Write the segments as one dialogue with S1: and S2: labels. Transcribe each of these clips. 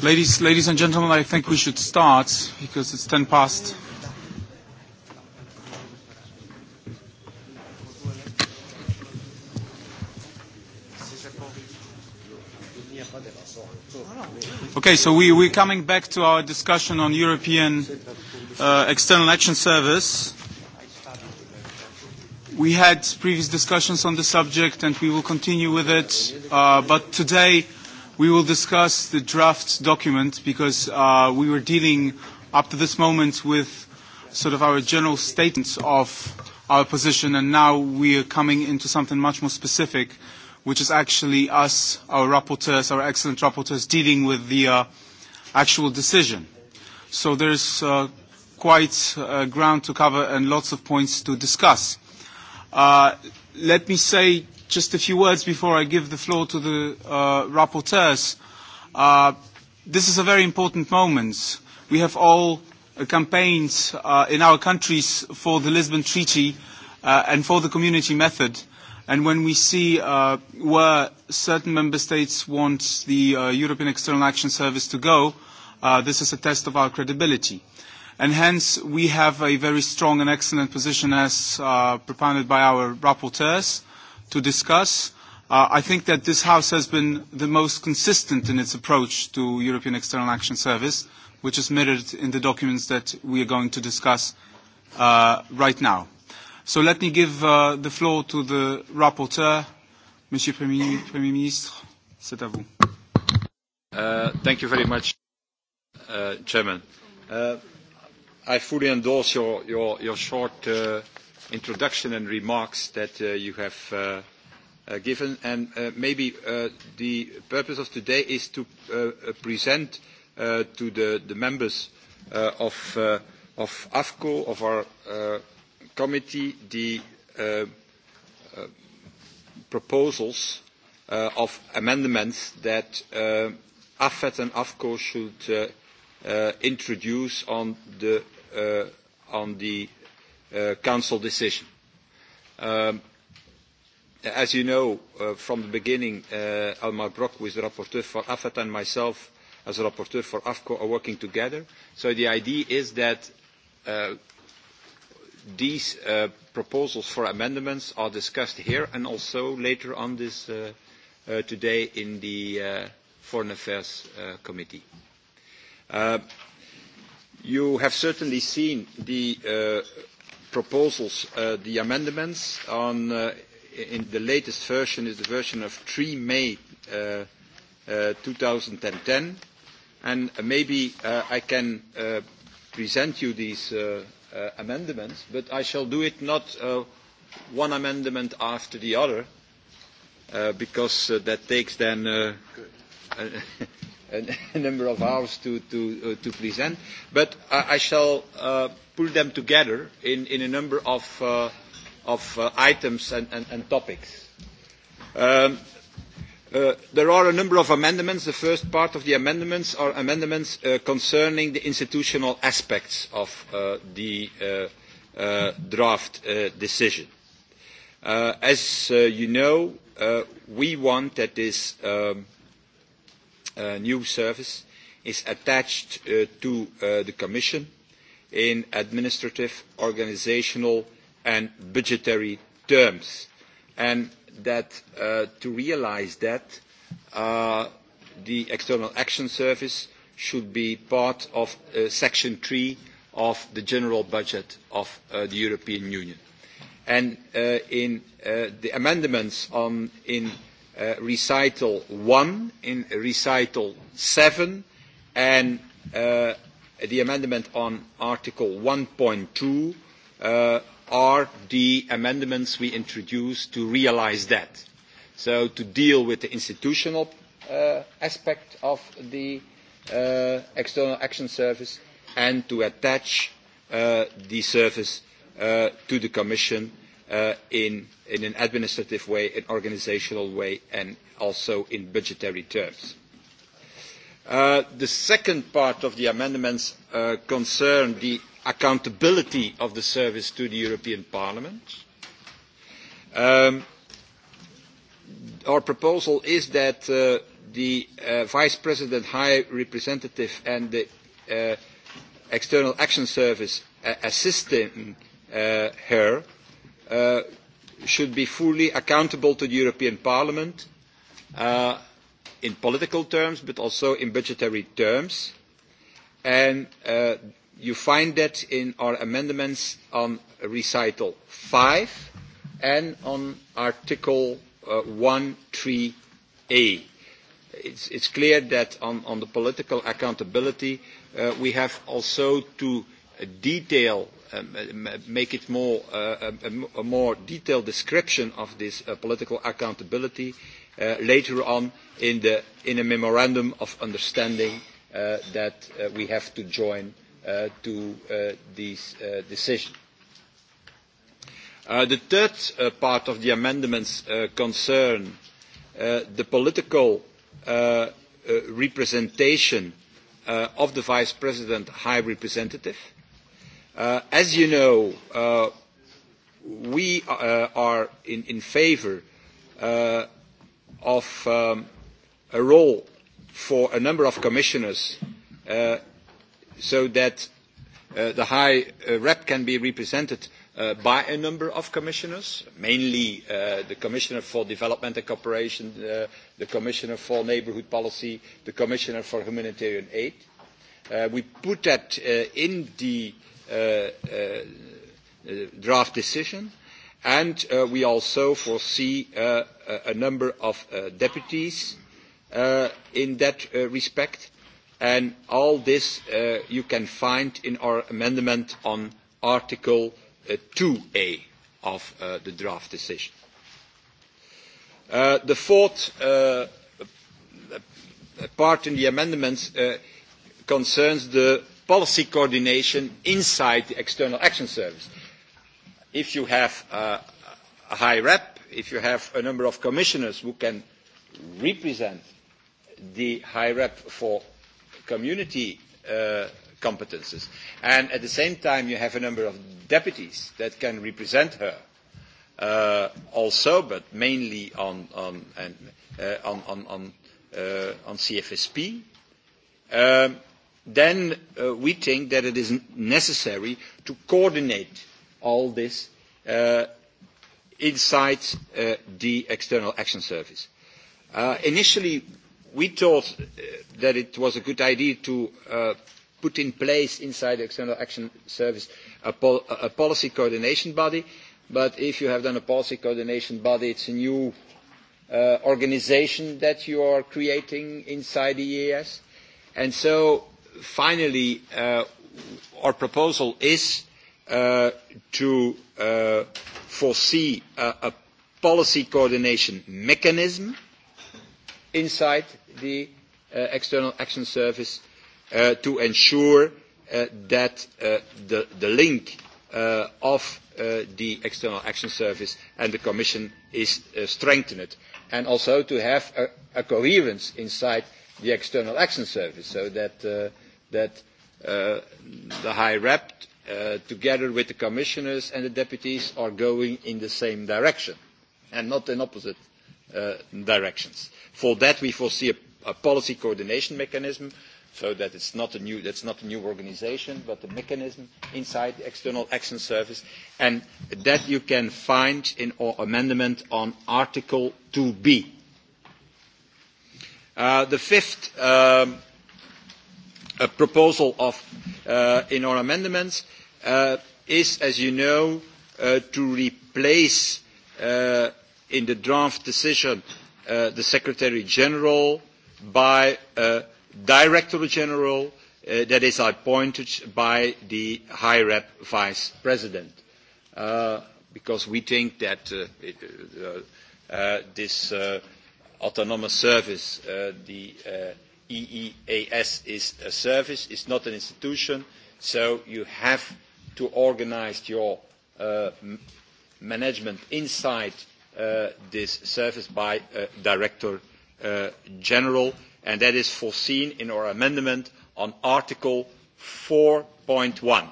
S1: Ladies, ladies and gentlemen, I think we should start because it's 10 past. Okay, so we, we're coming back to our discussion on European uh, External Action Service. We had previous discussions on the subject and we will continue with it, uh, but today we will discuss the draft document because uh, we were dealing up to this moment with sort of our general statements of our position and now we are coming into something much more specific which is actually us, our rapporteurs, our excellent rapporteurs dealing with the uh, actual decision. So there's uh, quite uh, ground to cover and lots of points to discuss. Uh, let me say just a few words before I give the floor to the uh, rapporteurs. Uh, this is a very important moment. We have all uh, campaigned uh, in our countries for the Lisbon Treaty uh, and for the community method. And when we see uh, where certain member states want the uh, European External Action Service to go, uh, this is a test of our credibility. Uh, and hence we have a very strong and excellent position as uh, propounded by our rapporteurs to discuss. Uh, I think that this House has been the most consistent in its approach to European External Action Service, which is mirrored in the documents that we are going to discuss uh, right now. So let me give uh, the floor to the rapporteur, Monsieur Premier, Premier Ministre. C'est à vous. Uh, thank you very much, uh,
S2: Chairman. Uh, I fully endorse your, your, your short uh, introduction and remarks that uh, you have uh, uh, given. And uh, maybe uh, the purpose of today is to uh, uh, present uh, to the, the members uh, of, uh, of AFCO, of our uh, committee, the uh, uh, proposals uh, of amendments that uh, AFET and AFCO should uh, uh, introduce on the uh, on the uh, Council decision. Um, as you know, uh, from the beginning, uh, Elmar Brock, who is the rapporteur for AFAT, and myself, as a rapporteur for AFCO, are working together. So the idea is that uh, these uh, proposals for amendments are discussed here and also later on this uh, uh, today in the uh, Foreign Affairs uh, Committee. Uh, You have certainly seen the uh, proposals, uh, the amendments on, uh, in the latest version is the version of 3 May uh, uh, 2010. And maybe uh, I can uh, present you these uh, uh, amendments, but I shall do it not uh, one amendment after the other, uh, because uh, that takes then uh, a number of hours to, to, uh, to present, but I, I shall uh, put them together in, in a number of, uh, of uh, items and, and, and topics. Um, uh, there are a number of amendments. The first part of the amendments are amendments uh, concerning the institutional aspects of uh, the uh, uh, draft uh, decision. Uh, as uh, you know, uh, we want that this um, uh, new service is attached uh, to uh, the Commission in administrative, organizational and budgetary terms. And that uh, to realize that, uh, the External Action Service should be part of uh, Section 3 of the general budget of uh, the European Union. And uh, in uh, the amendments on, in uh, recital 1, in recital 7, and uh, the amendment on article 1.2 uh, are the amendments we introduced to realize that. So to deal with the institutional uh, aspect of the uh, external action service and to attach uh, the service uh, to the Commission uh, in, in an administrative way, an organizational way, and also in budgetary terms. Uh, the second part of the amendments uh, concern the accountability of the service to the European Parliament. Um, our proposal is that uh, the uh, Vice President, High Representative and the uh, External Action Service uh, assisting uh, her uh, should be fully accountable to the European Parliament uh, in political terms, but also in budgetary terms. And uh, you find that in our amendments on recital 5 and on article uh, 1.3a. It's, it's clear that on, on the political accountability, uh, we have also to detail Um, uh, uh, make it more uh, a, um, um, a more detailed description of this uh, political accountability uh, later on in the in a memorandum of understanding uh, that uh, we have to join uh, to uh, this uh, decision. Uh, the third uh, part of the amendments uh, concern uh, the political uh, uh, representation uh, of the Vice President High Representative. Uh, Uh, as you know, uh, we uh, are in, in favor uh, of um, a role for a number of commissioners uh, so that uh, the high uh, rep can be represented uh, by a number of commissioners, mainly uh, the Commissioner for Development and Cooperation, uh, the Commissioner for Neighbourhood Policy, the Commissioner for Humanitarian Aid. Uh, we put that uh, in the uh, uh, uh, draft decision. And uh, we also foresee uh, a, uh, a number of uh, deputies uh, in that uh, respect. And all this uh, you can find in our amendment on Article uh, 2A of uh, the draft decision. Uh, the fourth uh, uh part in the amendments uh, concerns the policy coordination inside the External Action Service. If you have uh, a high rep, if you have a number of commissioners who can represent the high rep for community uh, competences, and at the same time you have a number of deputies that can represent her, uh, also, but mainly on, on, and, uh, on, on, on, uh, on CFSP, um, then uh, we think that it is necessary to coordinate all this uh, inside uh, the External Action Service. Uh, initially, we thought uh, that it was a good idea to uh, put in place inside the External Action Service a, pol a policy coordination body, but if you have done a policy coordination body, it's a new uh, organization that you are creating inside the EAS. And so finally, uh, our proposal is uh, to uh, foresee a, a policy coordination mechanism inside the uh, External Action Service uh, to ensure uh, that uh, the, the link uh, of uh, the External Action Service and the Commission is uh, strengthened, and also to have a, a coherence inside the External Action Service so that uh, that uh, the High Rep, uh, together with the commissioners and the deputies, are going in the same direction and not in opposite uh, directions. For that, we foresee a, a policy coordination mechanism so that it's not a new, that's not a new organization, but a mechanism inside the External Action Service. And that you can find in our amendment on Article 2B. Uh, the fifth um, a proposal of, uh, in our amendments uh, is, as you know, uh, to replace uh, in the draft decision uh, the Secretary General by a Director General uh, that is appointed by the High Rep Vice President. Uh, because we think that uh, it, uh, uh, this uh, autonomous service, uh, the uh, EEAS is a service, it's not an institution, so you have to organize your uh, management inside uh, this service by uh, Director uh, General, and that is foreseen in our amendment on Article 4.1.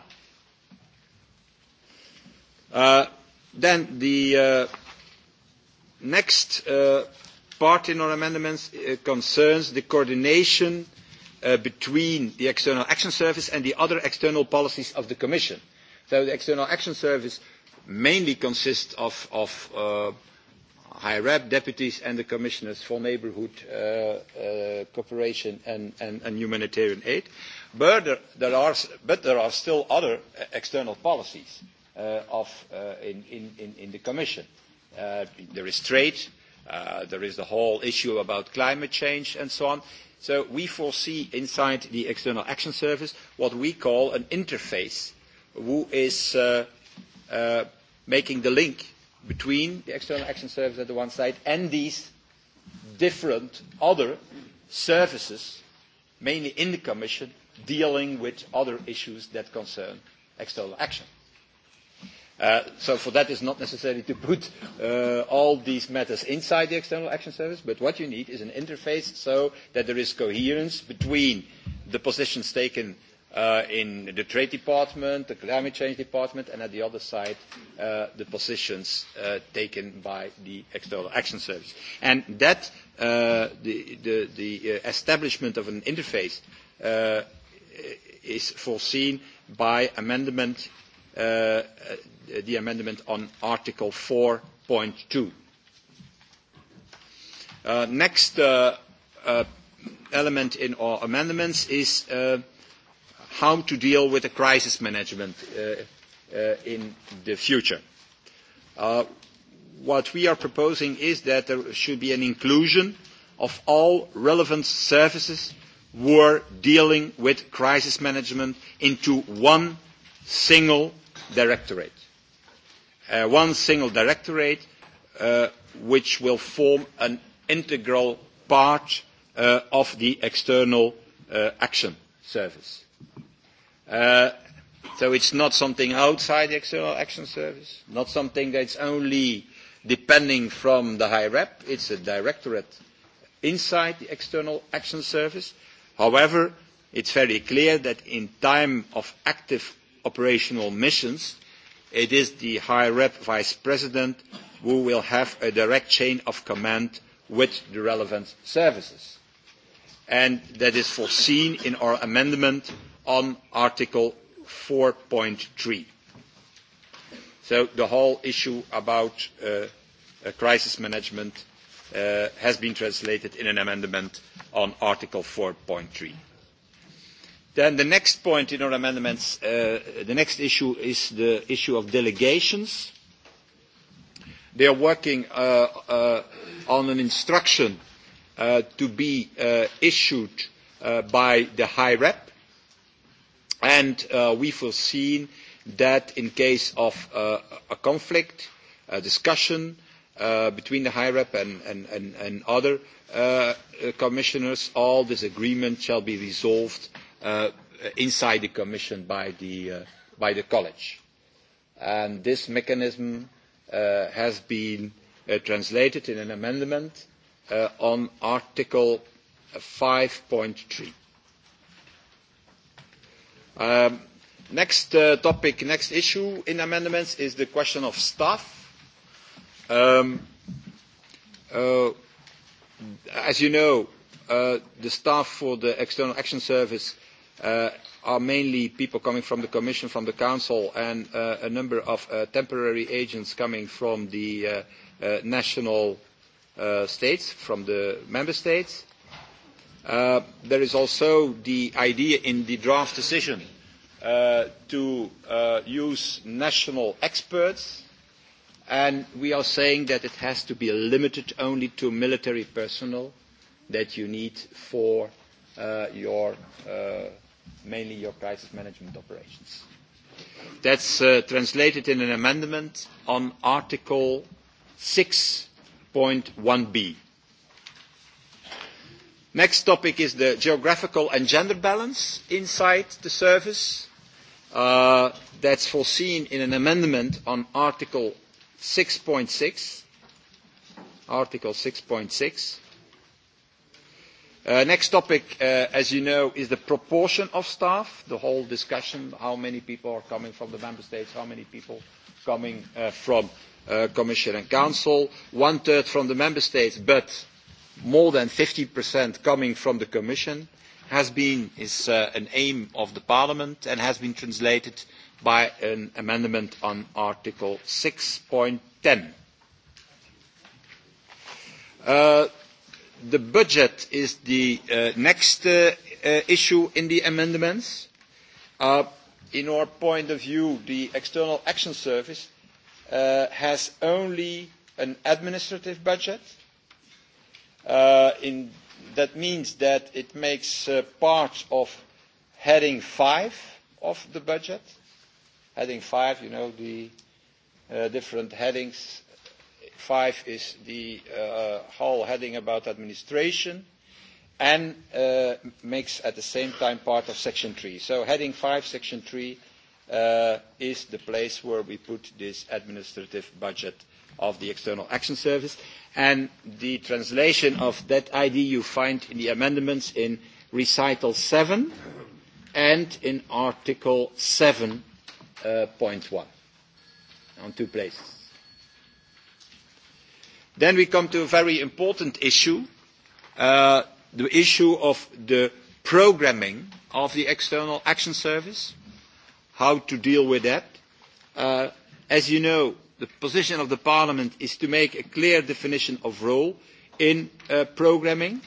S2: Uh, then the uh, next uh, part in our amendments uh, concerns the coordination uh, between the External Action Service and the other external policies of the Commission. So the External Action Service mainly consists of, of uh, high rep deputies and the commissioners for neighbourhood uh, uh, cooperation and, and, and humanitarian aid. But there, there are, but there are still other uh, external policies uh, of, uh, in, in, in the Commission. Uh, there is trade, uh, Uh, there is the whole issue about climate change and so on. So we foresee inside the External Action Service what we call an interface who is uh, uh, making the link between the External Action Service at the one side and these different other services, mainly in the Commission, dealing with other issues that concern external action. Uh, Uh, so for that is not necessary to put uh, all these matters inside the external action service, but what you need is an interface so that there is coherence between the positions taken uh, in the trade department, the climate change department, and at the other side, uh, the positions uh, taken by the external action service. And that, uh, the, the, the uh, establishment of an interface uh, is foreseen by amendment uh, Uh, the amendment on Article 4.2. Uh, next uh, uh, element in our amendments is uh, how to deal with the crisis management uh, uh, in the future. Uh, what we are proposing is that there should be an inclusion of all relevant services who are dealing with crisis management into one single directorate uh, one single directorate uh, which will form an integral part uh, of the external uh, action service. Uh, so it's not something outside the external action service, not something that's only depending from the high rep. It's a directorate inside the external action service. However, it's very clear that in time of active operational missions, it is the High Rep Vice President who will have a direct chain of command with the relevant services. And that is foreseen in our amendment on Article 4.3. So the whole issue about uh, uh, crisis management uh, has been translated in an amendment on Article 4.3. Then the next point in our amendments, uh, the next issue is the issue of delegations. They are working uh, uh, on an instruction uh, to be uh, issued uh, by the High Rep, and uh, we foreseen that in case of uh, a conflict, a discussion uh, between the High Rep and, and, and, and other uh, commissioners, all this agreement shall be resolved uh, uh, inside the Commission by the, uh, by the College. And this mechanism uh, has been uh, translated in an amendment uh, on Article 5.3. Um, next uh, topic, next issue in amendments is the question of staff. Um, uh, as you know, uh, the staff for the External Action Service uh, are mainly people coming from the Commission, from the Council, and uh, a number of uh, temporary agents coming from the uh, uh, national uh, states, from the member states. Uh, there is also the idea in the draft decision uh, to uh, use national experts, and we are saying that it has to be limited only to military personnel that you need for uh, your uh, mainly your crisis management operations. That's uh, translated in an amendment on Article 6.1b. Next topic is the geographical and gender balance inside the service. Uh, that's foreseen in an amendment on Article 6.6. Article 6.6. Uh, next topic, uh, as you know, is the proportion of staff, the whole discussion, how many people are coming from the member states, how many people coming uh, from uh, Commission and Council, one-third from the member states, but more than 50% coming from the Commission, has been, is uh, an aim of the Parliament and has been translated by an amendment on Article 6.10. Uh, the budget is the uh, next uh, uh, issue in the amendments. Uh, in our point of view, the External Action Service uh, has only an administrative budget. Uh, in, that means that it makes uh, part of heading 5 of the budget. Heading 5, you know, the uh, different headings five is the uh, whole heading about administration and uh, makes at the same time part of section three. So heading five, section three uh, is the place where we put this administrative budget of the External Action Service. And the translation of that ID you find in the amendments in recital 7 and in article 7.1 uh, on two places. Then we come to a very important issue, uh, the issue of the programming of the External Action Service, how to deal with that. Uh, as you know, the position of the Parliament is to make a clear definition of role in uh, programming.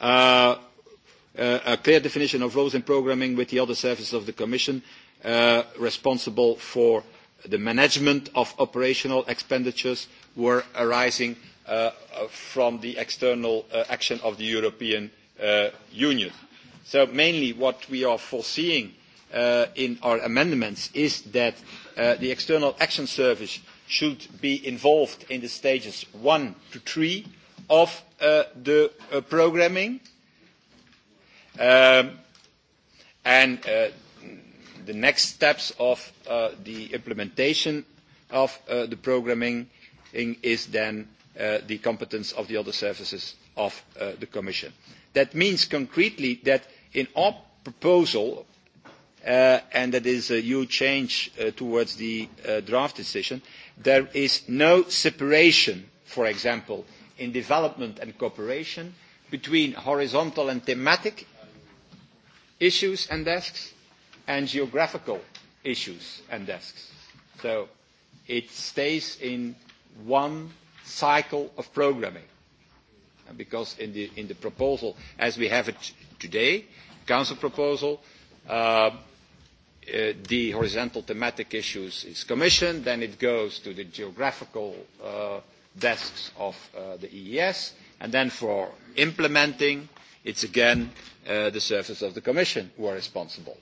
S2: Uh, uh, a clear definition of roles in programming with the other services of the Commission uh, responsible for the management of operational expenditures, were arising uh, from the external uh, action of the European uh, Union. So mainly what we are foreseeing uh, in our amendments is that uh, the External Action Service should be involved in the stages 1 to 3 of uh, the uh, programming. Um, and uh, the next steps of uh, the implementation of uh, the programming is then uh, the competence of the other services of uh, the Commission. That means concretely that in our proposal, uh, and that is a huge change uh, towards the uh, draft decision, there is no separation, for example, in development and cooperation between horizontal and thematic issues and desks and geographical issues and desks. So it stays in one cycle of programming. And because in the, in the proposal, as we have it today, council proposal, uh, uh, the horizontal thematic issues is commissioned, then it goes to the geographical uh, desks of uh, the EES, and then for implementing, it's again uh, the service of the Commission who are responsible.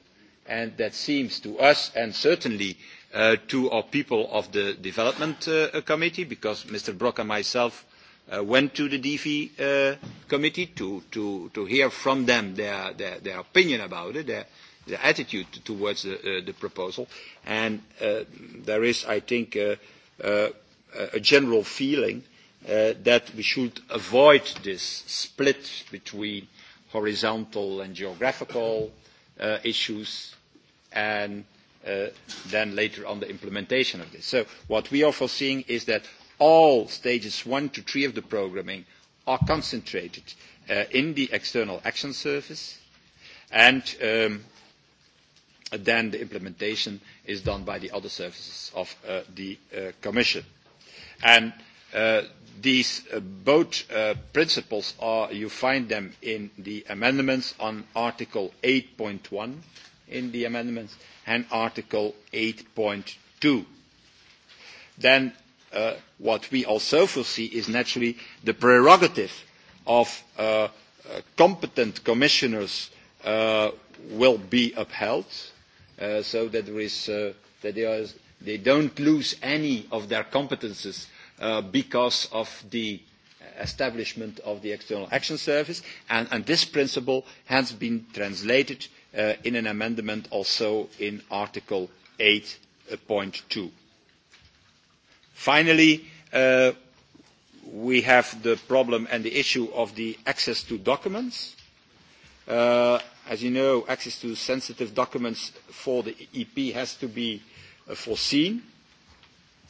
S2: And that seems to us, and certainly uh, uh, to our people of the Development uh, uh Committee, because Mr. Brock and myself uh, went to the DV uh, committee to, to, to hear from them their, their, their opinion about it, their, their attitude towards the, uh, the proposal. And uh, there is, I think, uh, uh, a general feeling uh, that we should avoid this split between horizontal and geographical uh, issues and uh, uh, then later on the implementation of this. So what we are foreseeing is that all stages one to three of the programming are concentrated uh, in the external action service and um, then the implementation is done by the other services of uh, the uh, Commission. And uh, these uh, both uh, principles are, you find them in the amendments on Article 8.1 in the amendments, and Article 8.2. Then uh, what we also foresee is naturally the prerogative of uh, uh, competent commissioners uh, will be upheld uh, so that, there is, uh, that they, are, they don't lose any of their competences uh, because of the establishment of the External Action Service. And, and this principle has been translated uh, in an amendment also in Article 8.2. Finally, uh, we have the problem and the issue of the access to documents. Uh, as you know, access to sensitive documents for the EP has to be uh, foreseen,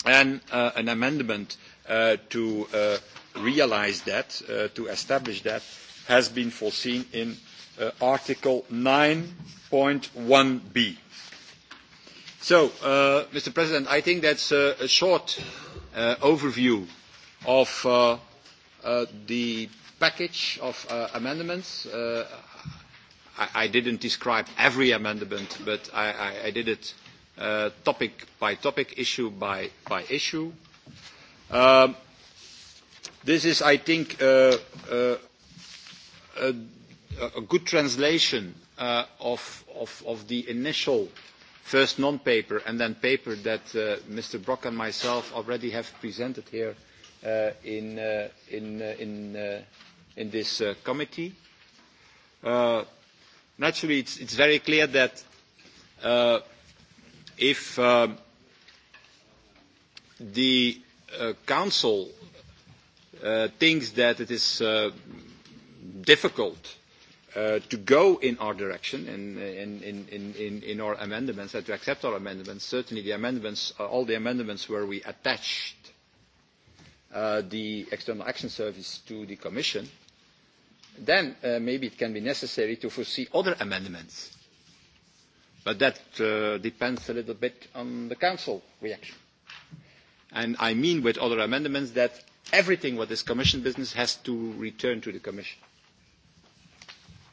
S2: and uh, an amendment uh, to uh, realize that, uh, to establish that, has been foreseen in uh, Article 9.1b. So, uh, Mr. President, I think that's uh, a short uh, overview of uh, uh, the package of uh, amendments. Uh, I, I didn't describe every amendment, but I, I, I did it uh, topic by topic, issue by, by issue. Um, this is, I think, uh, uh, a a good translation uh, of, of, of the initial first non-paper and then paper that uh, Mr. Brock and myself already have presented here uh, in, uh, in, uh, in, uh, in this uh, committee. Uh, naturally, it's, it's very clear that uh, if uh, the uh, Council uh, thinks that it is uh, difficult uh, to go in our direction in, in, in, in, in our amendments and uh, to accept our amendments. Certainly the amendments, uh, all the amendments where we attached uh, the External Action Service to the Commission, then uh, maybe it can be necessary to foresee other amendments. But that uh, depends a little bit on the Council reaction. And I mean with other amendments that everything what is Commission business has to return to the Commission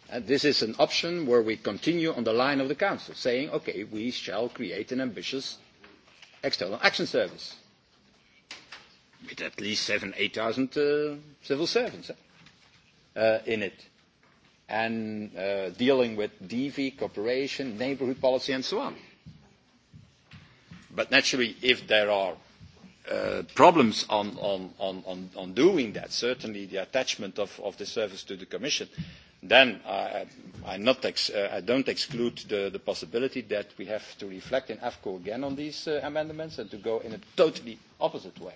S2: And uh, this is an option where we continue on the line of the Council, saying, okay, we shall create an ambitious external action service with at least seven, eight thousand uh, civil servants eh, uh, in it, and uh, dealing with DV, cooperation, neighborhood policy, and so on. But naturally, if there are uh, problems on, on, on, on, on doing that, certainly the attachment of, of the service to the Commission uh, then I, I'm not ex uh, I don't exclude the, the possibility that we have to reflect in AFCO again on these uh, amendments and to go in a totally opposite way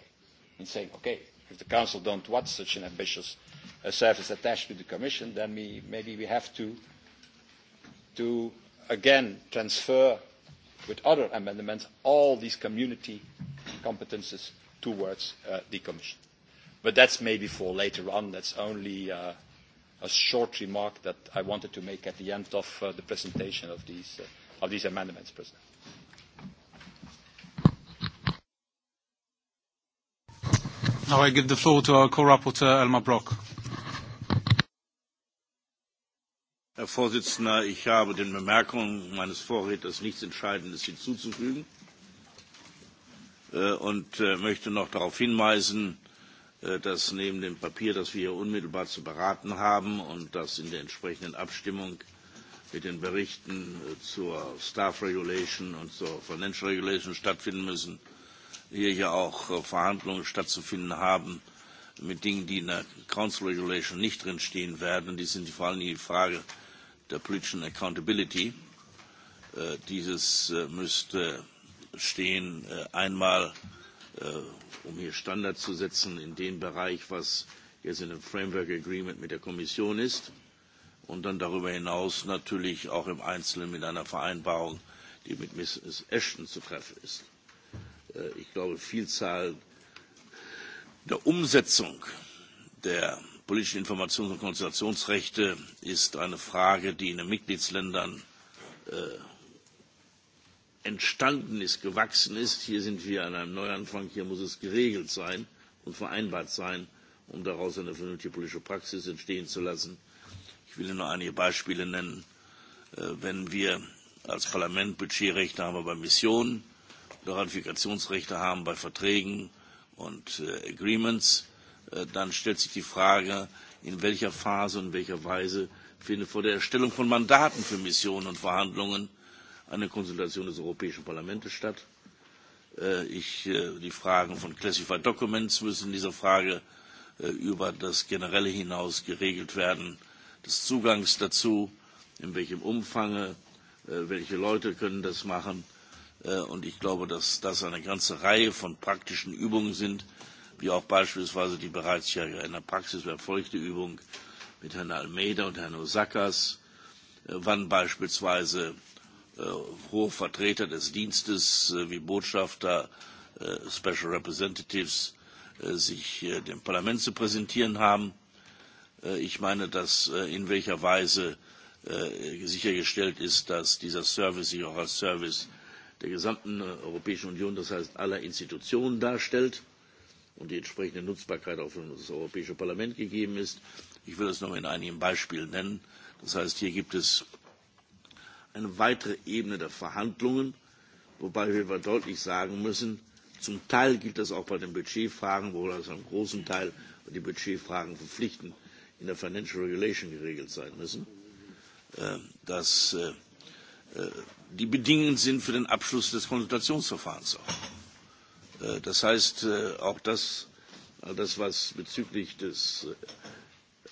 S2: in saying, okay, if the Council don't want such an ambitious uh, service attached to the Commission, then we, maybe we have to, to again transfer with other amendments all these community competences towards uh, the Commission. But that's maybe for later on. That's only... Uh, a short remark that I wanted to make at the end of uh, the presentation of these,
S1: uh, of these amendments, President. Now I give the floor to our co-rapporteur, Elmar Brock.
S3: Herr Vorsitzender, ich habe den Bemerkungen meines Vorredners nichts Entscheidendes hinzuzufügen äh, und äh, möchte noch darauf hinweisen, Äh, dass neben dem Papier, das wir hier unmittelbar zu beraten haben und das in der entsprechenden Abstimmung mit den Berichten äh, zur Staff Regulation und zur Financial Regulation stattfinden müssen, hier ja auch äh, Verhandlungen stattzufinden haben mit Dingen, die in der Council Regulation nicht drinstehen werden. Die sind vor allem die Frage der politischen Accountability. Dieses müsste stehen einmal um hier Standards zu setzen in dem Bereich, was jetzt in dem Framework Agreement mit der Kommission ist und dann darüber hinaus natürlich auch im Einzelnen mit einer Vereinbarung, die mit Mrs. Ashton zu treffen ist. Äh, ich glaube, Vielzahl der Umsetzung der politischen Informations- und Konsultationsrechte ist eine Frage, die in den Mitgliedsländern äh, entstanden ist, gewachsen ist. Hier sind wir an einem Neuanfang, hier muss es geregelt sein und vereinbart sein, um daraus eine vernünftige politische Praxis entstehen zu lassen. Ich will nur einige Beispiele nennen. Äh, wenn wir als Parlament Budgetrechte haben bei Missionen, Ratifikationsrechte haben bei Verträgen und äh, Agreements, äh, dann stellt sich die Frage, in welcher Phase und welcher Weise findet vor der Erstellung von Mandaten für Missionen und Verhandlungen eine Konsultation des Europäischen Parlaments statt. Äh, ich, äh, die Fragen von Classified Documents müssen in dieser Frage äh, über das Generelle hinaus geregelt werden, des Zugangs dazu, in welchem Umfang, welche Leute können das machen. Und ich glaube, dass das eine ganze Reihe von praktischen Übungen sind, wie auch beispielsweise die bereits ja in der Praxis erfolgte Übung mit Herrn Almeida und Herrn Osakas, wann beispielsweise Äh, hohe Vertreter des Dienstes äh, wie Botschafter, äh, Special Representatives sich dem Parlament zu präsentieren haben. Ich meine, dass in welcher Weise sichergestellt ist, dass dieser Service sich auch als Service der gesamten Europäischen Union, das heißt aller Institutionen darstellt und die entsprechende Nutzbarkeit auch für das Europäische Parlament gegeben ist. Ich will das noch in einigen Beispielen nennen. Das heißt, hier gibt es eine weitere Ebene der Verhandlungen, wobei wir aber deutlich sagen müssen, zum Teil gilt das auch bei den Budgetfragen, wo das einem großen Teil die Budgetfragen verpflichtend in der Financial Regulation geregelt sein müssen, äh, dass äh, äh, die bedingend sind für den Abschluss des Konsultationsverfahrens auch. Das heißt, auch das, das was bezüglich des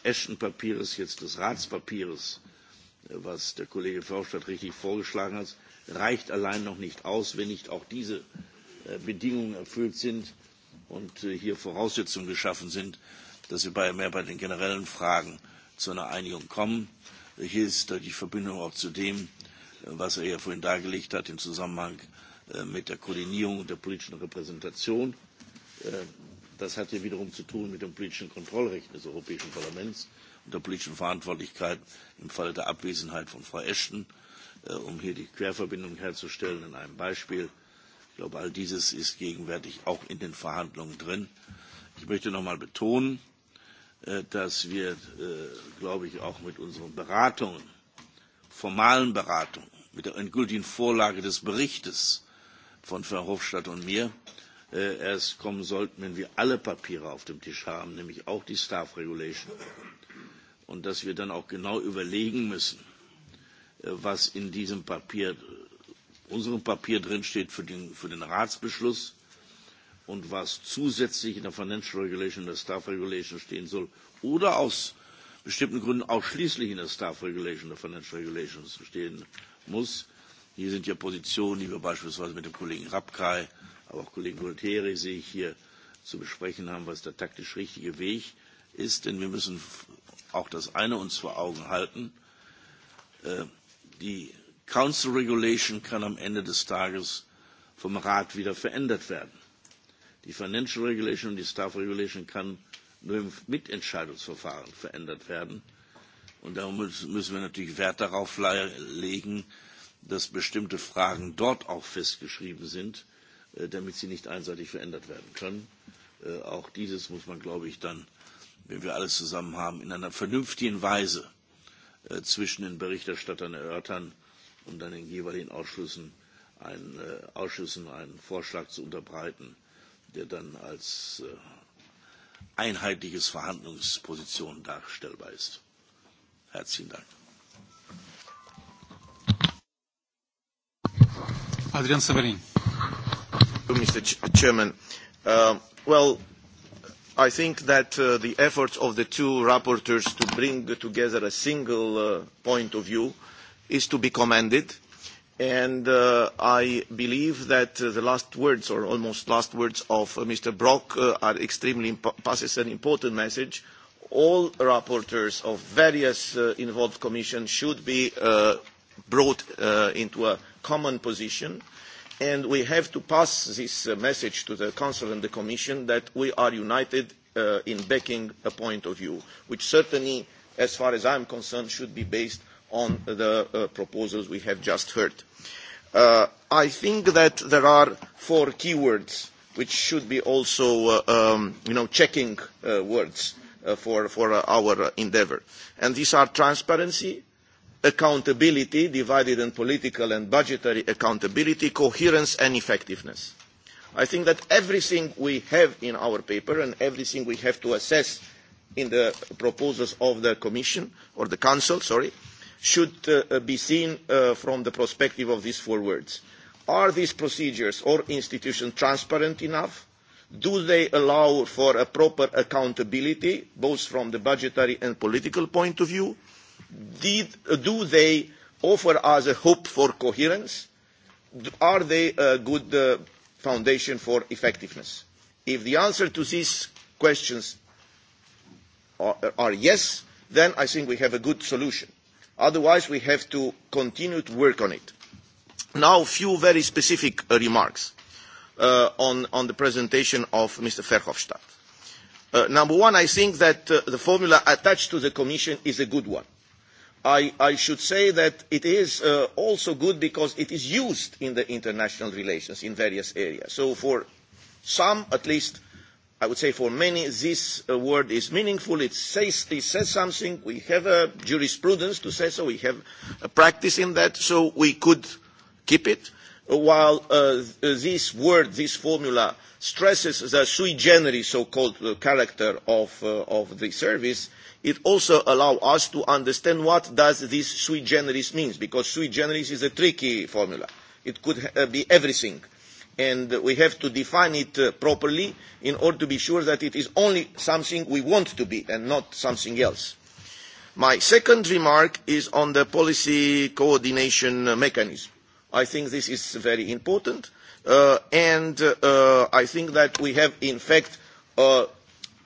S3: Ashton-Papiers, jetzt des Ratspapiers was der Kollege Verhofstadt richtig vorgeschlagen hat, reicht allein noch nicht aus, wenn nicht auch diese äh, Bedingungen erfüllt sind und äh, hier Voraussetzungen geschaffen sind, dass wir bei, mehr bei den generellen Fragen zu einer Einigung kommen. Hier ist die Verbindung auch zu dem, was er ja vorhin dargelegt hat im Zusammenhang äh, mit der Koordinierung und der politischen Repräsentation. Das hat ja wiederum zu tun mit dem politischen Kontrollrecht des Europäischen Parlaments der politischen Verantwortlichkeit im Falle der Abwesenheit von Frau Ashton, äh, um hier die Querverbindung herzustellen in einem Beispiel. Ich glaube, all dieses ist gegenwärtig auch in den Verhandlungen drin. Ich möchte noch einmal betonen, äh, dass wir, äh, glaube ich, auch mit unseren Beratungen, formalen Beratungen, mit der endgültigen Vorlage des Berichtes von Verhofstadt und mir äh, erst kommen sollten, wenn wir alle Papiere auf dem Tisch haben, nämlich auch die Staff Regulation, und dass wir dann auch genau überlegen müssen, äh, was in diesem Papier, unserem Papier drinsteht für den, für den Ratsbeschluss und was zusätzlich in der Financial Regulation, in der Staff Regulation stehen soll oder aus bestimmten Gründen ausschließlich in der Staff Regulation, der Financial Regulation stehen muss. Hier sind ja Positionen, die wir beispielsweise mit dem Kollegen Rabkay, aber auch Kollegen Gualtieri sehe ich hier zu besprechen haben, was der taktisch richtige Weg ist, denn wir müssen auch das eine uns vor Augen halten. Äh, die Council Regulation kann am Ende des Tages vom Rat wieder verändert werden. Die Financial Regulation und die Staff Regulation kann nur im Mitentscheidungsverfahren verändert werden. Und da müssen wir natürlich Wert darauf legen, dass bestimmte Fragen dort auch festgeschrieben sind, äh, damit sie nicht einseitig verändert werden können. Äh, auch dieses muss man, glaube ich, dann wenn wir alles zusammen haben, in einer vernünftigen Weise äh, zwischen den Berichterstattern erörtern, um dann den jeweiligen Ausschüssen einen, äh, Ausschüssen einen Vorschlag zu unterbreiten, der dann als äh, einheitliches Verhandlungsposition darstellbar
S4: ist. Herzlichen Dank. Adrian Severin. Mr. Ch Chairman, uh, well, I think that uh, the efforts of the two rapporteurs to bring together a single uh, point of view is to be commended. And uh, I believe that uh, the last words, or almost last words, of uh, Mr. Brock uh, are extremely imp- passes an important message. All rapporteurs of various uh, involved commissions should be uh, brought uh, into a common position uh, and we have to pass this uh, message to the Council and the Commission that we are united uh, in backing a point of view, which certainly, as far as I'm concerned, should be based on the uh, proposals we have just heard. Uh, I think that there are four keywords which should be also, uh, um, you know, checking uh, words uh, for, for uh, our endeavor. And these are transparency, accountability divided in political and budgetary accountability, coherence and effectiveness. I think that everything we have in our paper and everything we have to assess in the proposals of the Commission or the Council, sorry, should uh, uh be seen uh, from the perspective of these four words. Are these procedures or institutions transparent enough? Do they allow for a proper accountability, both from the budgetary and political point of view? did, do they offer us a hope for coherence? Are they a good uh, foundation for effectiveness? If the answer to these questions are, are yes, then I think we have a good solution. Otherwise, we have to continue to work on it. Now, a few very specific uh, remarks uh, on, on the presentation of Mr. Verhofstadt. Uh, number one, I think that uh, the formula attached to the Commission is a good one. I, I should say that it is uh, also good because it is used in the international relations in various areas. So for some, at least, I would say for many, this uh, word is meaningful. It says, it says something. We have a jurisprudence to say so. We have a practice in that, so we could keep it while uh, this word, this formula, stresses the sui generis so-called uh, character of, uh, of the service, it also allows us to understand what does this sui generis means, because sui generis is a tricky formula. It could uh, be everything. And we have to define it uh, properly in order to be sure that it is only something we want to be and not something else. My second remark is on the policy coordination mechanism I think this is very important. Uh, and uh, I think that we have, in fact, uh,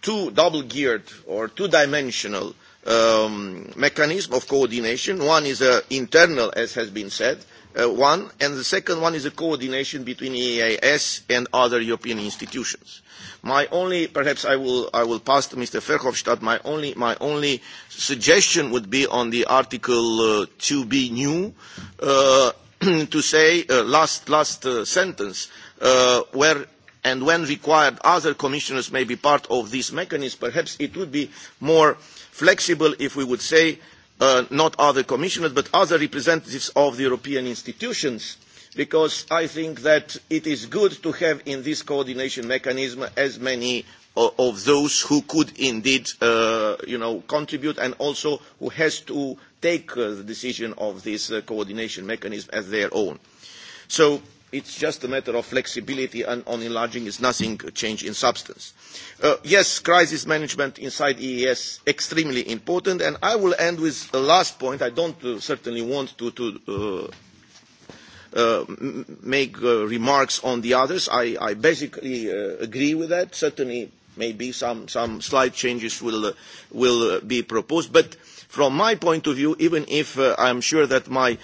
S4: two double-geared or two-dimensional um, mechanism of coordination. One is uh, internal, as has been said, uh, one, and the second one is a coordination between EAS and other European institutions. My only, perhaps I will, I will pass to Mr. Verhofstadt, my only, my only suggestion would be on the Article uh, 2B new, uh, to say uh, last last uh, sentence uh, where and when required other commissioners may be part of this mechanism perhaps it would be more flexible if we would say uh, not other commissioners but other representatives of the european institutions because i think that it is good to have in this coordination mechanism as many uh, of those who could indeed uh, you know contribute and also who has to take uh, the decision of this uh, coordination mechanism as their own. So it's just a matter of flexibility and on enlarging is nothing change in substance. Uh, yes, crisis management inside EES extremely important and I will end with a last point. I don't uh, certainly want to, to uh, Uh, make uh, remarks on the others. I, I basically uh, agree with that. Certainly, maybe some, some slight changes will, uh, will uh, be proposed. But uh, From my point of view, even if uh, I'm sure that my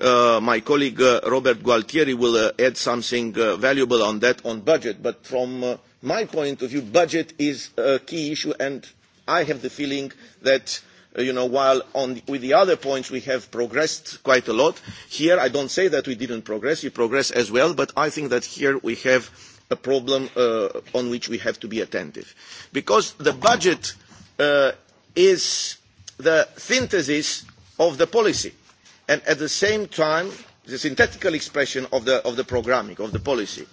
S4: uh, my colleague uh, Robert Gualtieri will uh, add something uh, valuable on that on budget, but from uh, my point of view, budget is a key issue, and I have the feeling that uh, you know, while on the, with the other points we have progressed quite a lot, here I don't say that we didn't progress, we progress as well, but I think that here we have a problem uh, on which we have to be attentive. Because the budget uh, is the synthesis of the policy and at the same time the synthetical expression of the, of the programming, of the policy.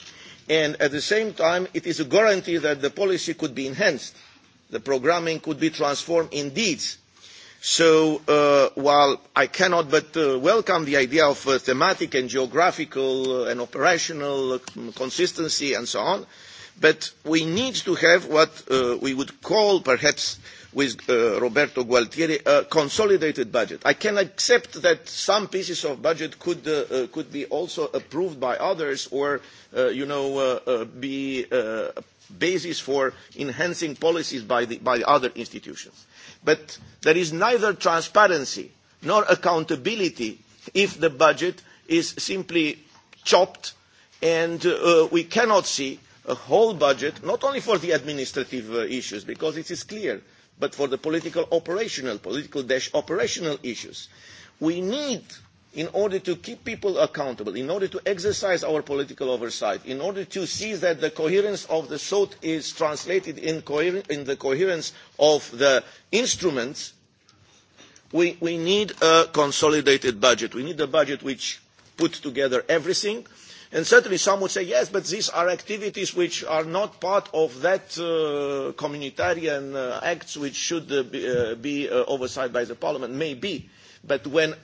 S4: And at the same time, it is a guarantee that the policy could be enhanced. The programming could be transformed in deeds. So uh, while I cannot but uh, welcome the idea of uh, thematic and geographical uh, and operational uh, consistency and so on, but we need to have what uh, we would call perhaps uh, with uh, Roberto Gualtieri, a consolidated budget. I can accept that some pieces of budget could, uh, uh, could be also approved by others or, uh, you know, uh, uh, be uh, basis for enhancing policies by the, by the other institutions. But there is neither transparency nor accountability if the budget is simply chopped and uh, we cannot see a whole budget, not only for the administrative uh, issues, because it is clear but for the political operational, political dash operational issues. We need, in order to keep people accountable, in order to exercise our political oversight, in order to see that the coherence of the thought is translated in, coher- in the coherence of the instruments, we, we need a consolidated budget. We need a budget which puts together everything, uh, And certainly some would say, yes, but these are activities which are not part of that uh, communitarian uh, acts which should uh, be, uh, be uh, oversight by the parliament. Maybe. But when,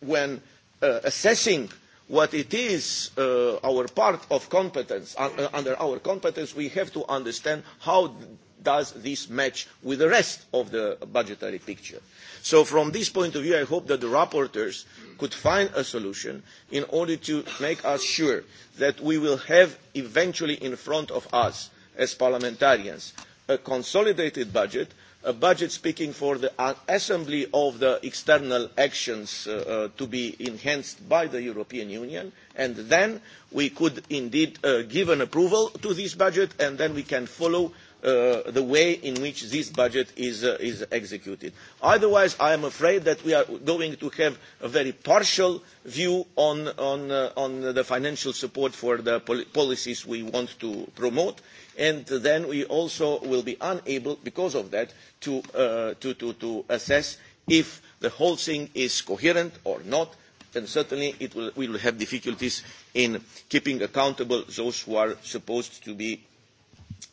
S4: when uh, assessing what it is uh, our part of competence, uh, uh under our competence, we have to understand how does this match with the rest of the budgetary picture. Uh, So from this point of view, I hope that the rapporteurs could find a solution in order to make us sure that we will have eventually in front of us, as parliamentarians, a consolidated budget, a budget speaking for the assembly of the external actions uh, uh, to be enhanced by the European Union, and then we could indeed uh, give an approval to this budget, and then we can follow uh, the way in which this budget is, uh, is executed. Otherwise, I am afraid that we are going to have a very partial view on, on, uh, on the financial support for the pol policies we want to promote, and then we also will be unable, because of that, to, uh, to, to, to assess if the whole thing is coherent or not, and certainly it will, we will have difficulties in keeping accountable those who are supposed to be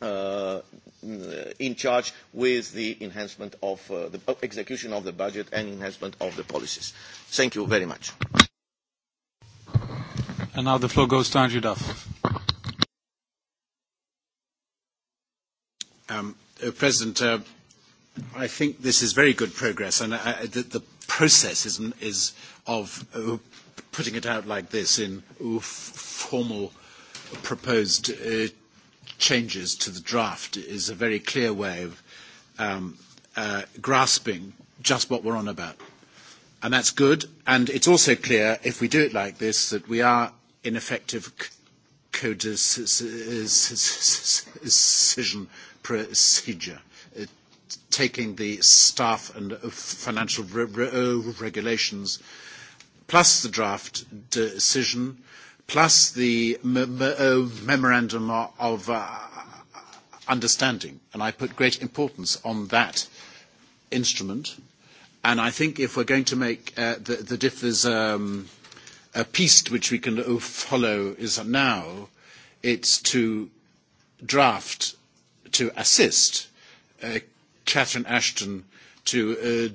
S4: uh, in charge with the enhancement of uh, the oh, execution of the budget and enhancement of the policies. Thank you very much.
S1: And now the floor goes to Andrew Duff.
S5: Um, uh, President, uh, I think this is very good progress, and I, uh, I, uh, the, the process is, is of uh, putting it out like this in uh, formal proposed uh, changes to the draft is a very clear way of um, uh, grasping just what we're on about. And that's good. And it's also clear, if we do it like this, that we are, in effective co-decision procedure, uh, taking the staff and uh, financial re- re- regulations plus the draft decision uh, plus the m- m- uh, memorandum of uh, understanding. And I put great importance on that instrument. And I think if we're going to make uh, the, the differs um, a piece which we can uh, follow is now, it's to draft, to assist uh, Catherine Ashton to uh,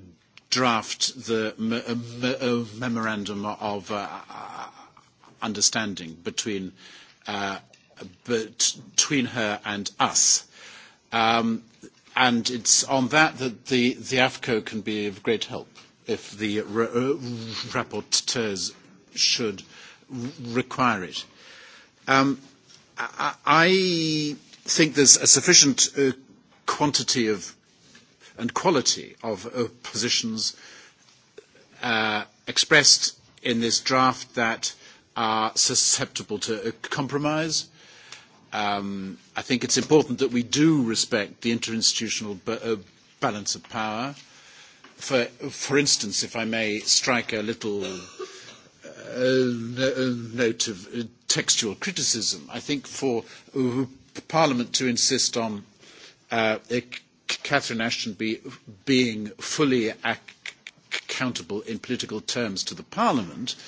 S5: draft the m- m- uh, memorandum of uh, understanding between, uh, between her and us. Um, and it's on that that the, the AFCO can be of great help if the re- uh, rapporteurs should require it. Um, I, I think there's a sufficient uh, quantity of and quality of uh, positions uh, expressed in this draft that are susceptible to compromise. Um, I think it's important that we do respect the interinstitutional b- uh, balance of power. For, for instance, if I may strike a little uh, no, uh, note of uh, textual criticism, I think for uh, Parliament to insist on uh, e, Catherine Ashton be, being fully ac- accountable in political terms to the Parliament uh,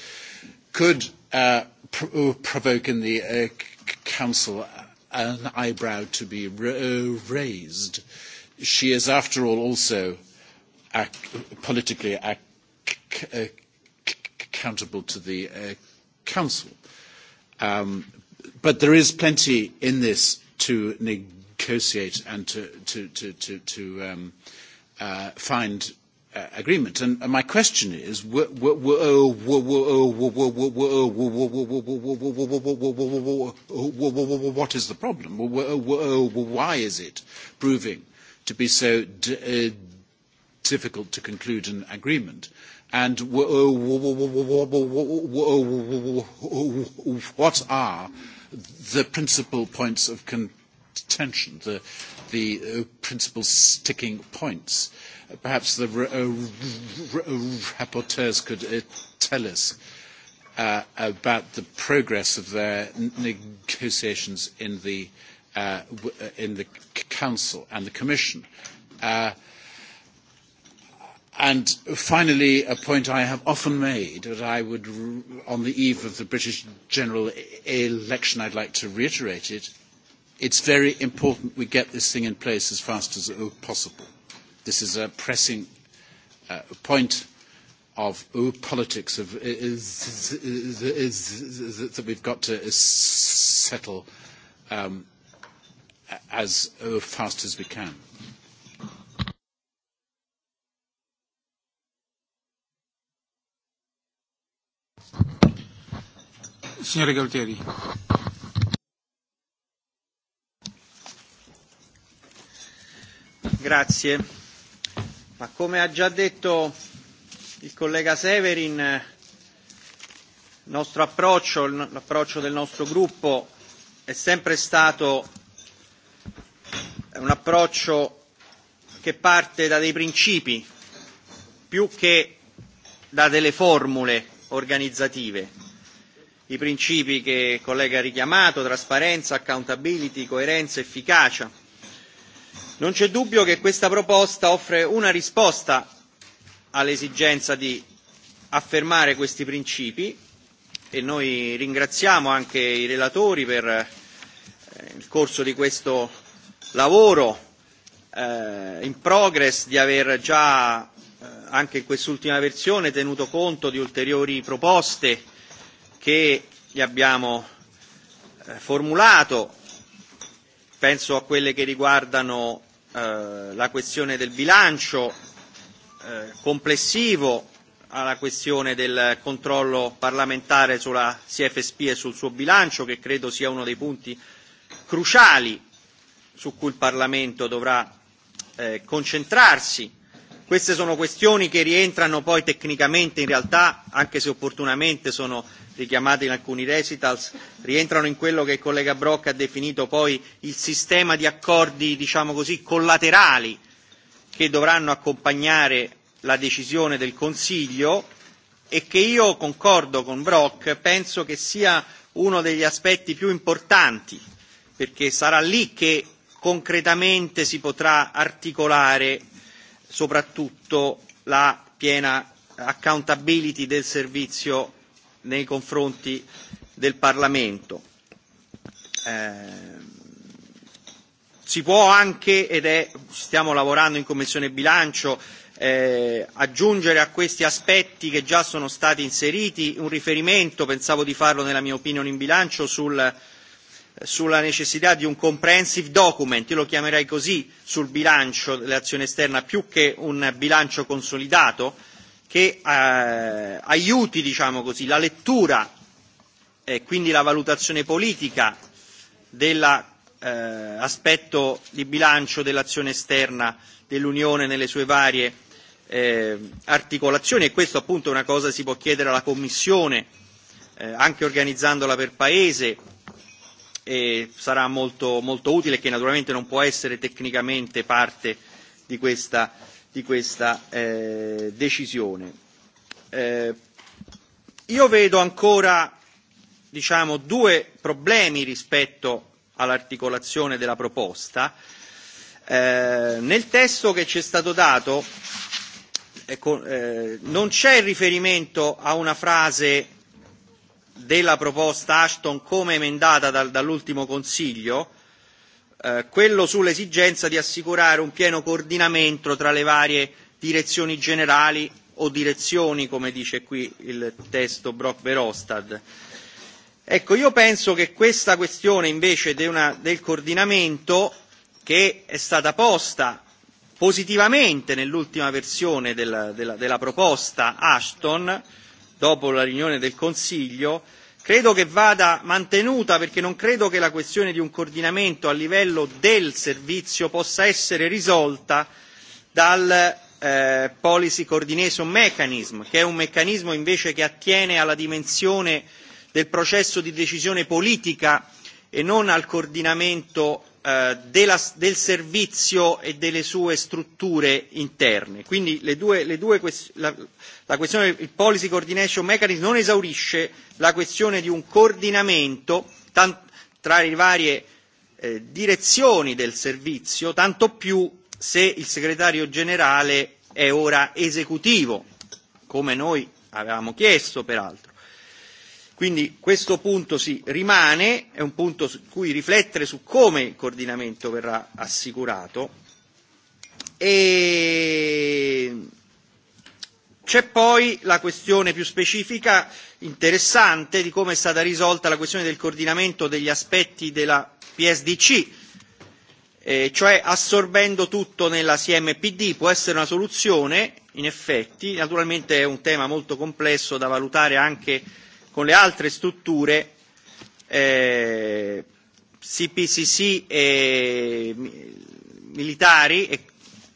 S5: could uh, pr- provoke in the uh, Council an eyebrow to be ra- uh, raised. She is, after all, also ac- politically ac- ac- uh, accountable to the uh, Council. Um, but there is plenty in this to negotiate and to, to, to, to, to um, uh, find uh, agreement. And, and my question is, what is the problem? Why is it proving to be so d- uh, difficult to conclude an agreement? And what are the principal points of contention, the, the uh, principal sticking points? perhaps the uh, rapporteurs could uh, tell us uh, about the progress of their negotiations in the, uh, w- uh, in the Council and the Commission. Uh, And finally, a point I have often made that I would, on the eve of the British general e, election, I'd like to reiterate it. It's very important we get this thing in place as fast as possible. This is a pressing uh, point of oh, politics of, is, is, is, that we've got to settle um, as oh, fast as we can.
S6: Signore Galtieri. Grazie ma come ha già detto il collega Severin, il nostro approccio, l'approccio del nostro gruppo è sempre stato un approccio che parte da dei principi più che da delle formule organizzative. I principi che il collega ha richiamato, trasparenza, accountability, coerenza, efficacia, non c'è dubbio che questa proposta offre una risposta all'esigenza di affermare questi principi e noi ringraziamo anche i relatori per nel eh, corso di questo lavoro eh, in progress di aver già eh, anche in quest'ultima versione tenuto conto di ulteriori proposte che gli abbiamo eh, formulato. Penso a quelle che riguardano eh, la questione del bilancio eh, complessivo alla questione del controllo parlamentare sulla CFSP e sul suo bilancio, che credo sia uno dei punti cruciali su cui il Parlamento dovrà eh, concentrarsi. Queste sono questioni che rientrano poi tecnicamente in realtà, anche se opportunamente sono richiamate in alcuni recitals, rientrano in quello che il collega Brock ha definito poi il sistema di accordi, diciamo così, collaterali che dovranno accompagnare la decisione del Consiglio e che io concordo con Brock, penso che sia uno degli aspetti più importanti, perché sarà lì che concretamente si potrà articolare soprattutto la piena accountability del servizio nei confronti del Parlamento. Eh, si può anche, ed è, stiamo lavorando in Commissione bilancio, eh, aggiungere a questi aspetti che già sono stati inseriti un riferimento, pensavo di farlo nella mia opinione in bilancio, sul, sulla necessità di un comprehensive document, io lo chiamerei così, sul bilancio dell'azione esterna, più che un bilancio consolidato, che eh, aiuti diciamo così, la lettura e eh, quindi la valutazione politica dell'aspetto eh, di bilancio dell'azione esterna dell'Unione nelle sue varie eh, articolazioni e questo appunto è una cosa che si può chiedere alla Commissione eh, anche organizzandola per Paese e sarà molto, molto utile e che naturalmente non può essere tecnicamente parte di questa, di questa eh, decisione. Eh, io vedo ancora diciamo, due problemi rispetto all'articolazione della proposta. Eh, nel testo che ci è stato dato ecco, eh, non c'è riferimento a una frase della proposta Ashton come emendata dal, dall'ultimo Consiglio, eh, quello sull'esigenza di assicurare un pieno coordinamento tra le varie direzioni generali o direzioni, come dice qui il testo Brock Verhofstadt. Ecco, io penso che questa questione invece de una, del coordinamento che è stata posta positivamente nell'ultima versione della, della, della proposta Ashton, eh, dopo la riunione del Consiglio, credo che vada mantenuta perché non credo che la questione di un coordinamento a livello del servizio possa essere risolta dal eh, Policy Coordination Mechanism, che è un meccanismo invece che attiene alla dimensione del processo di decisione politica e non al coordinamento eh, della, del servizio e delle sue strutture interne. Quindi le due, le due la, la questione del policy coordination mechanism non esaurisce la questione di un coordinamento tant, tra le varie eh, direzioni del servizio, tanto più se il segretario generale è ora esecutivo, come noi avevamo chiesto peraltro. Quindi questo punto sì, rimane, è un punto su cui riflettere su come il coordinamento verrà assicurato. E c'è poi la questione più specifica, interessante, di come è stata risolta la questione del coordinamento degli aspetti della PSDC, eh, cioè assorbendo tutto nella CMPD può essere una soluzione, in effetti, naturalmente è un tema molto complesso da valutare anche con le altre strutture eh, CPCC e militari e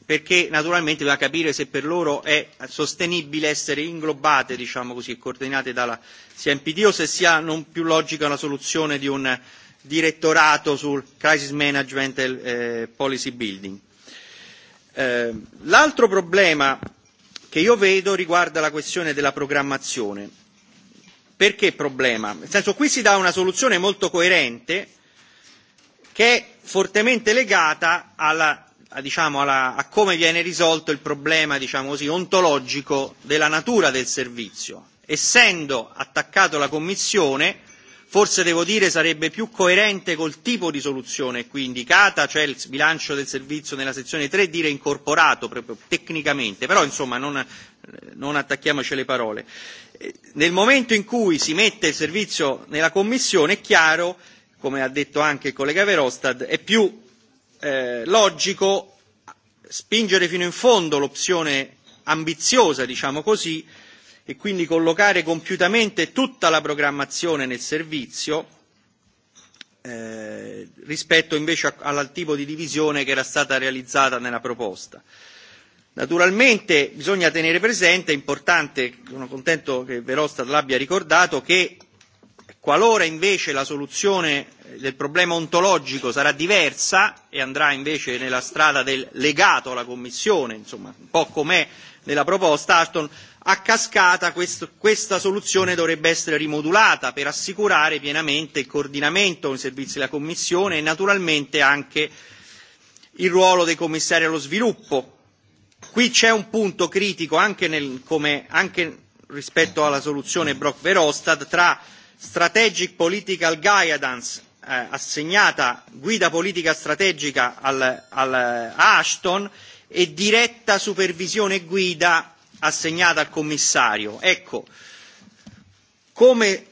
S6: perché naturalmente bisogna capire se per loro è sostenibile essere inglobate, diciamo così, e coordinate dalla CMPD o se sia non più logica la soluzione di un direttorato sul crisis management e eh, policy building. Eh, l'altro problema che io vedo riguarda la questione della programmazione Perché problema? Nel senso qui si dà una soluzione molto coerente che è fortemente legata alla, a, diciamo, alla, a come viene risolto il problema diciamo così, ontologico della natura del servizio. Essendo attaccato la Commissione, forse devo dire sarebbe più coerente col tipo di soluzione qui indicata, cioè il bilancio del servizio nella sezione 3 dire incorporato proprio tecnicamente, però insomma non, non attacchiamoci le parole. Eh, nel momento in cui si mette il servizio nella Commissione è chiaro, come ha detto anche il collega Verostad, è più eh, logico spingere fino in fondo l'opzione ambiziosa, diciamo così, e quindi collocare compiutamente tutta la programmazione nel servizio eh, rispetto invece a, al tipo di divisione che era stata realizzata nella proposta. Naturalmente bisogna tenere presente, è importante, sono contento che Verostat l'abbia ricordato, che qualora invece la soluzione del problema ontologico sarà diversa e andrà invece nella strada del legato alla Commissione, insomma un po' com'è nella proposta Ashton, a cascata questo, questa soluzione dovrebbe essere rimodulata per assicurare pienamente il coordinamento con i servizi della Commissione e naturalmente anche il ruolo dei commissari allo sviluppo. Qui c'è un punto critico anche, nel, come, anche rispetto alla soluzione Brock Verhofstadt tra Strategic Political Guidance eh, assegnata guida politica strategica al, al, a Ashton e diretta supervisione e guida assegnata al commissario. Ecco, come,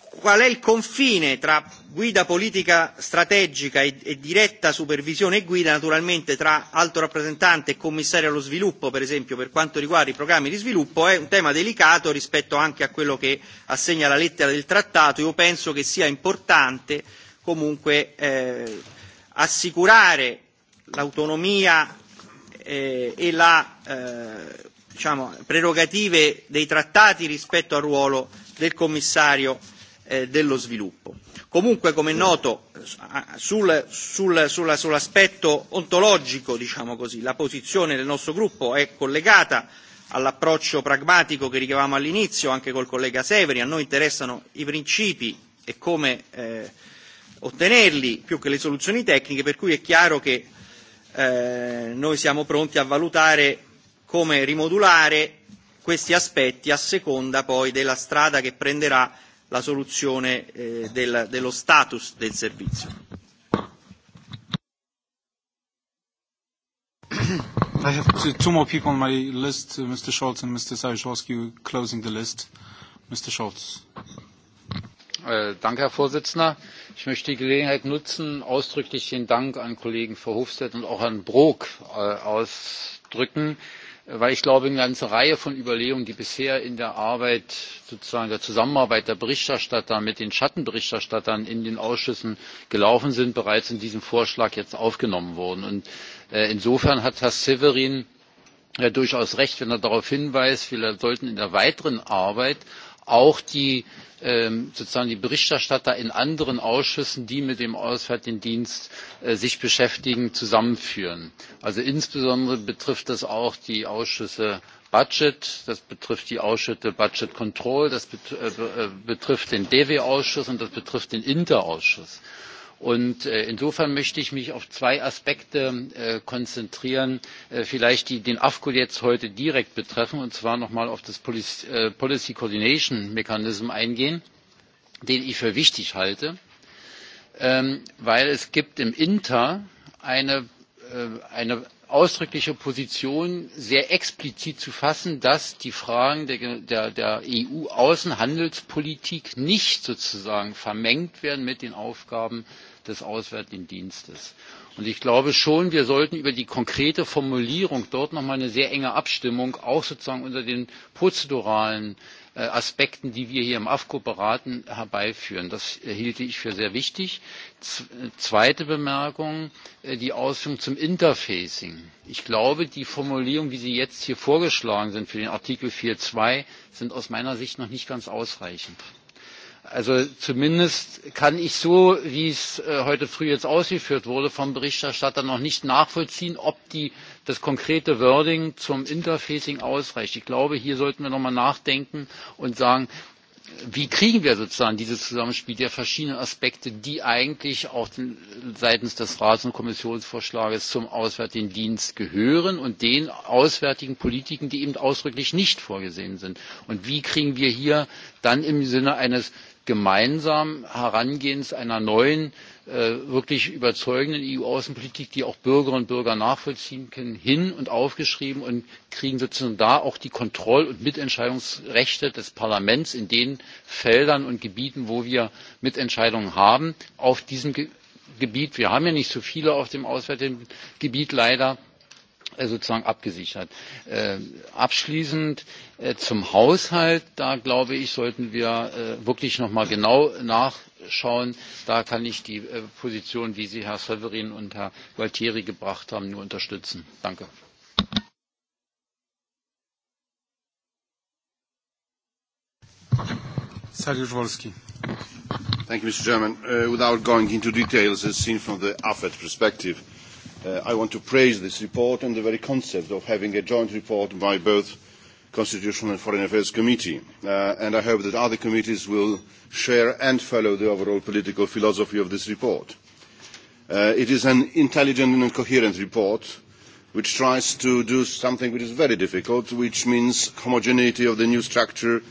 S6: qual è il confine tra guida politica strategica e, e diretta supervisione e guida naturalmente tra alto rappresentante e commissario allo sviluppo per esempio per quanto riguarda i programmi di sviluppo è un tema delicato rispetto anche a quello che assegna la lettera del trattato io penso che sia importante comunque eh, assicurare l'autonomia eh, e la eh, diciamo, prerogative dei trattati rispetto al ruolo del commissario eh, dello sviluppo. Comunque, come è noto, eh, sul, sul, sulla, sull'aspetto ontologico, diciamo così, la posizione del nostro gruppo è collegata all'approccio pragmatico che richiamavamo all'inizio anche col collega Severi. A noi interessano i principi e come eh, ottenerli più che le soluzioni tecniche, per cui è chiaro che eh, noi siamo pronti a valutare come rimodulare questi aspetti a seconda poi della strada che prenderà la soluzione eh, del, dello status del servizio. I have two more people on my list, uh, Mr. Scholz and
S1: Mr. Sajewski, closing the list. Mr. Scholz. Äh,
S7: danke, Herr Vorsitzender. Ich möchte die Gelegenheit nutzen, ausdrücklich den Dank an Kollegen Verhofstadt und auch an Brok äh, auszudrücken. Äh, weil ich glaube eine ganze reihe von überlegungen die bisher in der arbeit sozusagen der zusammenarbeit der berichterstatter mit den schattenberichterstattern in den ausschüssen gelaufen sind bereits in diesen vorschlag jetzt aufgenommen wurden. Äh, insofern hat herr severin äh, durchaus recht wenn er darauf hinweist wir sollten in der weiteren arbeit auch ähm, die berichterstatter in anderen ausschüssen die sich mit dem auswärtigen dienst äh, beschäftigen zusammenführen. insbesondere betrifft das auch die ausschüsse budget das betrifft die ausschüsse budget control das äh, äh, betrifft den dewe ausschuss und das betrifft den inta ausschuss und äh, insofern möchte ich mich auf zwei aspekte äh, konzentrieren äh, die den afco jetzt heute direkt betreffen und zwar nochmal auf den policy coordination mechanism eingehen den ich für wichtig halte ähm, weil es im inta eine ausdrückliche position gibt sehr explizit zu fassen dass die fragen der eu e außenhandelspolitik nicht sozusagen vermengt werden mit den aufgaben des auswärtigen dienstes. und ich glaube schon wir sollten über die konkrete formulierung dort noch einmal eine sehr enge abstimmung auch sozusagen unter den prozeduralen äh, aspekten die wir hier im afco beraten herbeiführen. das hielte ich für sehr wichtig. zweite bemerkung äh, die ausführungen zum interfacing ich glaube die formulierungen wie sie jetzt hier vorgeschlagen sind für den artikel vier absatz zwei sind aus meiner sicht noch nicht ganz ausreichend also zumindest kann ich so wie es äh, heute früh jetzt ausgeführt wurde vom berichterstatter noch nicht nachvollziehen ob das konkrete wording zum interfacing ausreicht. ich glaube hier sollten wir noch mal nachdenken und sagen wie kriegen wir sozusagen dieses zusammenspiel der verschiedenen aspekte die eigentlich auch seitens des rats und kommissionsvorschlags zum auswärtigen dienst gehören und den auswärtigen politiken die eben ausdrücklich nicht vorgesehen sind und wie kriegen wir hier dann im sinne eines gemeinsamen herangehens einer neuen äh, wirklich überzeugenden eu außenpolitik die auch bürgerinnen und bürger nachvollziehen können hin und aufgeschrieben und kriegen sozusagen da auch die kontroll und mitentscheidungsrechte des parlaments in den feldern und gebieten wo wir mitentscheidung haben auf diesem gebiet wir haben ja nicht so viele auf dem auswärtigen gebiet leider Äh, sozusagen abgesichert. Äh, abschließend äh, zum haushalt da glaube ich sollten wir wirklich noch mal genau nachschauen. da kann ich die position wie sie herr severin und herr gualtieri gebracht haben nur unterstützen. danke!
S1: mr
S8: president uh, without going into details as seen from the afet perspective Uh, I want to praise this report and the very concept of having a joint report by both Constitutional and Foreign Affairs Committee. Uh, and I hope that other committees will share and follow the overall political philosophy of this report. Uh, it is an intelligent and coherent report which tries to do something which is very difficult, which means homogeneity of the new structure,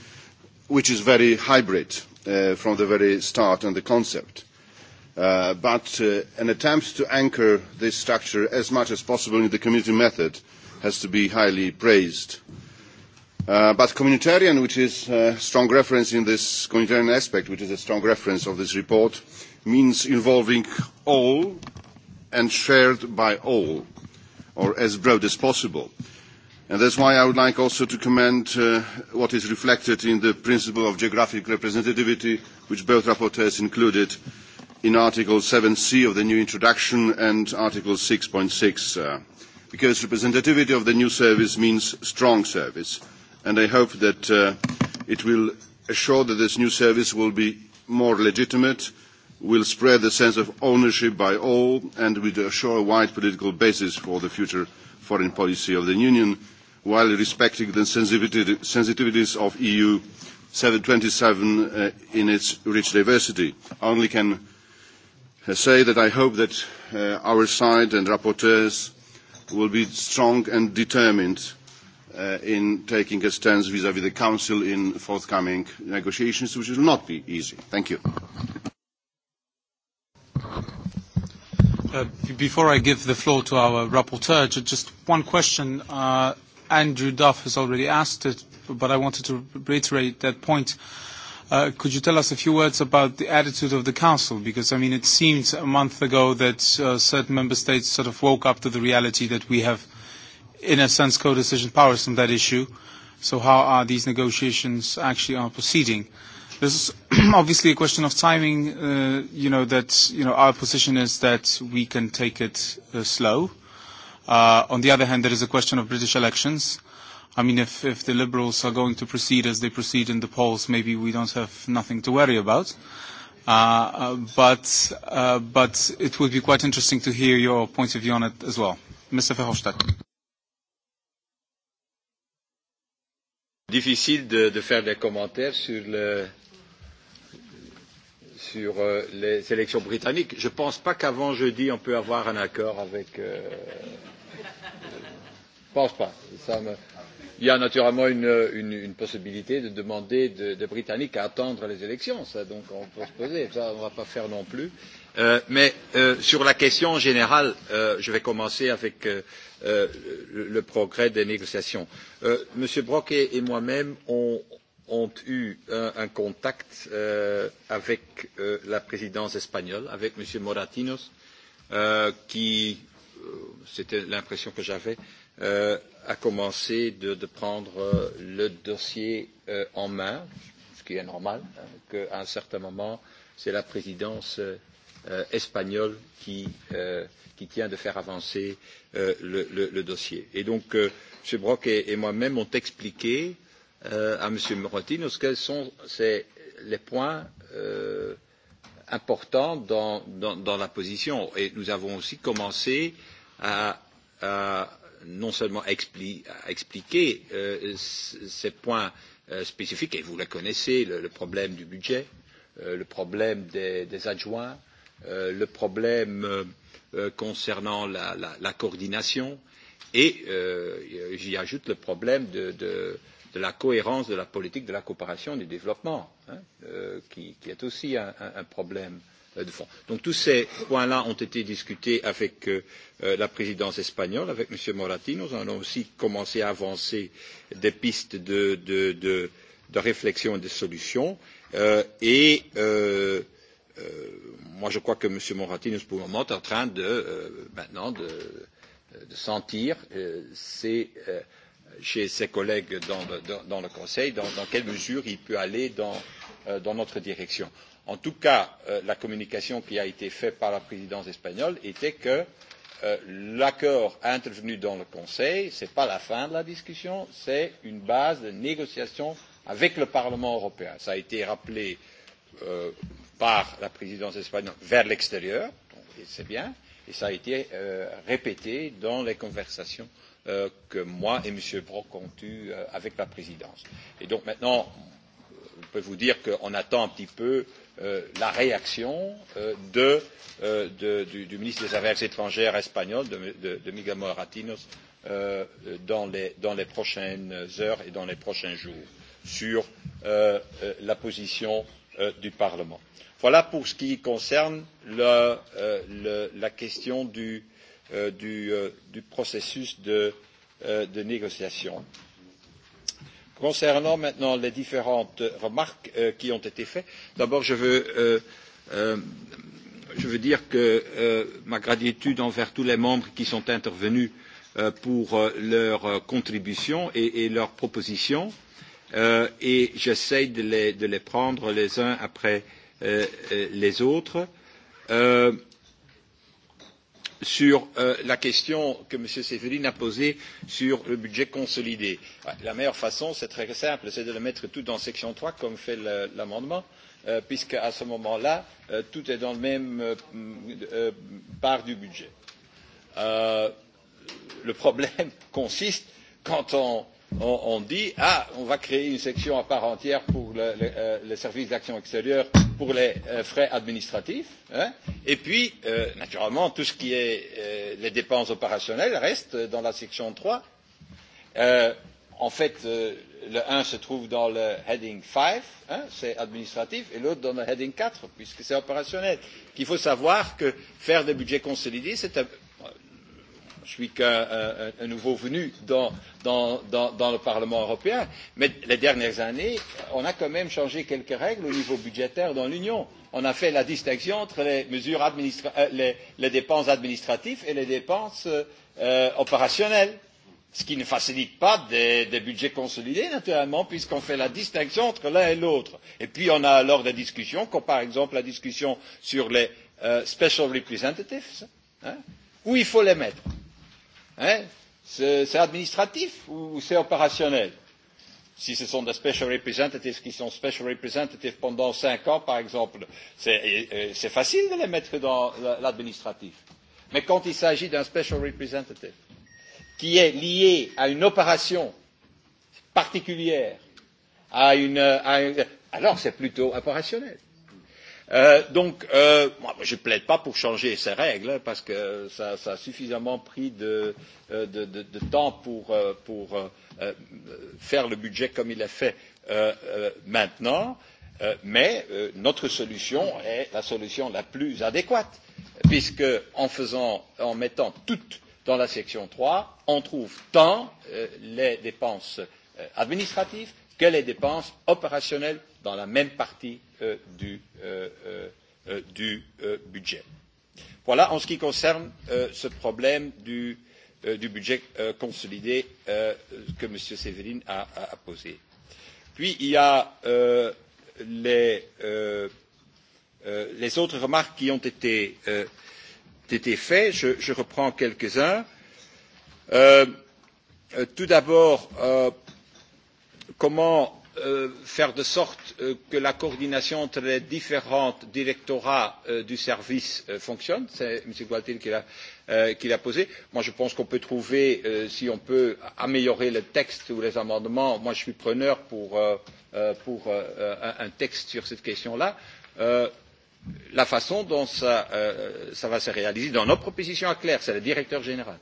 S8: which is very hybrid uh, from the very start and the concept uh, but uh, an attempt to anchor this structure as much as possible in the community method has to be highly praised. Uh, but communitarian, which is a strong reference in this communitarian aspect, which is a strong reference of this report, means involving all and shared by all, or as broad as possible. And that's why I would like also to commend uh, what is reflected in the principle of geographic representativity, which both rapporteurs included, uh, in Article 7c of the new introduction and Article 6.6, uh, because representativity of the new service means strong service, and I hope that uh, it will assure that this new service will be more legitimate, will spread the sense of ownership by all, and will assure a wide political basis for the future foreign policy of the Union, while respecting the sensitivities of EU 727 uh, in its rich diversity. I only can Uh, say that I hope that uh, our side and rapporteurs will be strong and determined uh, in taking a stance vis-à-vis -vis the Council in forthcoming negotiations, which will not be easy. Thank you.
S1: Uh, before I give the floor to our rapporteur, just one question. Uh, Andrew Duff has already asked it, but I wanted to reiterate that point. Uh, Uh, could you tell us a few words about the attitude of the Council? Because, I mean, it seemed a month ago that uh, certain member states sort of woke up to the reality that we have, in a sense, co-decision powers on that issue. So how are these negotiations actually are proceeding? This is obviously a question of timing. Uh, you know that you know our position is that we can take it uh, slow. Uh, on the other hand, there is a question of British elections. Uh, I mean, if, if the Liberals are going to proceed as they proceed in the polls, maybe we don't have nothing to worry about. Uh, uh but, uh, but it would be quite interesting to hear your point of view on it as well. Mr. Verhofstadt.
S2: Difficile de, de faire des commentaires sur, le, sur euh, les élections britanniques. Je ne pense pas qu'avant jeudi, on peut avoir un accord avec. Euh,
S9: je ne
S2: pense pas. Ça me, il y a naturellement une, une, une possibilité de demander des de britanniques à attendre les élections ça, donc on peut se poser ça on ne va pas faire non plus euh, mais euh, sur la question générale euh, je vais commencer avec euh, euh, le, le progrès des négociations. Euh, Monsieur Brock et, et moi-même on, ont eu un, un contact euh, avec euh, la présidence espagnole, avec M. Moratinos, euh, qui, euh, c'était l'impression que j'avais, euh, a commencé de, de prendre euh, le dossier euh, en main, ce qui est normal, hein, qu'à un certain moment, c'est la présidence euh, espagnole qui, euh, qui tient de faire avancer euh, le, le, le dossier. Et donc, euh, M. Brock et, et moi-même ont expliqué euh, à M. Morotino ce quels sont ces, les points euh, importants dans, dans, dans la position. Et nous avons aussi commencé à, à non seulement expli a expliqué euh, ces points euh, spécifiques, et vous les connaissez, le, le problème du budget, euh, le problème des, des adjoints, euh, le problème euh, concernant la, la, la coordination, et euh, j'y ajoute le problème de, de, de la cohérence de la politique de la coopération et du développement, hein, euh, qui, qui est aussi un, un, un problème euh, Euh, de fonds. Donc tous ces points-là ont été discutés avec euh, euh, la présidence espagnole, avec M. Moratti. Nous allons aussi commencer à avancer des pistes de, de, de, de réflexion et de solutions. Euh, et euh, euh, moi, je crois que M. Moratti, nous, pour le moment, est en train de, euh, maintenant de, de sentir euh, ses, euh, chez ses collègues dans le, dans, dans le Conseil dans, dans quelle mesure il peut aller dans, euh, dans notre direction en tout cas euh, la communication qui a été faite par la présidence espagnole était que euh, l'accord intervenu dans le conseil ce n'est pas la fin de la discussion c'est une base de négociation avec le parlement européen. cela a été rappelé euh, par la présidence espagnole vers l'extérieur et c'est bien et cela a été répété dans les conversations que moi et m. brok avons eues avec la présidence. et donc maintenant je peux vous dire qu'on attend un petit peu euh, la réaction euh, de, euh, de, du, du ministre des Affaires étrangères espagnol, de, de, de Miguel Moratinos, euh, dans, les, dans les prochaines heures et dans les prochains jours sur euh, euh la position euh, du Parlement. Voilà pour ce qui concerne le, euh, le, la question du, euh, du, euh, du processus de, euh, de négociation. Euh, concernant maintenant les différentes remarques euh, qui ont été faites d'abord je veux euh, euh, je veux dire que euh, ma gratitude envers tous les membres qui sont intervenus euh, pour euh, leur euh, contribution et, et leurs propositions euh, et j'essaie de les, de les prendre les uns après euh, euh les autres. Euh, sur euh, la question que M. Séverine a posée sur le budget consolidé. La meilleure façon, c'est très simple, c'est de le mettre tout dans section 3, comme fait l'amendement, euh, puisque à ce moment-là, euh, tout est dans la même euh, euh, part du budget. Euh, le problème consiste quand on, on, on dit Ah, on va créer une section à part entière pour le, le, euh, les services d'action extérieure pour les euh, frais administratifs hein, et puis euh, naturellement tout ce qui est euh, les dépenses opérationnelles reste dans la section trois euh, en fait euh, le un se trouve dans le heading five c'est administratif et l'autre dans le heading quatre puisque c'est opérationnel. il faut savoir que faire des budgets consolidés c'est je ne suis qu'un nouveau venu dans, dans, dans, dans le Parlement européen, mais les dernières années, on a quand même changé quelques règles au niveau budgétaire dans l'Union. On a fait la distinction entre les, mesures administra euh, les, les dépenses administratives et les dépenses euh, opérationnelles, ce qui ne facilite pas des, des budgets consolidés, naturellement, puisqu'on fait la distinction entre l'un et l'autre. Et puis, on a alors des discussions, comme par exemple la discussion sur les euh, special representatives, hein, où il faut les mettre c'est administratif ou c'est opérationnel? si ce sont des special representatives qui sont special representatives pendant cinq ans par exemple c'est facile de les mettre dans l'administratif mais quand il s'agit d'un special representative qui est lié à une opération particulière à une, à une alors c'est plutôt opérationnel. Euh, donc, euh, moi, je ne plaide pas pour changer ces règles parce que ça, ça a suffisamment pris de, euh, de, de, de temps pour, euh, pour euh, euh, faire le budget comme il est fait euh, euh, maintenant. Euh, mais euh, notre solution est la solution la plus adéquate puisque en, faisant, en mettant toutes dans la section trois on trouve tant euh, les dépenses administratives que les dépenses opérationnelles dans la même partie euh, du, euh, euh, euh, du euh, budget. Voilà en ce qui concerne euh, ce problème du, euh, du budget euh, consolidé euh, que M. Severin a, a, a posé. Puis il y a euh, les, euh, euh, les autres remarques qui ont été, euh, été faites. Je, je reprends quelques-uns. Euh, euh tout d'abord, euh, comment euh, faire de sorte Euh, que la coordination entre les différents directorats euh, du service euh, fonctionne c'est m. gualtieri qui l'a posé. Moi, je pense qu'on peut trouver si on peut améliorer le texte ou les amendements moi je suis preneur pour, pour un texte sur cette question là. la façon dont ça, ça va se réaliser dans notre proposition est claire c'est le directeur général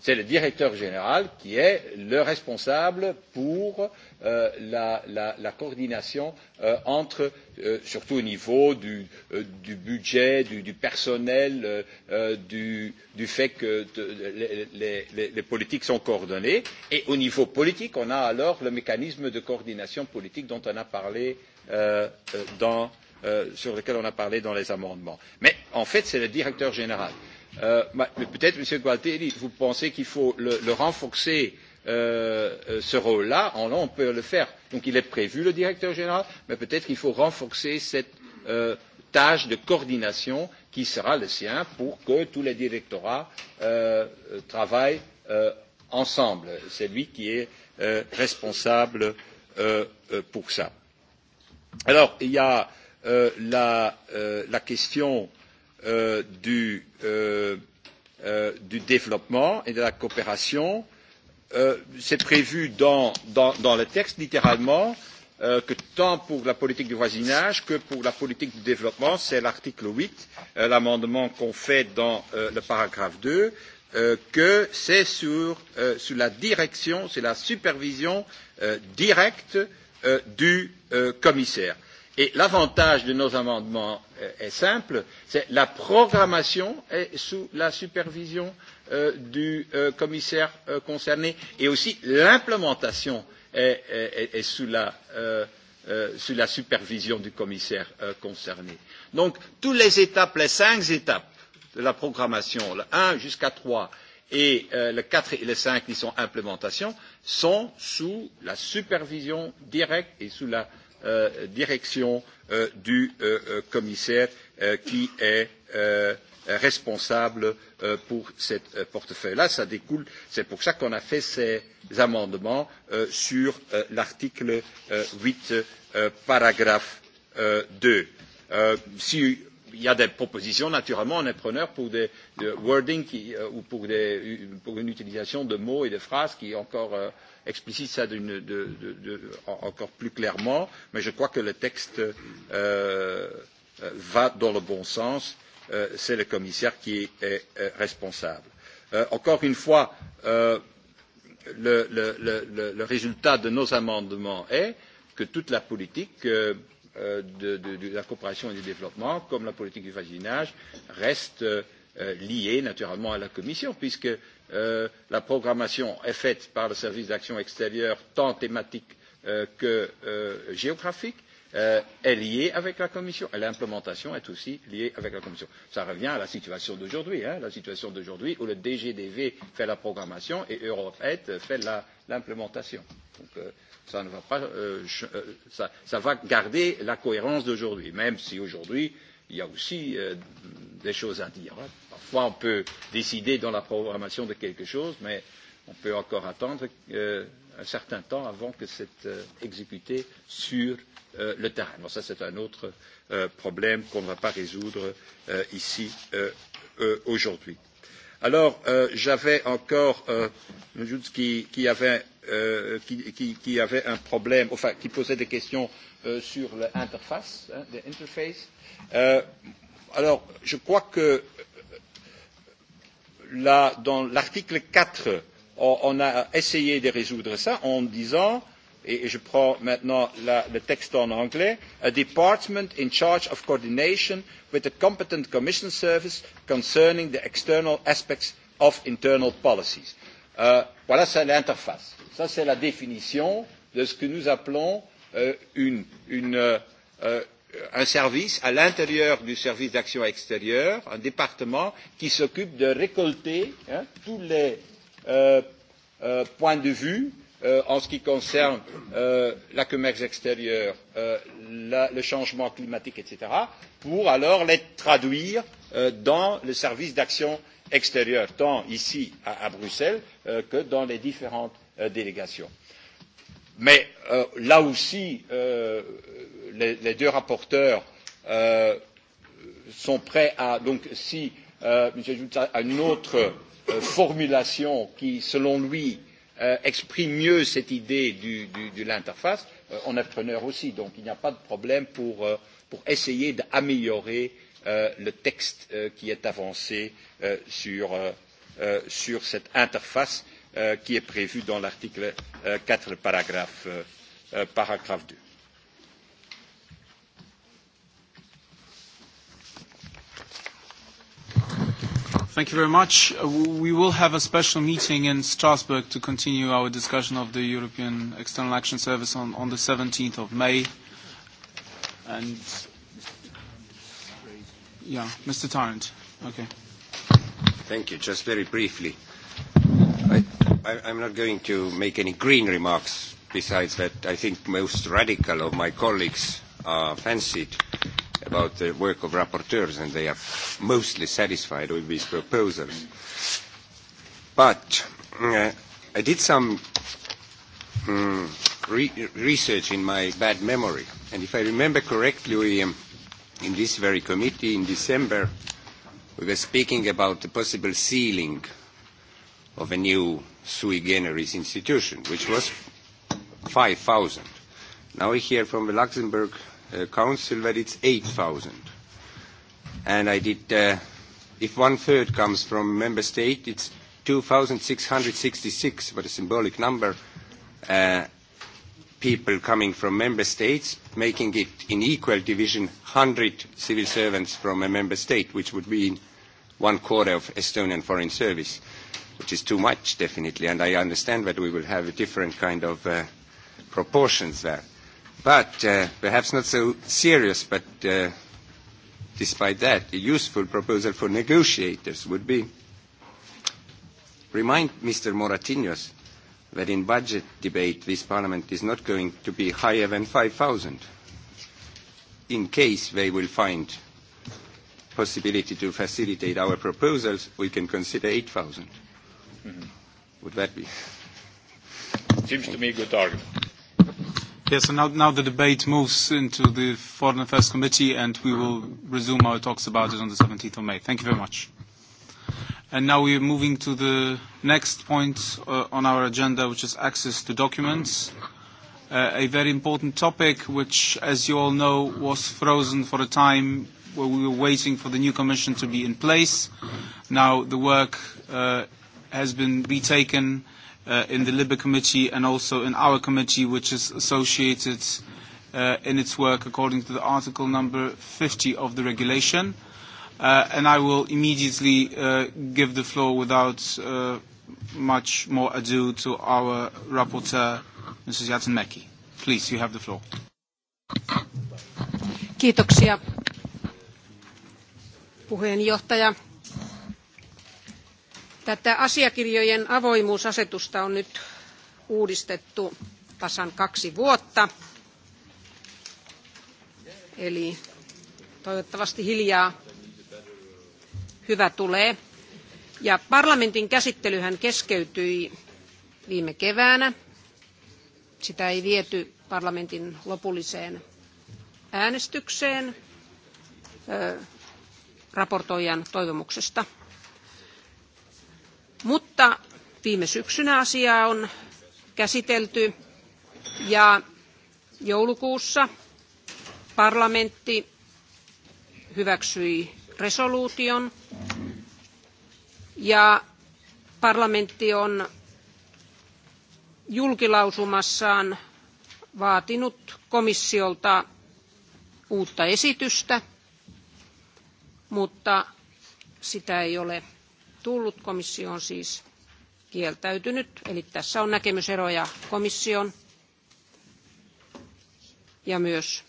S2: c'est le directeur général qui est le responsable pour euh, la, la, la coordination euh, entre euh, surtout au niveau du, euh, du budget, du, du personnel, euh, du, du fait que de, les, les, les politiques sont coordonnées et au niveau politique, on a alors le mécanisme de coordination politique dont on a parlé euh, euh dans, euh, sur lequel on a parlé dans les amendements. Mais en fait, c'est le directeur général. Euh, Euh, mais peut-être, Monsieur Gualtieri, vous pensez qu'il faut le, le renforcer euh, euh ce rôle-là. En là, on peut le faire. Donc, il est prévu le directeur général, mais peut-être qu'il faut renforcer cette euh, tâche de coordination qui sera le sien pour que tous les directorats euh, travaillent euh, ensemble. C'est lui qui est euh, responsable euh, euh pour ça. Alors, il y a euh, la, euh, la question euh, du, euh, euh, du développement et de la coopération. Euh, C'est prévu dans, dans, dans le texte, littéralement, euh, que tant pour la politique du voisinage que pour la politique du développement, c'est l'article 8, euh, l'amendement qu'on fait dans euh, le paragraphe 2, euh, que c'est sur, euh, sur la direction, sur la supervision euh, directe euh, du euh, commissaire Et l'avantage de nos amendements euh, est simple, c'est la programmation est sous la supervision euh, du euh, commissaire euh, concerné et aussi l'implémentation est, est, est sous, la, euh, euh, sous la supervision du commissaire euh, concerné. Donc, toutes les étapes, les cinq étapes de la programmation, le 1 jusqu'à 3, et euh, le 4 et le 5 qui sont implémentation, sont sous la supervision directe et sous la euh, euh, direction euh, du euh, euh, commissaire euh, qui est euh, responsable euh, pour ce euh, portefeuille là. Ça découle, c'est pour ça qu'on a fait ces amendements euh, sur euh, l'article euh, 8, euh, paragraphe euh, 2. Euh, si il y a des propositions, naturellement, on est preneur pour des de wording qui, euh, ou pour, des, pour une utilisation de mots et de phrases qui encore euh, explicitent ça d'une, de, de, de, encore plus clairement, mais je crois que le texte euh, euh, va dans le bon sens. Euh, c'est le commissaire qui est, est, est responsable. Euh, encore une fois, euh, le, le, le, le résultat de nos amendements est que toute la politique euh, Euh, de, de, de la coopération et du développement, comme la politique du voisinage, restent euh, liées naturellement à la Commission, puisque euh, la programmation est faite par le service d'action extérieure, tant thématique euh, que euh, géographique, euh, est liée avec la Commission. Et l'implémentation est aussi liée avec la Commission. Ça revient à la situation d'aujourd'hui, hein, la situation d'aujourd'hui où le DGDV fait la programmation et Europe Aid fait l'implémentation. Donc, euh, ça ne va pas euh, je, euh, ça, ça va garder la cohérence d'aujourd'hui, même si aujourd'hui il y a aussi euh, des choses à dire. Hein. Parfois on peut décider dans la programmation de quelque chose, mais on peut encore attendre euh, un certain temps avant que c'est euh, exécuté sur euh, le terrain. Bon, ça c'est un autre euh, problème qu'on ne va pas résoudre euh, ici euh, euh, aujourd'hui. Alors euh, j'avais encore euh, qui, qui avait euh, qui, qui, qui avait un problème, enfin qui posait des questions euh, sur l'interface, the interface. Euh, alors, je crois que euh, là, dans l'article 4, on, on a essayé de résoudre ça en disant et je prends maintenant la, le texte en anglais a department in charge of coordination with the competent commission service concerning the external aspects of internal policies. Euh, voilà, c'est l'interface. Ça, c'est la définition de ce que nous appelons euh, une, une, euh, un service à l'intérieur du service d'action extérieure, un département qui s'occupe de récolter hein, tous les euh, euh, points de vue euh, en ce qui concerne euh, la commerce extérieure, euh, la, le changement climatique, etc., pour alors les traduire euh, dans le service d'action extérieure extérieure tant ici à bruxelles euh, que dans les différentes euh, délégations. mais euh, là aussi les, les deux rapporteurs sont prêts à donc si j'ajoute à une autre formulation qui selon lui exprime mieux cette idée du, du, de l'interface on est preneur aussi donc il n'y a pas de problème pour, pour essayer d'améliorer euh, euh, le texte euh, qui est avancé euh, sur, euh, euh, sur cette interface euh, qui est prévue dans l'article euh, 4, paragraphe, euh,
S1: euh paragraphe 2. Thank you very much. Uh, we will have a special meeting in Strasbourg to continue our discussion of the European External Action Service on, on the 17th of May. And yeah, Mr. Tarrant. Okay.
S10: Thank you. Just very briefly. I, I, I'm not going to make any green remarks besides that I think most radical of my colleagues are fancied about the work of rapporteurs and they are mostly satisfied with these proposals. But uh, I did some um, re research in my bad memory and if I remember correctly, we, um, in this very committee in December, we were speaking about the possible sealing of a new sui generis institution, which was 5,000. Now we hear from the Luxembourg uh, Council that it's 8,000. And I did, uh, if one third comes from member state, it's 2,666, but a symbolic number. Uh, people coming from member states, making it in equal division 100 civil servants from a member state, which would mean one quarter of Estonian Foreign Service, which is too much, definitely. And I understand that we will have a different kind of uh, proportions there. But uh, perhaps not so serious, but uh, despite that, a useful proposal for negotiators would be remind Mr. Moratinos that in budget debate this parliament is not going to be higher than 5,000 in case they will find possibility to facilitate our proposals, we can consider 8,000. Mm-hmm. Would that be? Seems to me a good target.
S1: Yes, so now, now the debate moves into the Foreign Affairs Committee, and we will resume our talks about it on the 17th of May. Thank you very much. And now we are moving to the next point uh, on our agenda, which is access to documents. Uh, a very important topic, which, as you all know, was frozen for a time where we were waiting for the new commission to be in place. Now the work uh, has been retaken uh, in the Libre Committee and also in our committee, which is associated uh, in its work according to the article number 50 of the regulation. Uh, Uh, and I will immediately uh, give the floor without uh, much more ado to our rapporteur, Mrs. Yatinmäki. Please, you have the floor.
S11: Kiitoksia, puheenjohtaja. Tätä asiakirjojen avoimuusasetusta on nyt uudistettu tasan kaksi vuotta. Eli toivottavasti hiljaa hyvä tulee. Ja parlamentin käsittelyhän keskeytyi viime keväänä. Sitä ei viety parlamentin lopulliseen äänestykseen ö, raportoijan toivomuksesta. Mutta viime syksynä asiaa on käsitelty ja joulukuussa parlamentti hyväksyi resoluution ja parlamentti on julkilausumassaan vaatinut komissiolta uutta esitystä, mutta sitä ei ole tullut. Komissio on siis kieltäytynyt. Eli tässä on näkemyseroja komission ja myös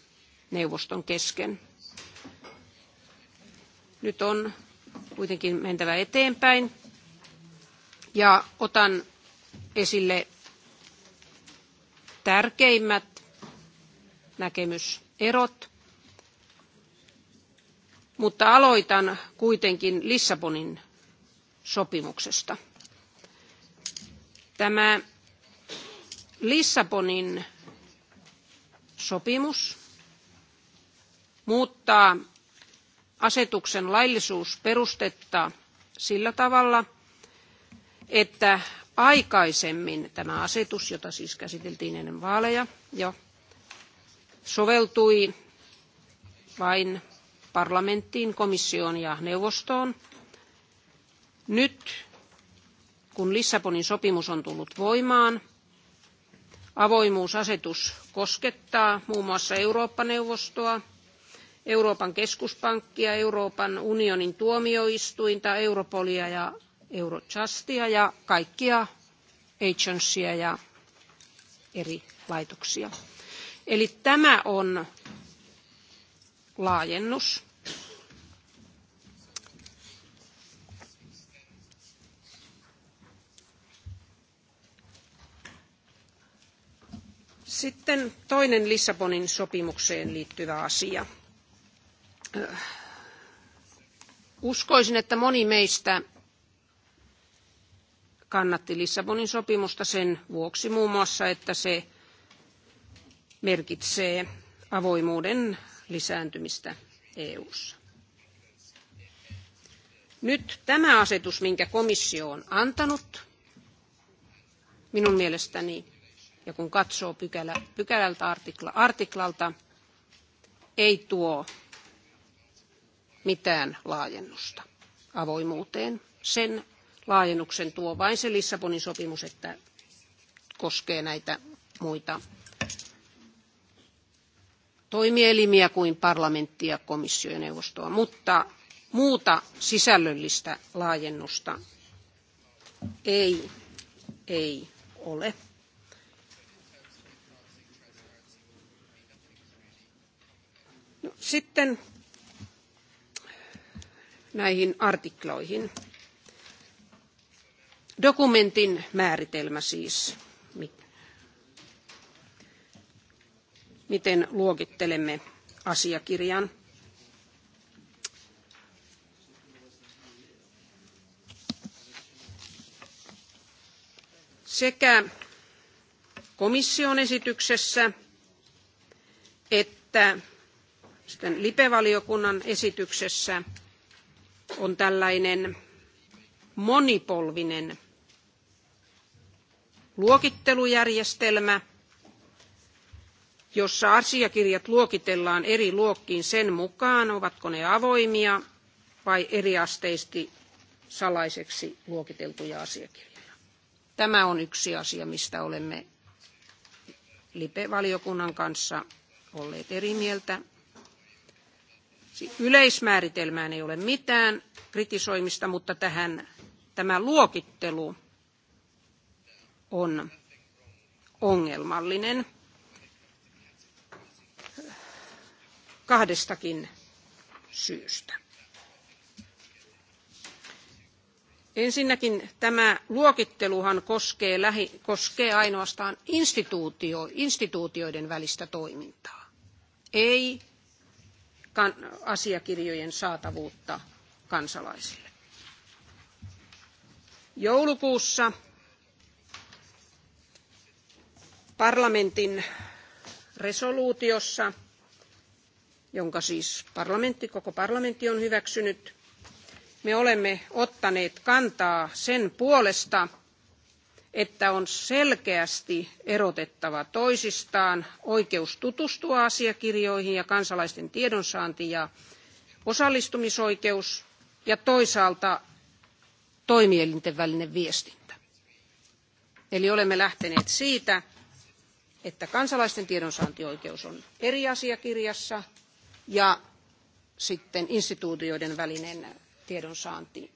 S11: neuvoston kesken. Nyt on kuitenkin mentävä eteenpäin. Ja otan esille tärkeimmät näkemyserot, mutta aloitan kuitenkin Lissabonin sopimuksesta. Tämä Lissabonin sopimus muuttaa asetuksen laillisuusperustetta sillä tavalla, että aikaisemmin tämä asetus, jota siis käsiteltiin ennen vaaleja, jo soveltui vain parlamenttiin, komissioon ja neuvostoon. Nyt, kun Lissabonin sopimus on tullut voimaan, avoimuusasetus koskettaa muun muassa Eurooppa-neuvostoa, Euroopan keskuspankkia, Euroopan unionin tuomioistuinta, Europolia ja Eurojustia ja kaikkia agencyja ja eri laitoksia. Eli tämä on laajennus. Sitten toinen Lissabonin sopimukseen liittyvä asia – uskoisin, että moni meistä kannatti Lissabonin sopimusta sen vuoksi muun muassa, että se merkitsee avoimuuden lisääntymistä EU:ssa. Nyt tämä asetus, minkä komissio on antanut, minun mielestäni, ja kun katsoo pykälä, pykälältä artikla, artiklalta, ei tuo mitään laajennusta avoimuuteen. Sen laajennuksen tuo vain se Lissabonin sopimus, että koskee näitä muita toimielimiä kuin parlamenttia, komissio ja neuvostoa, mutta muuta sisällöllistä laajennusta ei, ei ole. No, sitten näihin artikloihin. Dokumentin määritelmä siis, miten luokittelemme asiakirjan. Sekä komission esityksessä että sitten LIPE-valiokunnan esityksessä on tällainen monipolvinen luokittelujärjestelmä, jossa asiakirjat luokitellaan eri luokkiin sen mukaan, ovatko ne avoimia vai eriasteisesti salaiseksi luokiteltuja asiakirjoja. Tämä on yksi asia, mistä olemme LIPE-valiokunnan kanssa olleet eri mieltä Yleismääritelmään ei ole mitään kritisoimista, mutta tähän tämä luokittelu on ongelmallinen kahdestakin syystä. Ensinnäkin tämä luokitteluhan koskee, lähi, koskee ainoastaan instituutio, instituutioiden välistä toimintaa, ei asiakirjojen saatavuutta kansalaisille. Joulukuussa parlamentin resoluutiossa, jonka siis parlamentti, koko parlamentti on hyväksynyt, me olemme ottaneet kantaa sen puolesta, että on selkeästi erotettava toisistaan oikeus tutustua asiakirjoihin ja kansalaisten tiedonsaanti ja osallistumisoikeus ja toisaalta toimielinten välinen viestintä. Eli olemme lähteneet siitä, että kansalaisten tiedonsaantioikeus on eri asiakirjassa ja sitten instituutioiden välinen tiedonsaanti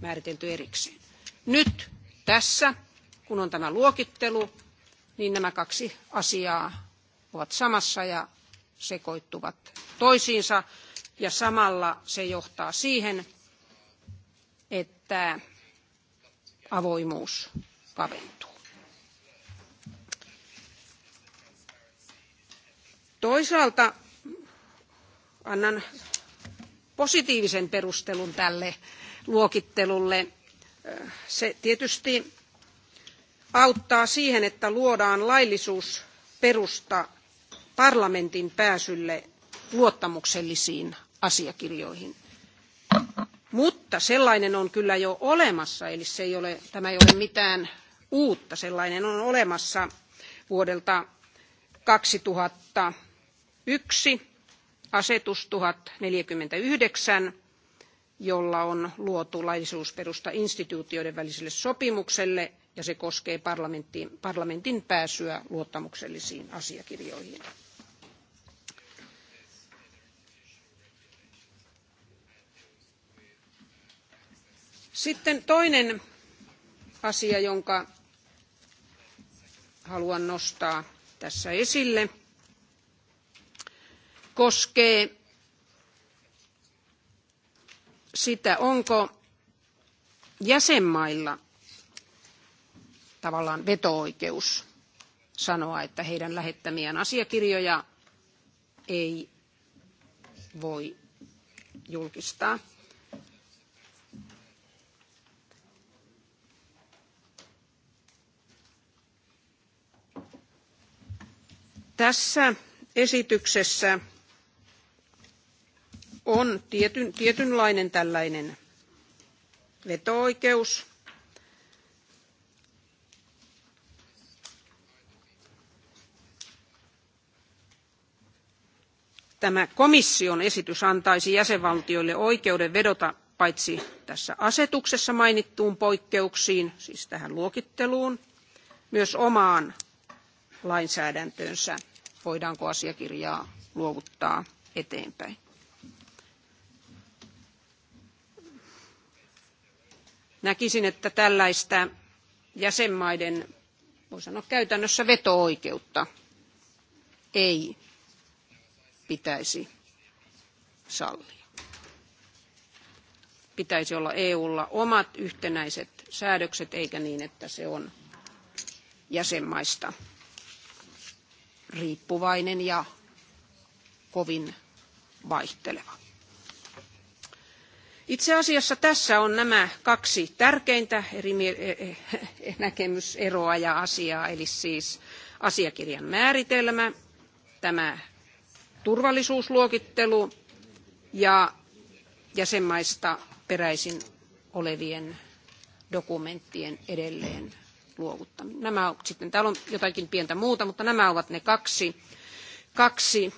S11: määritelty erikseen. Nyt tässä kun on tämä luokittelu, niin nämä kaksi asiaa ovat samassa ja sekoittuvat toisiinsa. Ja samalla se johtaa siihen, että avoimuus kaventuu. Toisaalta annan positiivisen perustelun tälle luokittelulle. Se tietysti auttaa siihen, että luodaan laillisuusperusta parlamentin pääsylle luottamuksellisiin asiakirjoihin. Mutta sellainen on kyllä jo olemassa, eli se ei ole, tämä ei ole mitään uutta. Sellainen on olemassa vuodelta 2001 asetus 1049, jolla on luotu laillisuusperusta instituutioiden väliselle sopimukselle – ja se koskee parlamentin, parlamentin pääsyä luottamuksellisiin asiakirjoihin. Sitten toinen asia, jonka haluan nostaa tässä esille, koskee sitä, onko jäsenmailla tavallaan veto-oikeus sanoa, että heidän lähettämiään asiakirjoja ei voi julkistaa. Tässä esityksessä on tietyn, tietynlainen tällainen veto-oikeus tämä komission esitys antaisi jäsenvaltioille oikeuden vedota paitsi tässä asetuksessa mainittuun poikkeuksiin siis tähän luokitteluun myös omaan lainsäädäntöönsä voidaanko asiakirjaa luovuttaa eteenpäin. Näkisin, että tällaista jäsenmaiden voi sanoa käytännössä veto-oikeutta ei pitäisi sallia. Pitäisi olla EUlla omat yhtenäiset säädökset, eikä niin, että se on jäsenmaista riippuvainen ja kovin vaihteleva. Itse asiassa tässä on nämä kaksi tärkeintä eri e- e- e- näkemyseroa ja asiaa, eli siis asiakirjan määritelmä, tämä turvallisuusluokittelu ja jäsenmaista peräisin olevien dokumenttien edelleen luovuttaminen. Nämä on, sitten täällä on jotakin pientä muuta, mutta nämä ovat ne kaksi, kaksi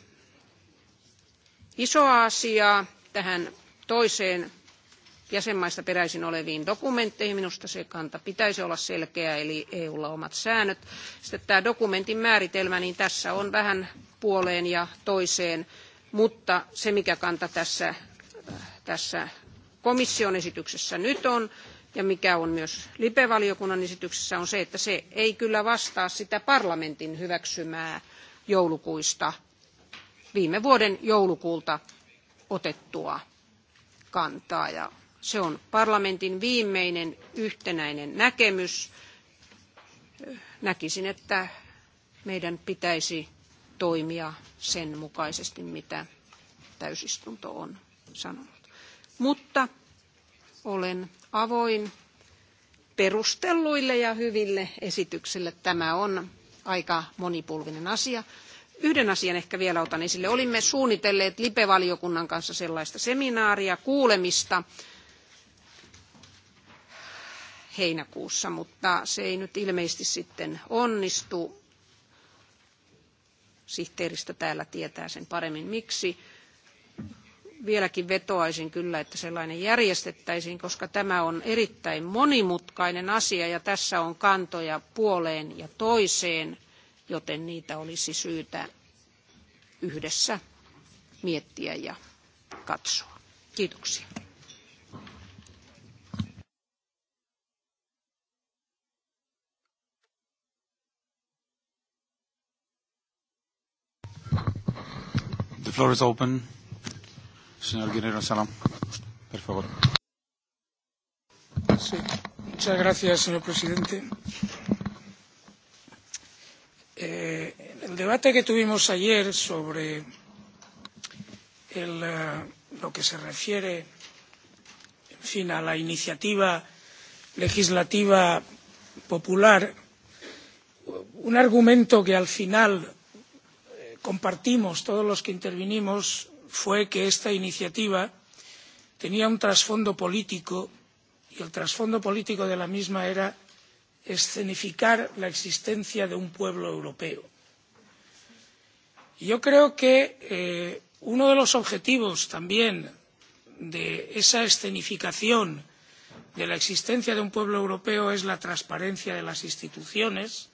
S11: isoa asiaa tähän toiseen jäsenmaista peräisin oleviin dokumentteihin. Minusta se kanta pitäisi olla selkeä, eli EUlla omat säännöt. Sitten tämä dokumentin määritelmä, niin tässä on vähän puoleen ja toiseen, mutta se mikä kanta tässä, tässä komission esityksessä nyt on ja mikä on myös LIPE-valiokunnan esityksessä on se, että se ei kyllä vastaa sitä parlamentin hyväksymää joulukuista viime vuoden joulukuulta otettua kantaa. Ja se on parlamentin viimeinen yhtenäinen näkemys. Näkisin, että meidän pitäisi toimia sen mukaisesti, mitä täysistunto on sanonut. Mutta olen avoin perustelluille ja hyville esityksille. Tämä on aika monipulvinen asia. Yhden asian ehkä vielä otan esille. Olimme suunnitelleet Lipe-valiokunnan kanssa sellaista seminaaria, kuulemista heinäkuussa, mutta se ei nyt ilmeisesti sitten onnistu sihteeristö täällä tietää sen paremmin miksi. Vieläkin vetoaisin kyllä, että sellainen järjestettäisiin, koska tämä on erittäin monimutkainen asia ja tässä on kantoja puoleen ja toiseen, joten niitä olisi syytä yhdessä miettiä ja katsoa. Kiitoksia.
S1: floor is open. Señor Guerrero Salón, por favor.
S12: Sí. Muchas gracias, señor presidente. Eh, el debate que tuvimos ayer sobre el, uh, lo que se refiere en fin, a la iniciativa legislativa popular, un argumento que al final compartimos todos los que intervinimos fue que esta iniciativa tenía un trasfondo político y el trasfondo político de la misma era escenificar la existencia de un pueblo europeo. yo creo que eh, uno de los objetivos también de esa escenificación de la existencia de un pueblo europeo es la transparencia de las instituciones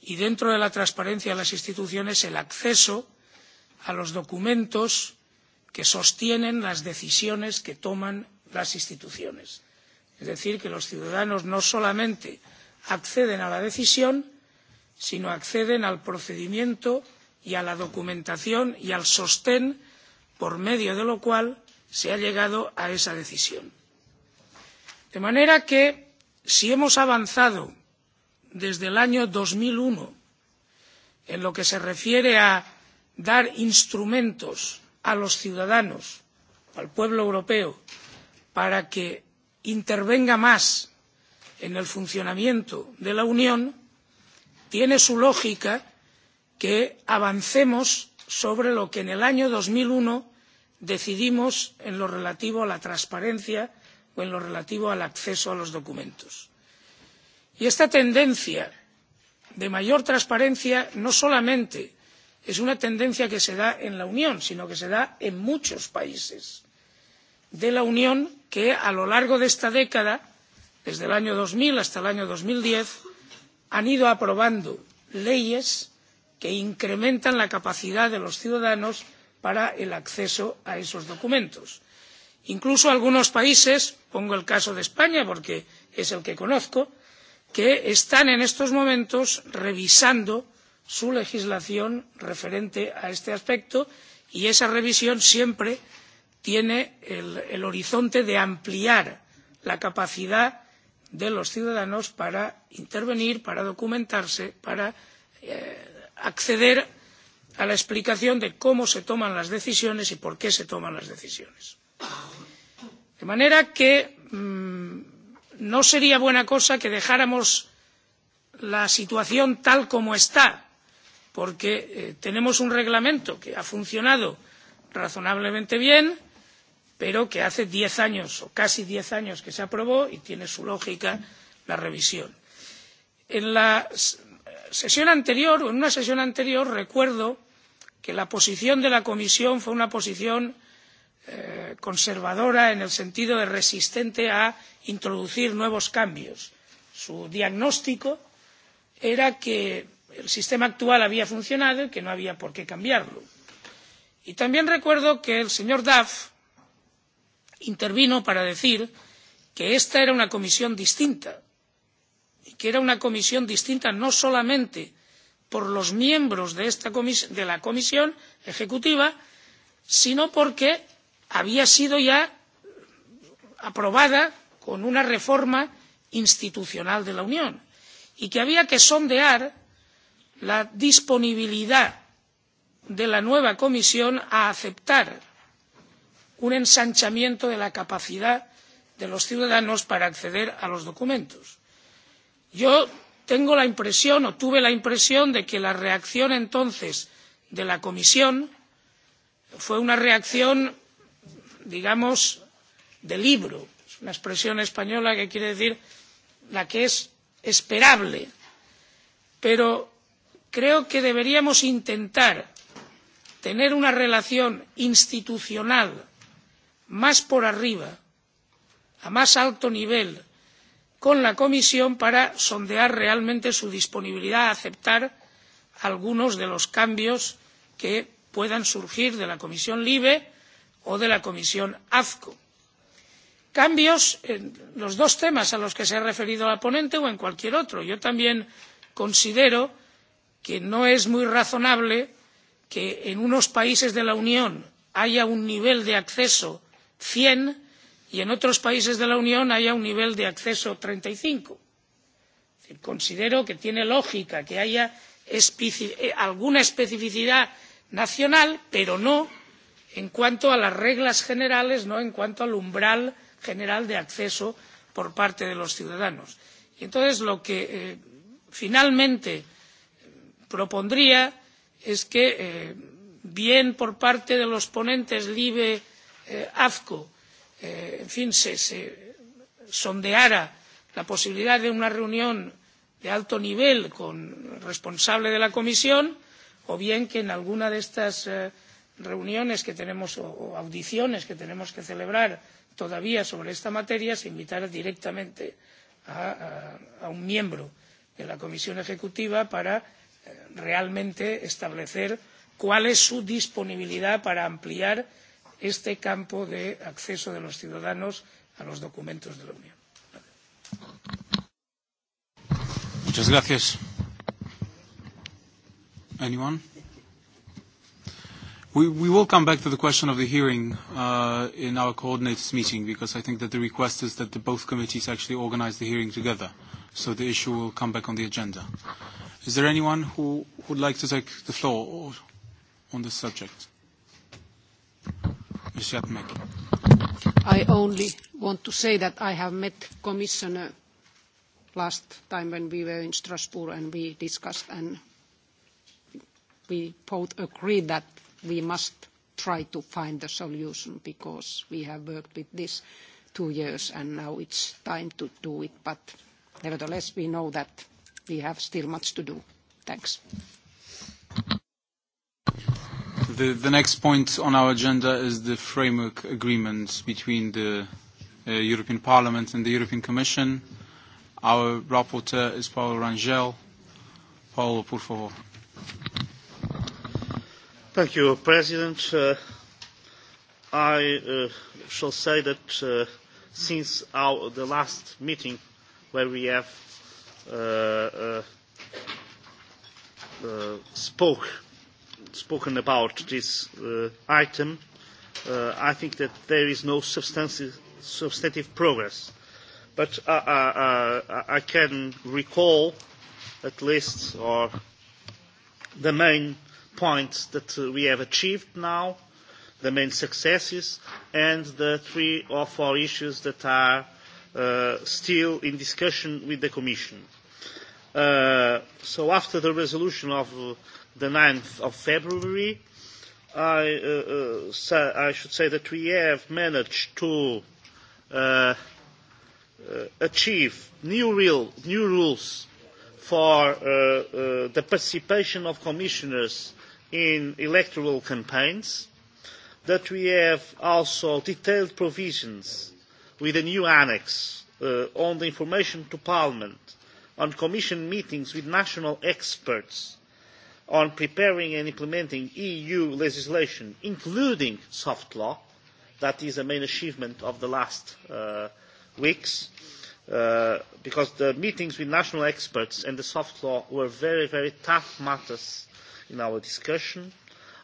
S12: y dentro de la transparencia de las instituciones el acceso a los documentos que sostienen las decisiones que toman las instituciones es decir que los ciudadanos no solamente acceden a la decisión sino acceden al procedimiento y a la documentación y al sostén por medio de lo cual se ha llegado a esa decisión. de manera que si hemos avanzado desde el año dos mil uno en lo que se refiere a dar instrumentos a los ciudadanos al pueblo europeo para que intervenga más en el funcionamiento de la unión tiene su lógica que avancemos sobre lo que en el año dos mil uno decidimos en lo relativo a la transparencia o en lo relativo al acceso a los documentos y esta tendencia de mayor transparencia no solamente es una tendencia que se da en la unión sino que se da en muchos países de la unión que a lo largo de esta década desde el año dos mil hasta el año dos mil diez han ido aprobando leyes que incrementan la capacidad de los ciudadanos para el acceso a esos documentos. incluso algunos países pongo el caso de españa porque es el que conozco que están en estos momentos revisando su legislación referente a este aspecto y esa revisión siempre tiene el, el horizonte de ampliar la capacidad de los ciudadanos para intervenir para documentarse para eh, acceder a la explicación de cómo se toman las decisiones y por qué se toman las decisiones. de manera que mmm, no sería buena cosa que dejáramos la situación tal como está porque eh, tenemos un reglamento que ha funcionado razonablemente bien pero que hace diez años o casi diez años que se aprobó y tiene su lógica la revisión. en la sesión anterior o en una sesión anterior recuerdo que la posición de la comisión fue una posición eh, conservadora en el sentido de resistente a introducir nuevos cambios. su diagnóstico era que el sistema actual había funcionado y que no había por qué cambiarlo. y también recuerdo que el señor duff intervino para decir que esta era una comisión distinta y que era una comisión distinta no solamente por los miembros de, esta comis de la comisión ejecutiva sino porque había sido ya aprobada con una reforma institucional de la unión y que había que sondear la disponibilidad de la nueva comisión a aceptar un ensanchamiento de la capacidad de los ciudadanos para acceder a los documentos. yo tengo la impresión o tuve la impresión de que la reacción entonces de la comisión fue una reacción digamos de libro es una expresión española que quiere decir la que es esperable pero creo que deberíamos intentar tener una relación institucional más por arriba a más alto nivel con la comisión para sondear realmente su disponibilidad a aceptar algunos de los cambios que puedan surgir de la comisión libe o de la comisión afco cambios en los dos temas a los que se ha referido la ponente o en cualquier otro. yo también considero que no es muy razonable que en unos países de la unión haya un nivel de acceso cien y en otros países de la unión haya un nivel de acceso. treinta y cinco considero que tiene lógica que haya especi eh, alguna especificidad nacional pero no en cuanto a las reglas generales ¿no? en cuanto al umbral general de acceso por parte de los ciudadanos. y entonces lo que eh, finalmente eh, propondría es que eh, bien por parte de los ponentes libe eh, afco eh, en fin se, se sondeara la posibilidad de una reunión de alto nivel con el responsable de la comisión o bien que en alguna de estas eh, reuniones que tenemos o, o audiciones que tenemos que celebrar todavía sobre esta materia se invitará directamente a, a, a un miembro de la comisión ejecutiva para eh, realmente establecer cuál es su disponibilidad para ampliar este campo de acceso de los ciudadanos a los documentos de la Unión.
S13: Muchas gracias.
S12: Anyone?
S1: We, we will come back to the question of the hearing uh, in our coordinators meeting because I think that the request is that the both committees actually organize the hearing together. So the issue will come back on the agenda. Is there anyone who would like to take the floor on this subject? Ms. Jäätteenmäki.
S12: I
S11: only want to say that I have met Commissioner last time when we were in Strasbourg and we discussed, and we both agree that we must try to find a solution because we have worked with this two years, and now it's time to do it. But nevertheless, we know that we have still much to do. Thanks.
S1: The, the next point on our agenda is the framework agreement between the uh, European Parliament and the European Commission. Our rapporteur is Paulo Rangel. Paulo, por favor.
S14: Thank you, President. Uh, I uh, shall say that uh, since our, the last meeting where we have uh, uh, uh, spoke, spoken about this uh, item, uh, I think that there is no substantive, substantive progress. But uh, uh, uh, I can recall at least or the main points that uh, we have achieved now, the main successes, and the three or four issues that are uh, still in discussion with the Commission. Uh, so after the resolution of uh, the 9th of February, I, uh, uh, so I should say that we have managed to uh, uh, achieve new, real, new rules for uh, uh, the participation of commissioners in electoral campaigns, that we have also detailed provisions with a new annex uh, on the information to Parliament, on Commission meetings with national experts, on preparing and implementing EU legislation, including soft law. That is a main achievement of the last uh, weeks, uh, because the meetings with national experts and the soft law were very, very tough matters in our discussion.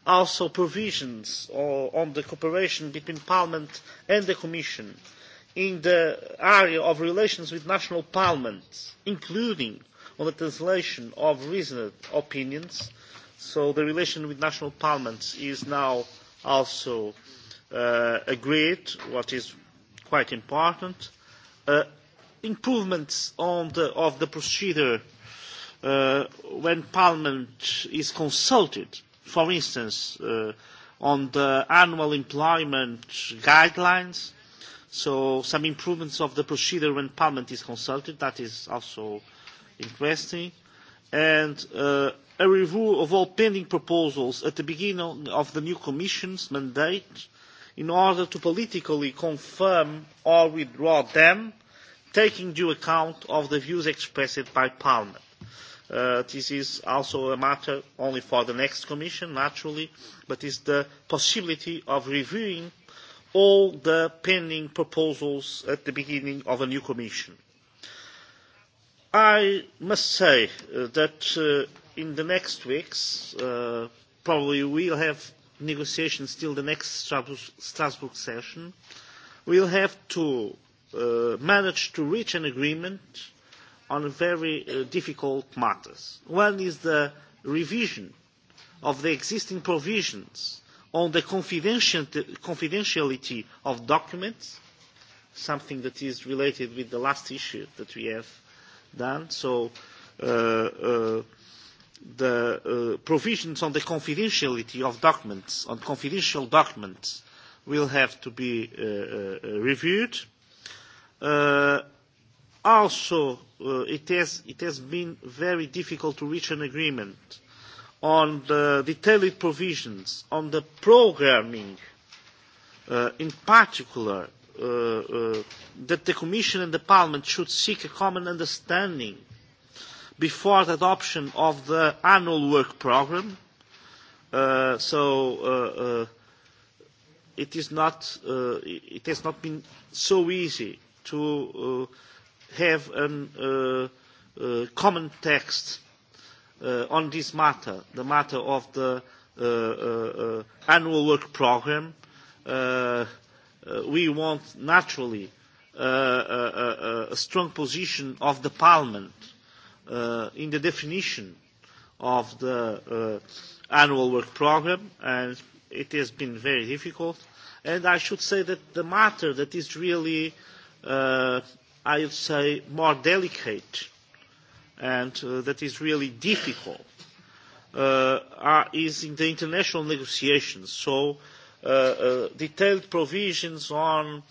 S14: Also provisions or, on the cooperation between Parliament and the Commission in the area of relations with national parliaments, including on the translation of reasoned opinions. So the relation with national parliaments is now also uh, agreed, what is quite important. Uh, improvements on the, of the procedure uh, when Parliament is consulted, for instance, uh, on the annual employment guidelines, so some improvements of the procedure when Parliament is consulted, that is also interesting, and uh, a review of all pending proposals at the beginning of the new Commission's mandate in order to politically confirm or withdraw them, taking due account of the views expressed by Parliament. Uh, this is also a matter only for the next Commission, naturally, but is the possibility of reviewing all the pending proposals at the beginning of a new Commission. I must say uh, that uh, in the next weeks, uh, probably we'll have negotiations till the next Strasbourg, Strasbourg session. We'll have to uh, manage to reach an agreement on very uh, difficult matters. One is the revision of the existing provisions on the confidentiality of documents, something that is related with the last issue that we have done. So uh, uh, the uh, provisions on the confidentiality of documents, on confidential documents, will have to be uh, uh, reviewed. Uh, also uh, it, has, it has been very difficult to reach an agreement on the detailed provisions, on the programming uh, in particular, uh, uh, that the Commission and the Parliament should seek a common understanding before the adoption of the annual work programme. Uh, so uh, uh, it is not, uh, it has not been so easy to uh, have a uh, uh, common text uh, on this matter, the matter of the uh, uh, uh, annual work program. Uh, uh, we want naturally uh, a, uh, a, uh, a strong position of the Parliament uh, in the definition of the uh, annual work program, and it has been very difficult. And I should say that the matter that is really uh, I would say, more delicate and uh, that is really difficult uh, are, is in the international negotiations. So uh, uh, detailed provisions on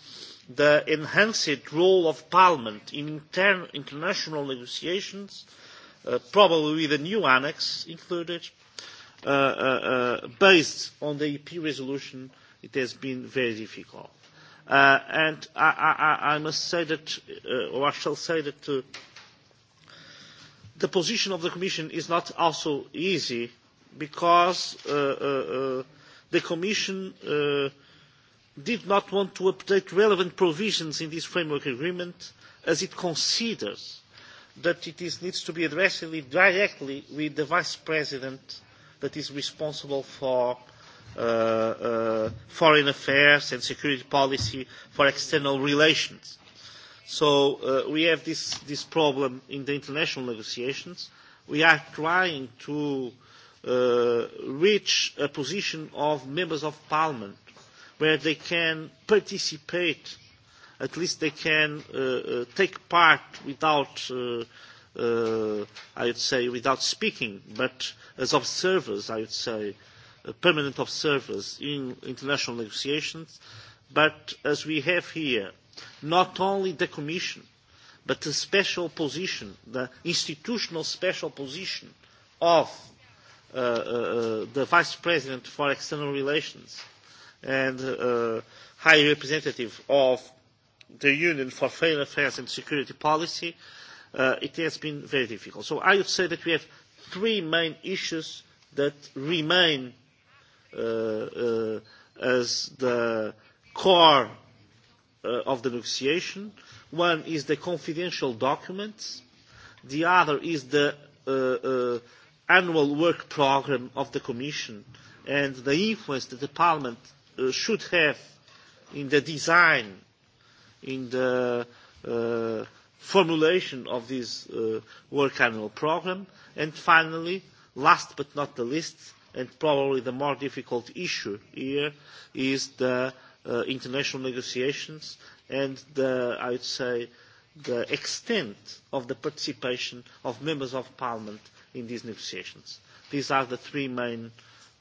S14: the enhanced role of Parliament in inter international negotiations, uh, probably with a new annex included, uh, uh, uh, based on the EP resolution, it has been very difficult. Uh, and I, I, I must say that, uh, or I shall say that uh, the position of the Commission is not also easy because uh, uh, uh, the Commission uh, did not want to update relevant provisions in this framework agreement as it considers that it is, needs to be addressed directly with the Vice President that is responsible for uh, uh, uh, foreign affairs and security policy for external relations. So uh, we have this, this problem in the international negotiations. We are trying to uh, reach a position of members of parliament where they can participate, at least they can uh, uh, take part without, uh, uh, I would say, without speaking, but as observers, I would say, uh, permanent observers in international negotiations, but as we have here, not only the Commission, but the special position, the institutional special position of uh, uh, uh the Vice President for External Relations and uh, uh, High Representative of the Union for Foreign Affairs and Security Policy, uh, it has been very difficult. So I would say that we have three main issues that remain uh, uh, as the core uh, of the negotiation. One is the confidential documents. The other is the uh, uh, annual work program of the Commission and the influence that the Parliament uh, should have in the design, in the uh, formulation of this uh, work annual program. And finally, last but not the least, uh, and probably the more difficult issue here is the uh, international negotiations and the, I would say, the extent of the participation of members of parliament in these negotiations. These are the three main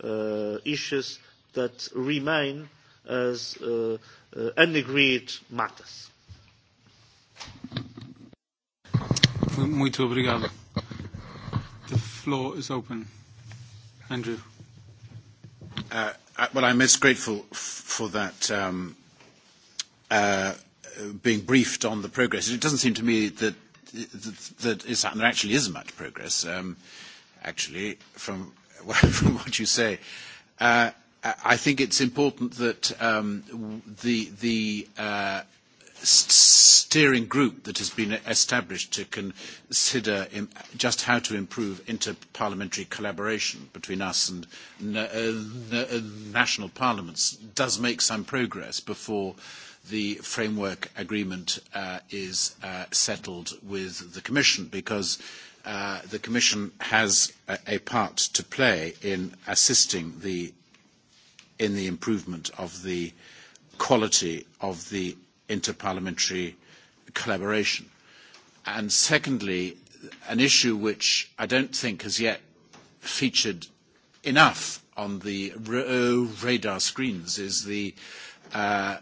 S14: uh, issues that remain as uh, uh, unagreed matters.
S1: Muito obrigado. The floor is open. Andrew.
S5: Uh, uh, well, I'm most grateful f- for that um, uh, being briefed on the progress. It doesn't seem to me that that, that there actually is much progress. Um, actually, from from what you say, uh, I think it's important that um, the the uh, steering group that has been established to consider Im- just how to improve interparliamentary collaboration between us and na- uh, uh, national parliaments does make some progress before the framework agreement uh, is uh, settled with the Commission because uh, the Commission has a, a part to play in assisting the in the improvement of the quality of the interparliamentary collaboration. And secondly, an issue which I don't think has yet featured enough on the oh, radar screens is the uh,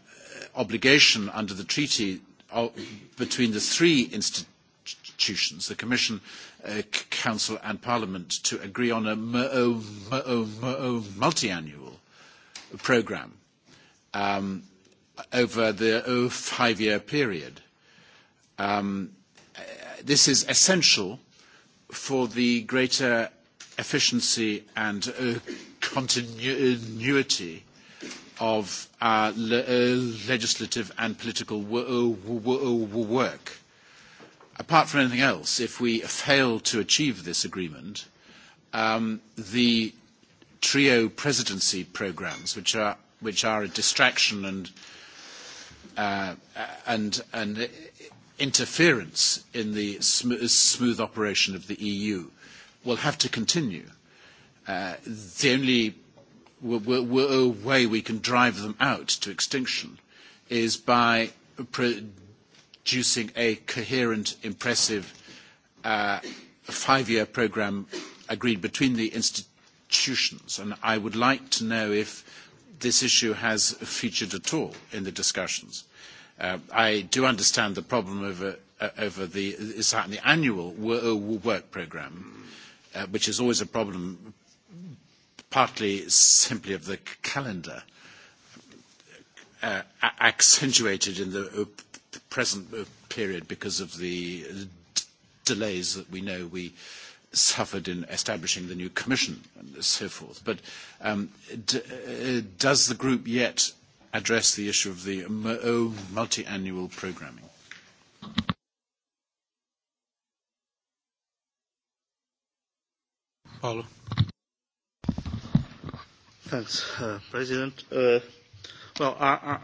S5: obligation under the treaty of, between the three institutions, the Commission, uh, Council and Parliament, to agree on a oh, oh, multi-annual programme um, over the uh, five-year period. Um, this is essential for the greater efficiency and uh, continuity of our le uh, legislative and political uh, uh, work. Apart from anything else, if we fail to achieve this agreement, um, the trio presidency programs, which are, which are a distraction and uh, uh, and, and interference in the sm smooth operation of the EU will have to continue. Uh, the only w- w- w- way we can drive them out to extinction is by producing a coherent, impressive uh, five-year program agreed between the institutions. And I would like to know if this issue has featured at all in the discussions. Uh, I do understand the problem over, uh, over the, the annual uh, work programme, uh, which is always a problem, partly simply of the calendar, uh, accentuated in the uh, present uh, period because of the delays that we know we uh, suffered in establishing the new commission and so forth. But um, d- uh, does the group yet address the issue of the m- oh, multi-annual programming?
S14: Paulo. Thanks, uh, President. Uh, well, I,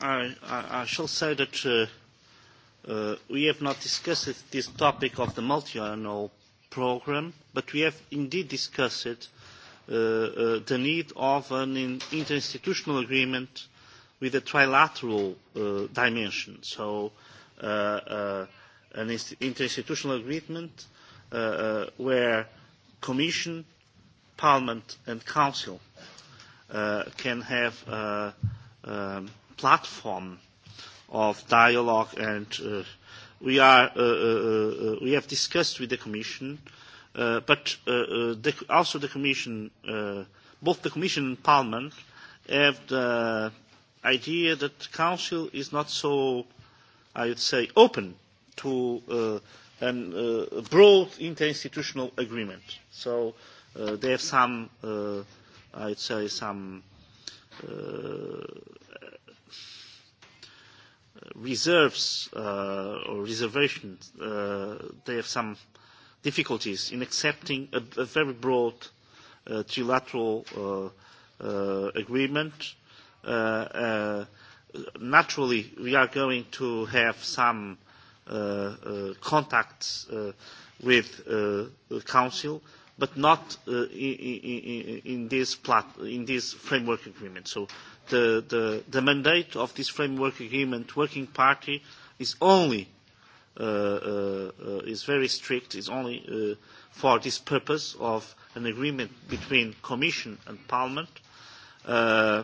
S14: I, I, I shall say that uh, uh, we have not discussed this topic of the multi-annual program, but we have indeed discussed it, uh, uh, the need of an in interinstitutional agreement with a trilateral uh, dimension. So uh, uh, an interinstitutional agreement uh, uh, where Commission, Parliament and Council uh, can have a uh, um, platform of dialogue and uh, we, are, uh uh, uh, uh, we have discussed with the Commission, uh, but uh, uh, the, also the Commission, uh, both the Commission and Parliament have the idea that the Council is not so, I would say, open to uh, an, uh, broad interinstitutional agreement. So uh, they have some, uh, I would say, some uh, reserves uh, or reservations, uh, they have some difficulties in accepting a, a very broad uh, trilateral uh, uh, agreement. Uh, uh, naturally, we are going to have some uh, uh, contacts uh, with uh, the Council, but not uh, in, in, in, this plat in this framework agreement. So the, the, the mandate of this framework agreement working party is only uh, uh, uh, is very strict, is only uh, for this purpose of an agreement between Commission and Parliament. Uh,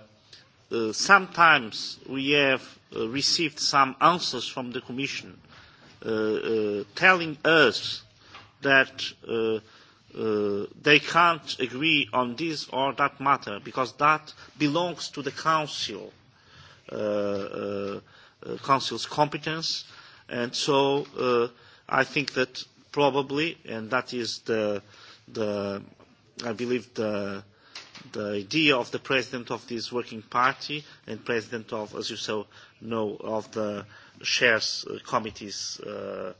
S14: uh, sometimes we have uh, received some answers from the Commission uh, uh, telling us that uh, uh, they can't agree on this or that matter because that belongs to the council, uh, uh, uh, council's competence. And so uh, I think that probably, and that is the, the I believe the, the idea of the president of this working party and president of, as you so know, of the shares uh, committees uh,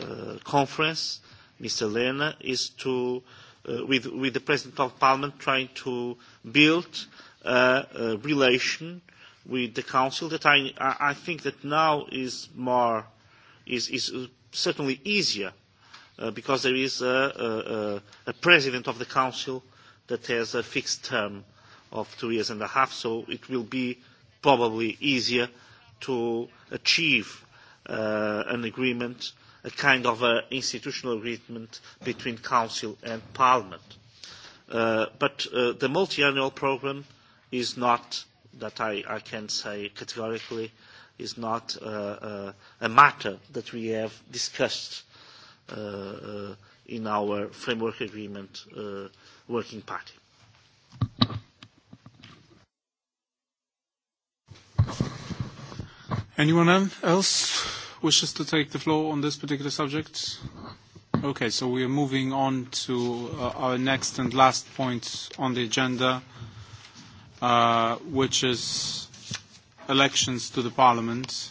S14: uh, conference uh, Mr. Lehne, is to, uh, with, with the President of Parliament, trying to build uh, a relation with the Council that I, I think that now is more, is, is certainly easier uh, because there is a, a, a President of the Council that has a fixed term of two years and a half, so it will be probably easier to achieve uh, an agreement uh, a kind of a uh, institutional agreement between Council and Parliament. Uh, but uh, the multi-annual programme is not, that I, I can say categorically, is not uh, uh, a matter that we have discussed uh, uh, in our framework agreement uh, working party.
S1: Anyone else? wishes to take the floor on this particular subject? Okay, so we are moving on to uh, our next and last point on the agenda, uh, which is elections to the parliament.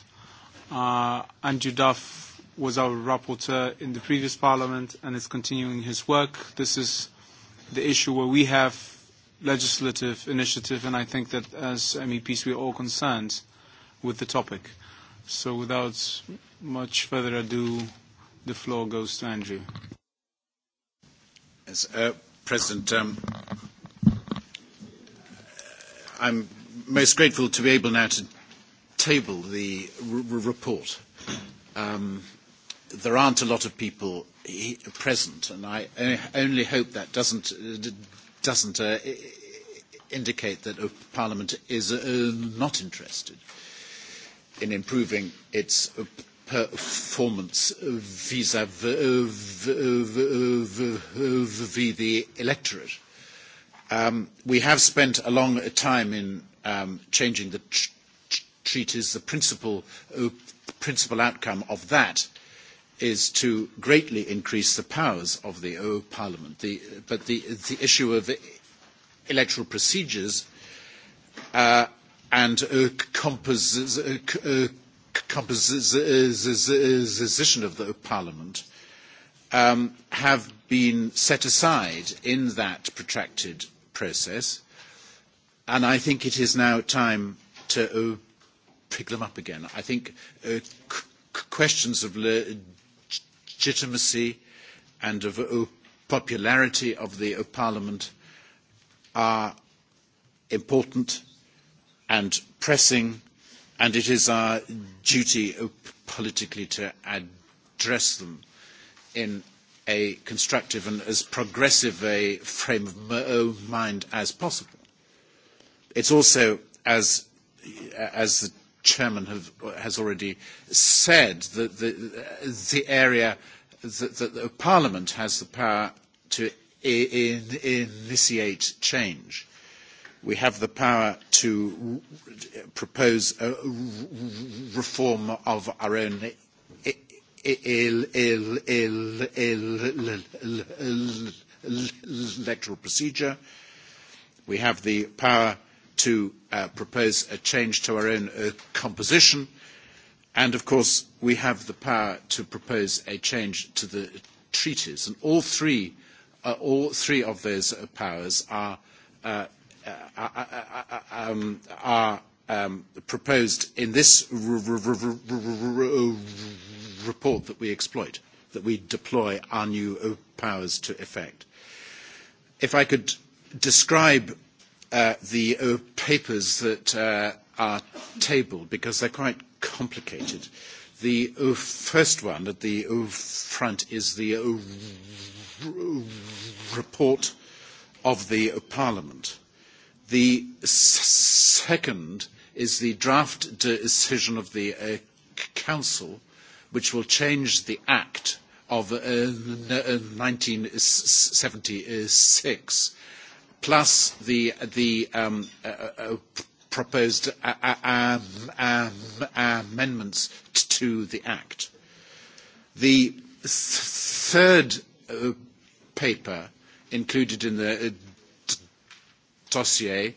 S1: Uh, Andrew Duff was our rapporteur in the previous parliament and is continuing his work. This is the issue where we have legislative initiative, and I think that as MEPs, we are all concerned with the topic. Uh, So without much further ado, the floor goes to Andrew. Yes, uh, President, um, uh,
S5: I'm most grateful to be able now to table the r- r- report. Um, there aren't a lot of people he- present, and I only hope that doesn't uh, doesn't uh, indicate that Parliament is uh, not interested. Uh, in improving its uh, performance vis-à-vis uh, the electorate. Um, we have spent a long time in um, changing the tr treaties. The principal, uh, principal outcome of that is to greatly increase the powers of the EU uh, Parliament. The, but the, the issue of electoral procedures uh, and uh, compos uh, composition of the parliament um, have been set aside in that protracted process, and I think it is now time to uh, pick them up again. I think uh, questions of le legitimacy and of uh, popularity of the uh, parliament are important and pressing, and it is our duty politically to address them in a constructive and as progressive a frame of oh, mind as possible. It's also, as, as the chairman have, has already said, that the, the area that, that the parliament has the power to in, initiate change we have the power to propose a reform of our own electoral procedure. We have the power to uh, propose a change to our own uh, composition. And of course, we have the power to propose a change to the treaties. And all three, uh, all three of those powers are uh, um, are um, proposed in this report that we exploit, that we deploy our new powers to effect. If I could describe uh, the uh, papers that uh, are tabled, because they're quite complicated. The uh, first one at the uh, front is the uh, report of the Parliament The second is the draft decision of the uh, Council, which will change the Act of uh, 1976, uh, plus the, the um, uh, uh, proposed uh, um, um, amendments to the Act. The third uh, paper included in the uh, Saussure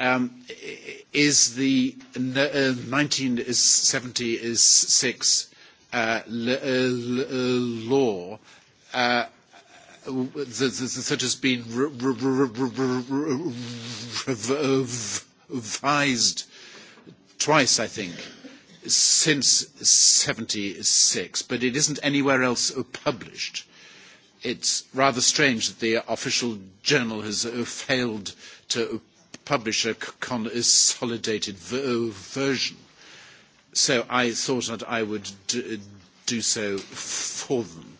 S5: um, is the uh, 1976 uh, l- uh, law uh, that has been revised twice, I think, since 76, but it isn't anywhere else published it's rather strange that the official journal has uh, failed to publish a consolidated uh, version. So I thought that I would uh, do so for them.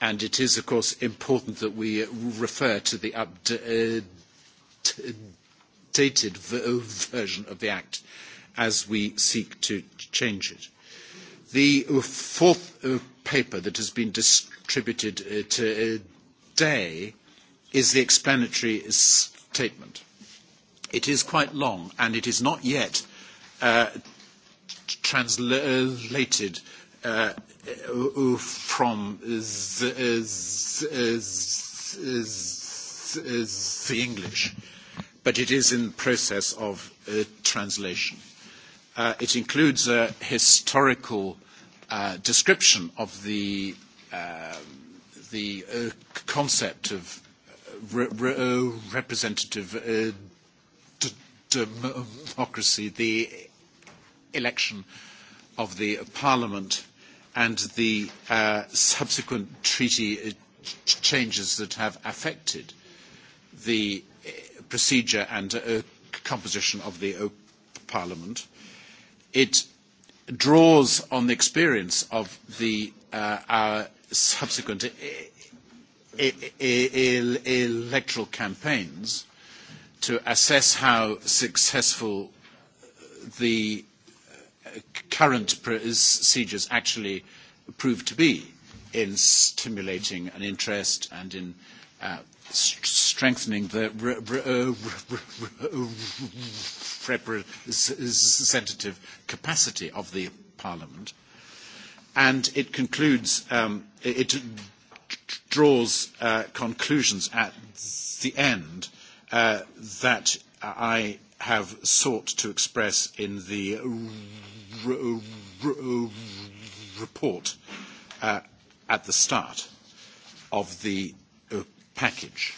S5: And it is, of course, important that we refer to the updated version of the Act as we seek to change it. The fourth paper that has been distributed today is the explanatory statement. It is quite long, and it is not yet uh, translated uh, from the English, but it is in the process of uh, translation. Uh, it includes a historical uh, description of the, uh, the uh, concept of uh, re- re- uh, representative uh, d- democracy, the election of the parliament, and the uh, subsequent treaty uh, changes that have affected the uh, procedure and uh, composition of the uh, parliament It draws on the experience of the, uh, our subsequent e- e- e-, e, e electoral campaigns to assess how successful the uh, current procedures actually prove to be in stimulating an interest and in uh, strengthening the uh, representative capacity of the Parliament. And it concludes, um, it draws uh, conclusions at the end uh, that I have sought to express in the report uh, at the start of the package.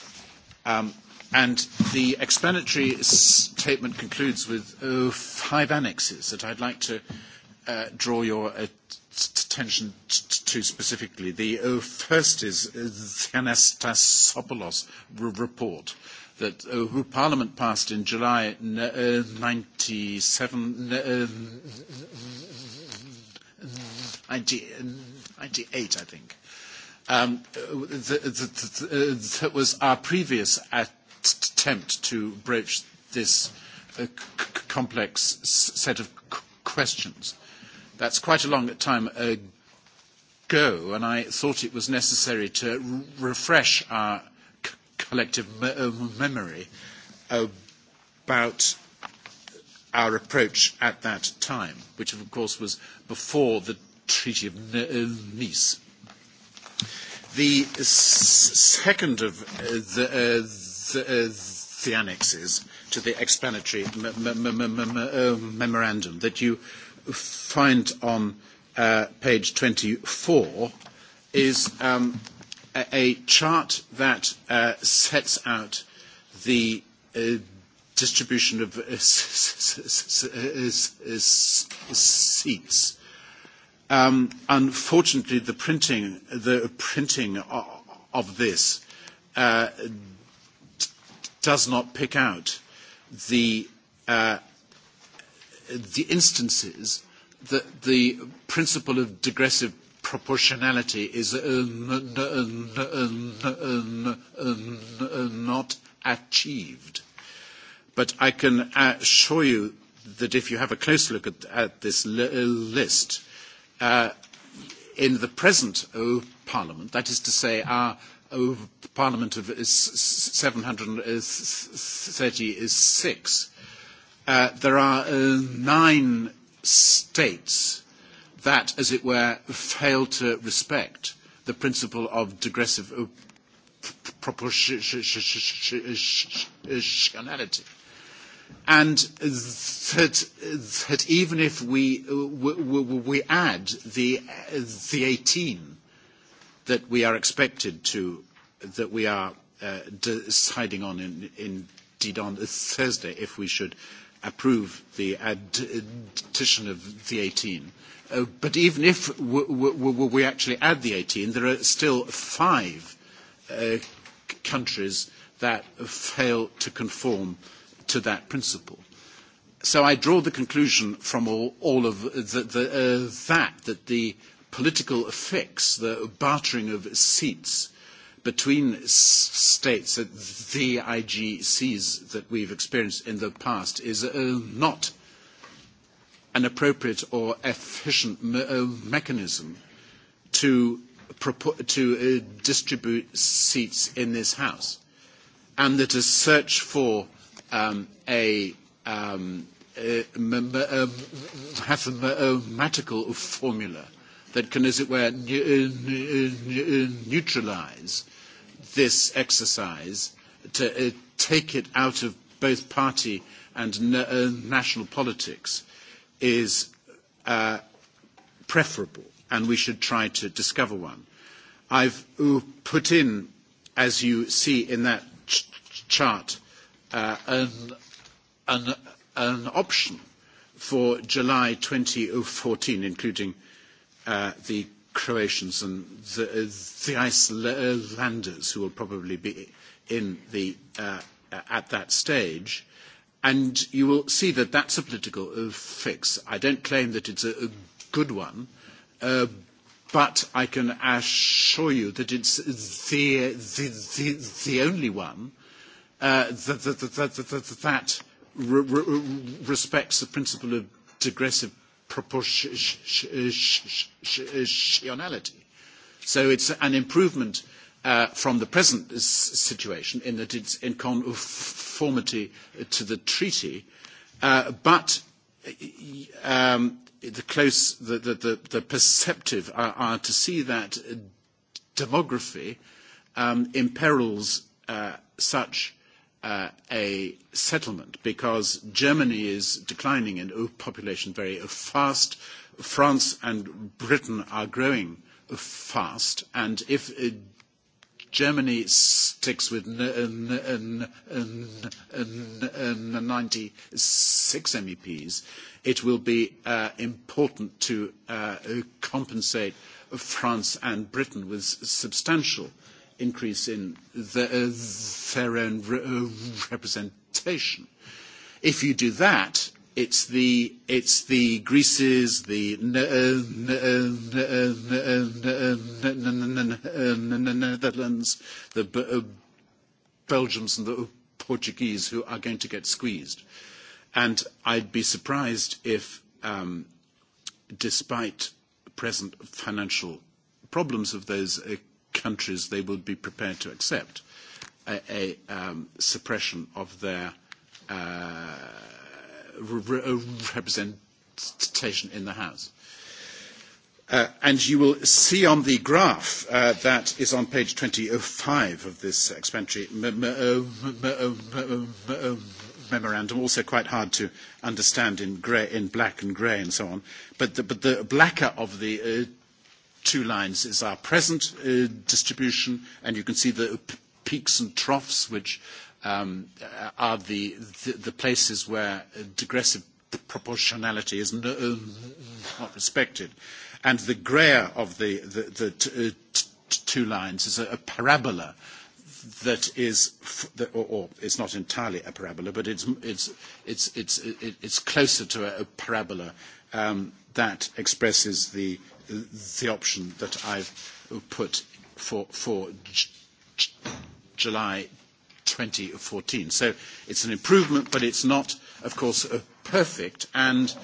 S5: Um, and the explanatory statement concludes with uh, five annexes that I'd like to uh, draw your attention to specifically. The uh, first is the Anastasopoulos report that uh, Parliament passed in July n- uh, 97, n- uh, 98, I think um, that, that, that, that was our previous attempt to broach this uh, complex set of questions. That's quite a long time ago, and I thought it was necessary to refresh our collective me- uh, memory about our approach at that time, which of course was before the Treaty of uh, Nice. The s- second of uh, the, uh, the, uh, the annexes to the explanatory m- m- m- m- uh, memorandum that you find on uh, page 24 is um, a, a chart that uh, sets out the uh, distribution of uh, s- s- s- uh, s- uh, seats Um, unfortunately, the printing, the printing of, of this uh, does not pick out the, uh, the instances that the principle of digressive proportionality is uh, not achieved. But I can assure uh, you that if you have a close look at, at this uh, list, uh, in the present oh, Parliament, that is to say, our oh, Parliament of uh, 736, uh, there are uh, nine states that, as it were, fail to respect the principle of digressive proportionality and that, that even if we, we, we add the, the 18 that we are expected to, that we are uh, deciding on in, indeed on Thursday, if we should approve the addition of the 18. Uh, but even if we, we, we actually add the 18, there are still five uh, countries that fail to conform uh, to that principle. So I draw the conclusion from all, all of the, the, uh, that that the political effects, the bartering of seats between s- states at the IGCs that we've experienced in the past is uh, not an appropriate or efficient me- uh, mechanism to, propo- to uh, distribute seats in this House. And that a search for um, a um, a mathematical formula that can, as it were, uh, uh, uh, neutralize this exercise to uh, take it out of both party and uh, national politics is uh, preferable, and we should try to discover one. I've put in, as you see in that ch- chart, uh, an, an, an option for July 2014, including uh, the Croatians and the, the Icelanders who will probably be in the, uh, at that stage. And you will see that that's a political uh, fix. I don't claim that it's a, a good one, uh, but I can assure you that it's the, the, the, the only one uh, that, that, that, that, that, that re- re- respects the principle of digressive proportionality. So it's an improvement uh, from the present situation in that it's in conformity to the treaty, uh, but um, the close, the, the, the, the perceptive are, are to see that demography um, imperils uh, such uh, a settlement because Germany is declining in oh, population very fast. France and Britain are growing fast. And if uh, Germany sticks with 96 MEPs, it will be uh, important to uh, compensate France and Britain with substantial uh, increase in the, uh, their own re- uh, representation. If you do that, it's the it's the Greece's, the Netherlands, the uh, Belgians and the Portuguese who are going to get squeezed. And I'd be surprised if, um, despite present financial problems of those uh, countries they would be prepared to accept a, a um, suppression of their uh, re- representation in the House. Uh, and you will see on the graph uh, that is on page 25 of this explanatory memorandum, also quite hard to understand in, gray, in black and grey and so on. But the, but the blacker of the uh, two lines is our present uh, distribution, and you can see the peaks and troughs, which um, are the, the, the places where digressive proportionality is no, uh, not respected. And the grayer of the, the, the t- uh, t- two lines is a, a parabola that is, f- the, or, or it's not entirely a parabola, but it's, it's, it's, it's, it's closer to a, a parabola um, that expresses the uh, the option that I've put for, for J- J- July 2014. So it's an improvement, but it's not, of course, uh, perfect. And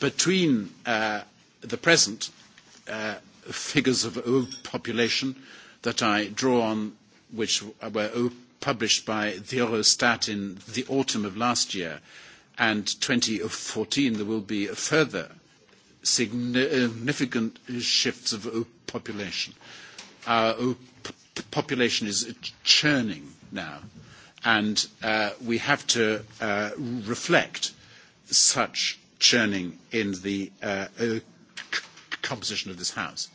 S5: between uh, the present uh, figures of uh, population that I draw on, which were uh, published by the Eurostat in the autumn of last year, and 2014, there will be a further Uh, significant shifts of population. Uh, Our population is churning now, and uh, we have to uh, reflect such churning in the uh, composition of this house.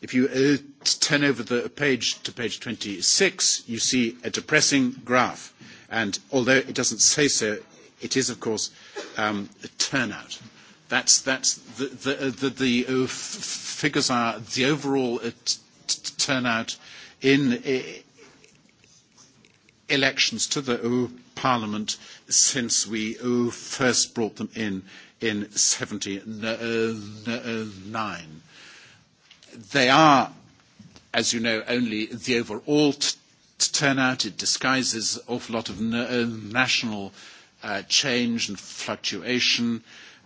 S5: If you uh, turn over the page to page 26, you see a depressing graph, and although it doesn't say so, it is, of course, um, a turnout That's, that's the, the, uh, the, the uh, figures are the overall uh, turnout in uh, elections to the uh, parliament since we first brought them in in 1979. They are, as you know, only the overall turnout. It disguises an awful lot of national uh, change and fluctuation. Uh,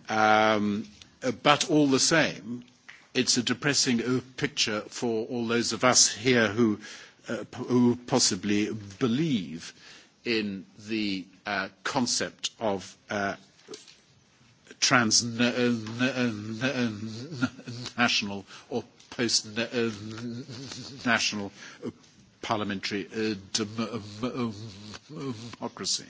S5: Um, but all the same, it's a depressing uh, picture for all those of us here who, uh, who possibly believe in the uh, concept of uh, transnational or post-national uh, parliamentary uh, democracy.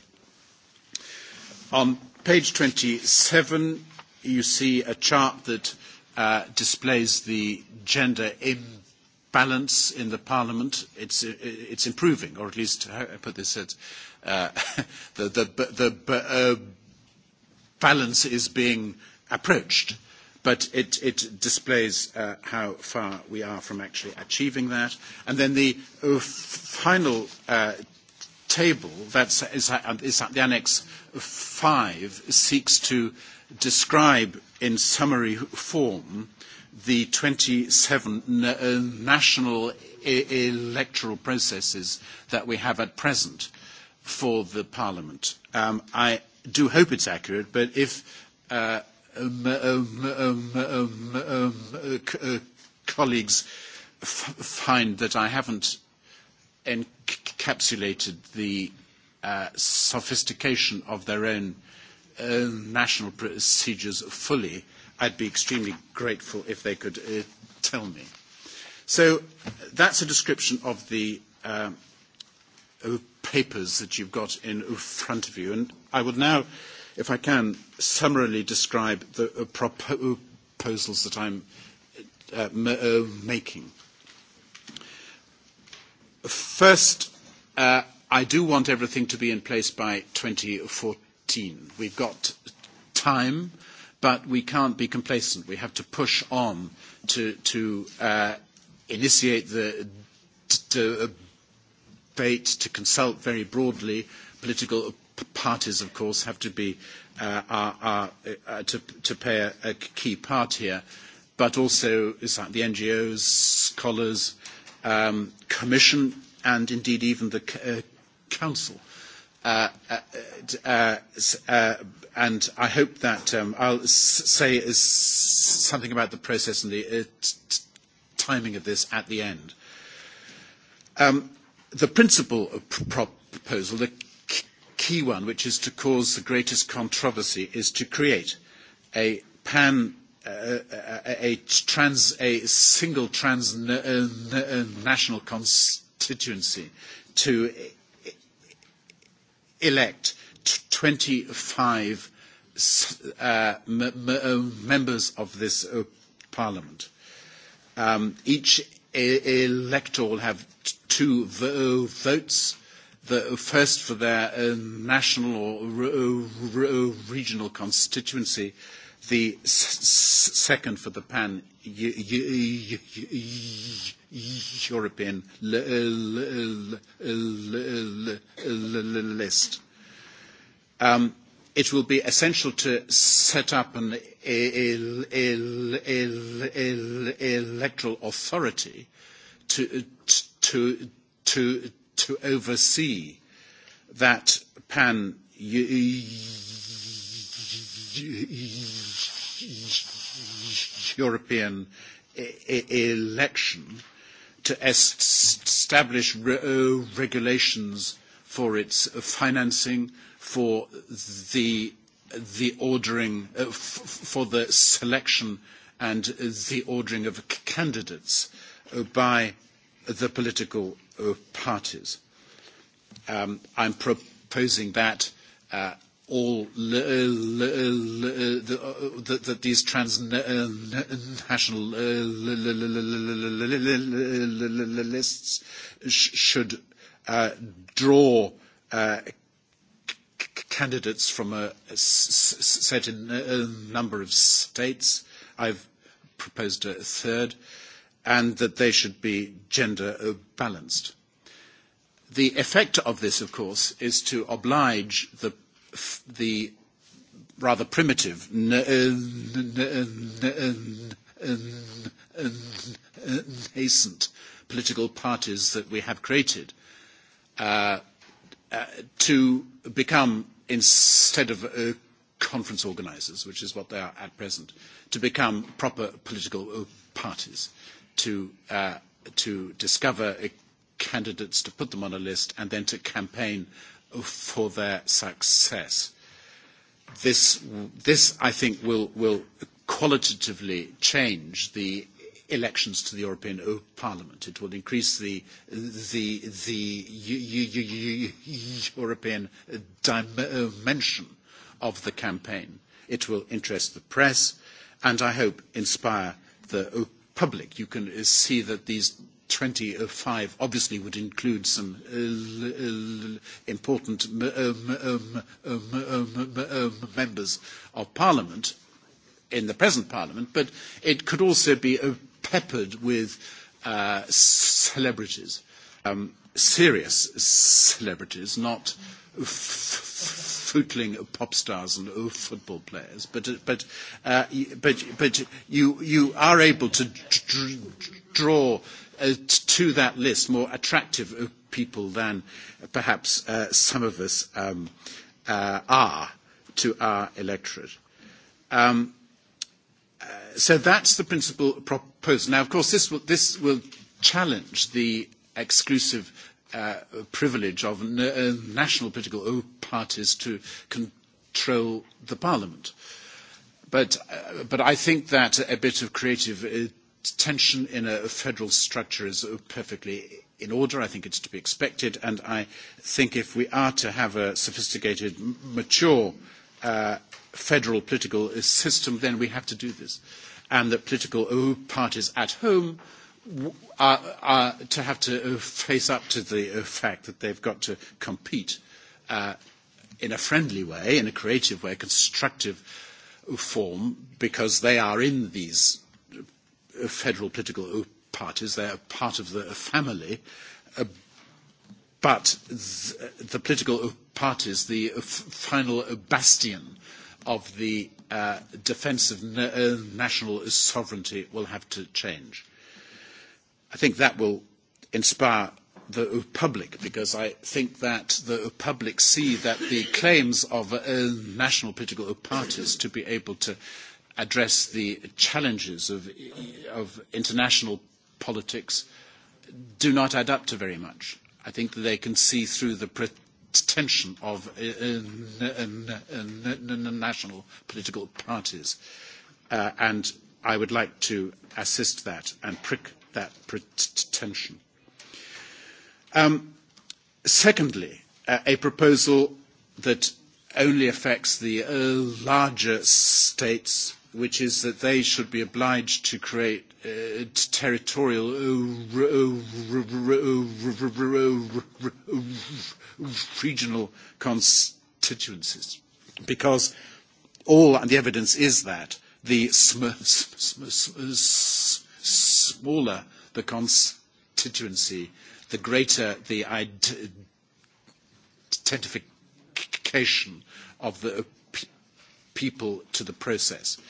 S5: On page 27, you see a chart that uh, displays the gender imbalance in the parliament. It's, uh, it's improving, or at least, how I put this, it's, uh, the, the, the, the uh, balance is being approached. But it, it displays uh, how far we are from actually achieving that. And then the uh, final uh, table that is at the Annex 5 seeks to describe in summary form the 27 uh, national e-, electoral processes that we have at present for the Parliament. Um, I do hope it's accurate, but if uh, um, um, um, um, uh, colleagues f- find that I haven't en- encapsulated the uh, sophistication of their own uh, national procedures fully, I'd be extremely grateful if they could uh, tell me. So that's a description of the uh, papers that you've got in front of you. And I would now, if I can, summarily describe the uh, proposals that I'm uh, m- uh, making. First, Uh, I do want everything to be in place by 2014. We've got time, but we can't be complacent. We have to push on to, to uh, initiate the debate, to consult very broadly. Political parties, of course, have to be uh, are, are, uh, to, to play a, a key part here, but also the NGOs, scholars, um, commission and indeed even the uh, Council. Uh, uh, uh, uh, and I hope that um, I'll s- say is something about the process and the uh, t- timing of this at the end. Um, the principal uh, proposal, the key one, which is to cause the greatest controversy, is to create a pan uh, uh a, a, trans, a single transnational uh, uh, national cons constituency to e-, elect 25 uh, m- m- uh, members of this uh, parliament. Um, each e- elector will have t- two v- uh, votes, the first for their uh, national or r- uh, r- regional constituency, uh, the s- second for the pan European list. Um, it will be essential to set up an e, electoral authority to, to, to, to oversee that pan European e-, e-, election to establish uh, regulations for its financing, for the, the ordering, uh, for the selection and the ordering of candidates uh, by the political uh, parties. Um, I'm proposing that uh, all li- li- li- that, that these transnational lists should uh, draw uh, candidates from a set in a number of states. I've proposed a third, and that they should be gender balanced. The effect of this, of course, is to oblige the the rather primitive nascent political parties that we have created uh, uh, to become, instead of uh, conference organisers, which is what they are at present, to become proper political uh, parties, to, uh, to discover uh, candidates, to put them on a list, and then to campaign for their success. This, this I think, will, will qualitatively change the elections to the European Parliament. It will increase the, the, the European dimension of the campaign. It will interest the press and I hope inspire the public. You can see that these 25 obviously would include some uh, important um, um, um, members of parliament in the present parliament, but it could also be uh, peppered with uh, celebrities, um, serious celebrities, not footling pop stars and oh, football players, but uh, but uh, but but you you are able to dr- draw uh, to that list more attractive people than perhaps uh, some of us um, uh, are to our electorate. Um, uh, so that's the principal proposal. Now, of course, this will, this will challenge the exclusive uh, privilege of n- uh, national political parties to control the parliament. But, uh, but I think that a bit of creative uh, tension in a federal structure is perfectly in order. I think it's to be expected. And I think if we are to have a sophisticated, mature uh, federal political uh, system, then we have to do this. And that political uh, parties at home are, are to have to uh, face up to the fact that they've got to compete uh, in a friendly way, in a creative way, constructive form, because they are in these federal political parties. They are part of the family. Uh, but th- the political parties, the f- final bastion of the uh, defence of na- uh, national sovereignty, will have to change. I think that will inspire the public because I think that the public see that the claims of uh, national political parties to be able to address the challenges of, of international politics do not add up to very much. I think they can see through the pretension of uh, uh, uh, national political parties. Uh, and I would like to assist that and prick that pretension. Um, secondly, uh, a proposal that only affects the uh, larger states which is that they should be obliged to create uh, territorial regional constituencies. Because all the evidence is that the sm sm sm smaller the constituency, the greater the identification of the people to the process. Uh,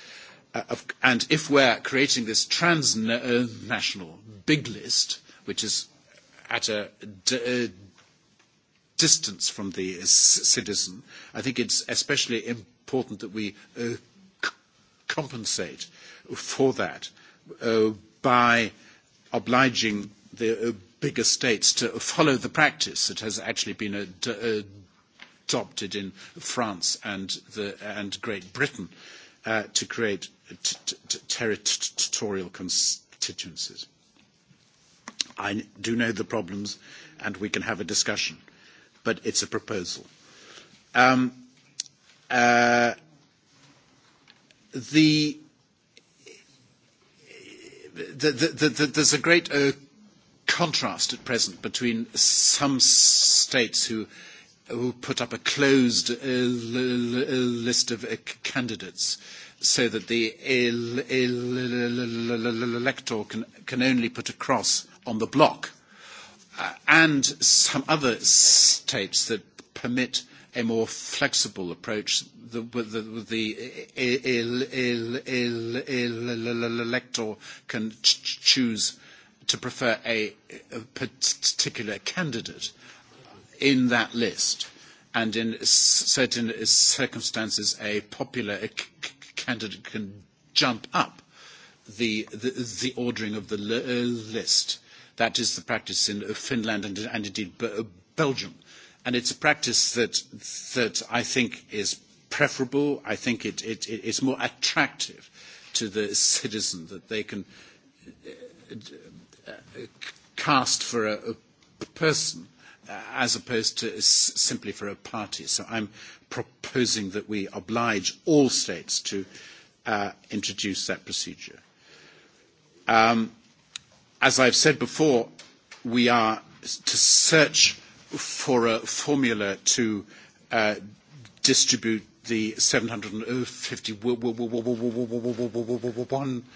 S5: Uh, of, and if we're creating this transnational big list, which is at a d- uh, distance from the citizen, I think it's especially important that we uh, c- compensate for that uh, by obliging the uh, bigger states to follow the practice that has actually been ad- uh, adopted in France and, the, and Great Britain uh, to create territorial constituencies. I do know the problems, and we can have a discussion, but it's a proposal. Um, uh, the, the, the, the, there's a great uh, contrast at present between some states who, who put up a closed uh, l- l- list of uh, candidates uh, so that the el- el- elector can, can only put a cross on the block, uh, and some other states that permit a more flexible approach the, with the, with the el- el- el- el- elector can ch- choose to prefer a, a particular candidate in that list, and in certain circumstances, a popular c- candidate can jump up the, the, the ordering of the l- uh, list. That is the practice in Finland and, and indeed B- uh, Belgium. And it's a practice that, that I think is preferable. I think it, it, it, it's more attractive to the citizen that they can uh, cast for a, a person as opposed to simply for a party. So I'm proposing that we oblige all states to uh, introduce that procedure. Um, as I've said before, we are to search for a formula to uh, distribute the 751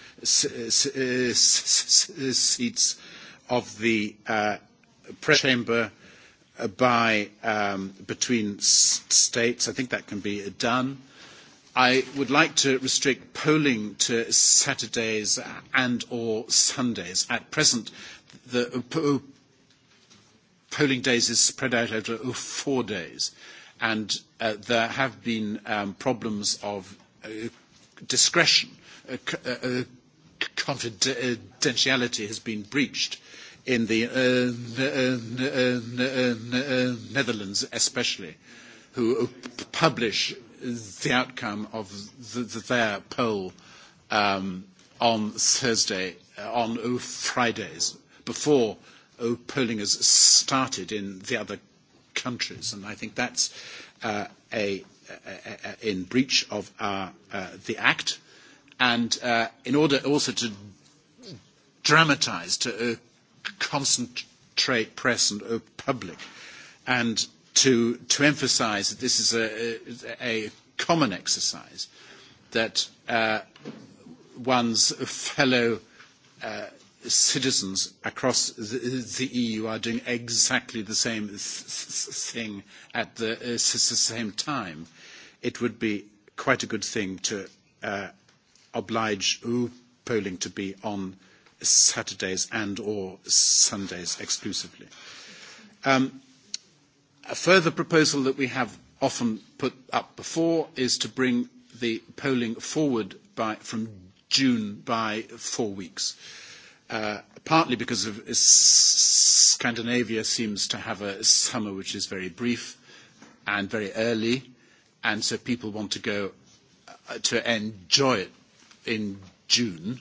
S5: seats of the uh, press chamber Uh, by um, between s- states. I think that can be done. I would like to restrict polling to Saturdays and or Sundays. At present, the uh, po- uh, polling days is spread out over four days, and uh, there have been um, problems of uh, discretion. Uh, c- uh, confidentiality has been breached in the uh, uh, uh, Netherlands especially, who publish the outcome of the, the, their poll um, on Thursday, on Fridays, before polling has started in the other countries. And I think that's uh, a, a, a, in breach of our, uh, the Act. And uh, in order also to dramatize, to uh, concentrate press and uh, public and to, to emphasize that this is a, a, a common exercise that uh, one's fellow uh, citizens across the, the EU are doing exactly the same th- thing at the uh, same time. It would be quite a good thing to uh, oblige polling to be on uh, Saturdays and/or Sundays exclusively. Um, a further proposal that we have often put up before is to bring the polling forward by, from June by four weeks, uh, partly because of uh, Scandinavia seems to have a summer which is very brief and very early, and so people want to go uh, to enjoy it in June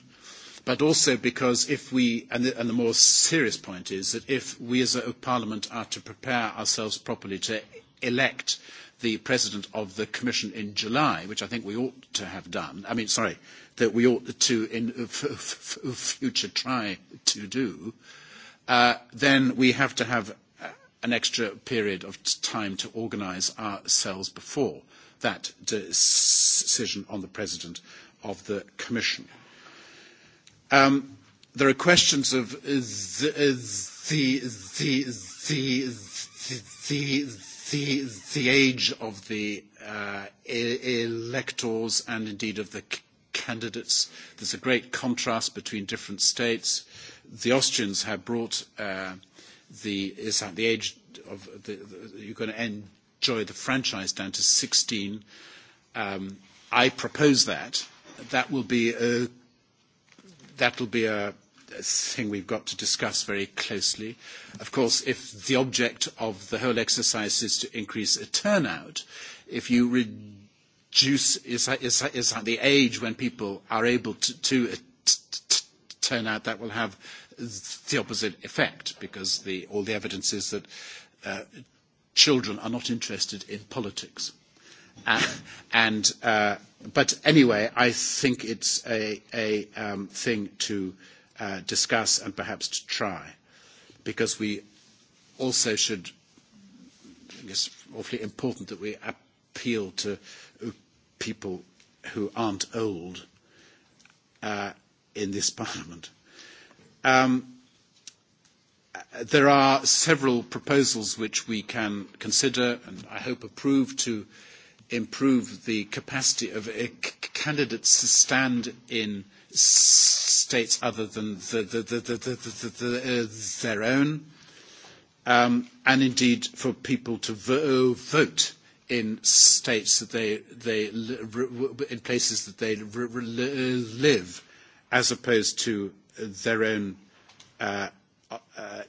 S5: but also because if we, and the, and the more serious point is that if we as a parliament are to prepare ourselves properly to elect the president of the commission in July, which I think we ought to have done, I mean, sorry, that we ought to in uh, f- f- future try to do, uh, then we have to have uh, an extra period of time to organise ourselves before that decision on the president of the commission. Um, there are questions of the uh, age of the uh, e, electors and indeed of the candidates. There's a great contrast between different states. The Austrians have brought uh, the, the age of the, the, you're going to enjoy the franchise down to 16. Um, I propose that. That will be a that'll be a thing we've got to discuss very closely. Of course, if the object of the whole exercise is to increase a turnout, if you reduce is, is, is the age when people are able to, to uh, t- t- turn out, that will have the opposite effect because the, all the evidence is that uh, children are not interested in politics. Uh, and uh, but anyway, I think it's a, a um, thing to uh, discuss and perhaps to try, because we also should, I guess, awfully important that we appeal to people who aren't old uh, in this parliament. Um, there are several proposals which we can consider and I hope approve to uh, improve the capacity of candidates to stand in states other than the, the, the, the, the, the, the, uh, their own, um, and indeed for people to vo- uh, vote in states that they, they in places that they live, as opposed to their own uh, uh,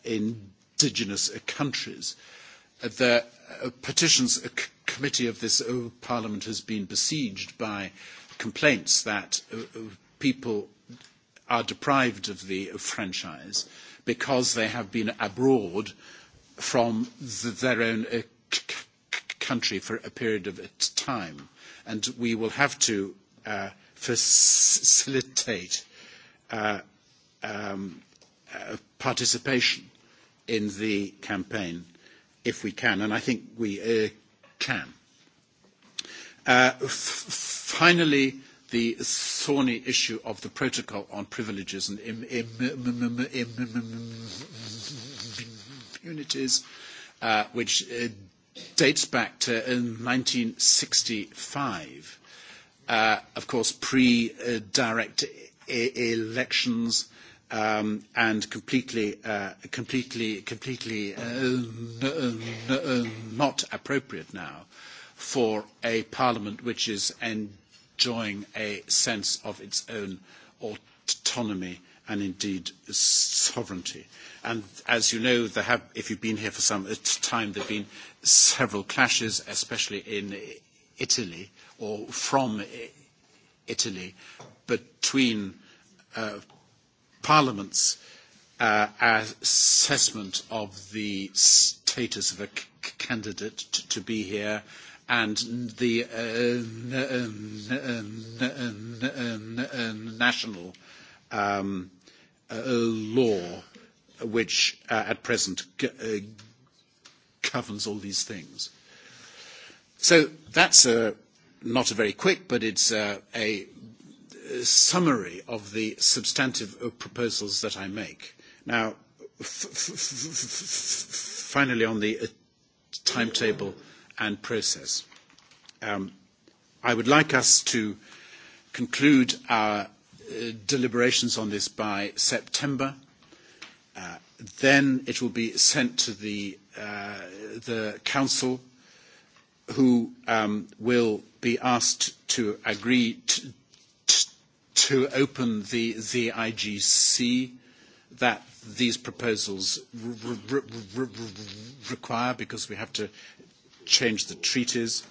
S5: indigenous countries. Uh, the uh, petitions committee of this oh, parliament has been besieged by complaints that uh, uh, people are deprived of the franchise because they have been abroad from their own country for a period of time. And we will have to uh, facilitate uh, um, uh, participation in the campaign if we can, and I think we uh, can. Uh, f- finally, the thorny issue of the protocol on privileges and Im- Im- Im- Im- Im- immunities, uh, which uh, dates back to uh, 1965, uh, of course, pre-direct uh, e- elections, uh, um, and completely, uh, completely, completely uh, n- n- n- uh, not appropriate now for a parliament which is enjoying a sense of its own autonomy and indeed sovereignty. And as you know, there have, if you've been here for some time, there have been several clashes, especially in Italy or from Italy, between uh, Parliament's uh, assessment of the status of a c- candidate t- to be here and the uh, national um, uh, law which uh, at present g- uh, governs all these things. So that's a, uh, not a very quick, but it's uh, a, a summary of the substantive uh, proposals that I make. Now,
S8: finally,
S5: on the uh, timetable and process. Um, I would like us to conclude our uh, deliberations on this by September. Uh, then it will be sent to the, uh, the council, who um, will be asked to agree t- to open the, the IGC that these proposals re- re- re- require because we have to change the treaties.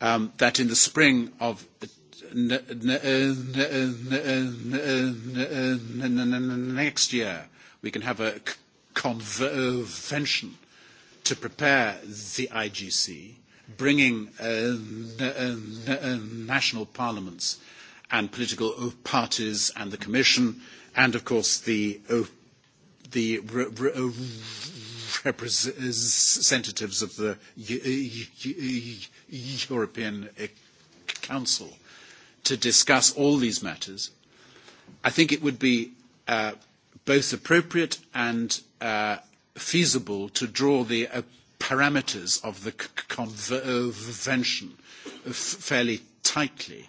S5: Um, that in the spring of next year, we can have a convention to prepare the IGC, bringing national parliaments and political parties and the Commission and, of course, the, uh, the re- re- representatives of the European e-, Council to discuss all these matters. I think it would be uh, both appropriate and uh, feasible to draw the uh, parameters of the uh, convention fairly tightly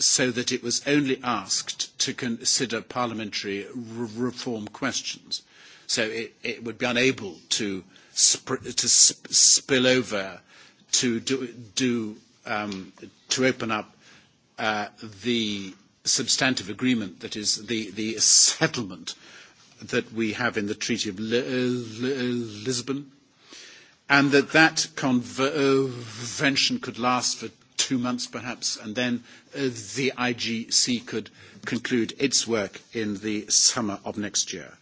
S5: so that it was only asked to consider parliamentary reform questions. So it, it would be unable to, sp- to sp- spill over to do, do um, to open up uh, the substantive agreement that is the, the settlement that we have in the Treaty of L- L- Lisbon, and that that convention could last for two months perhaps, and then uh, the IGC could conclude its work in the summer of next year.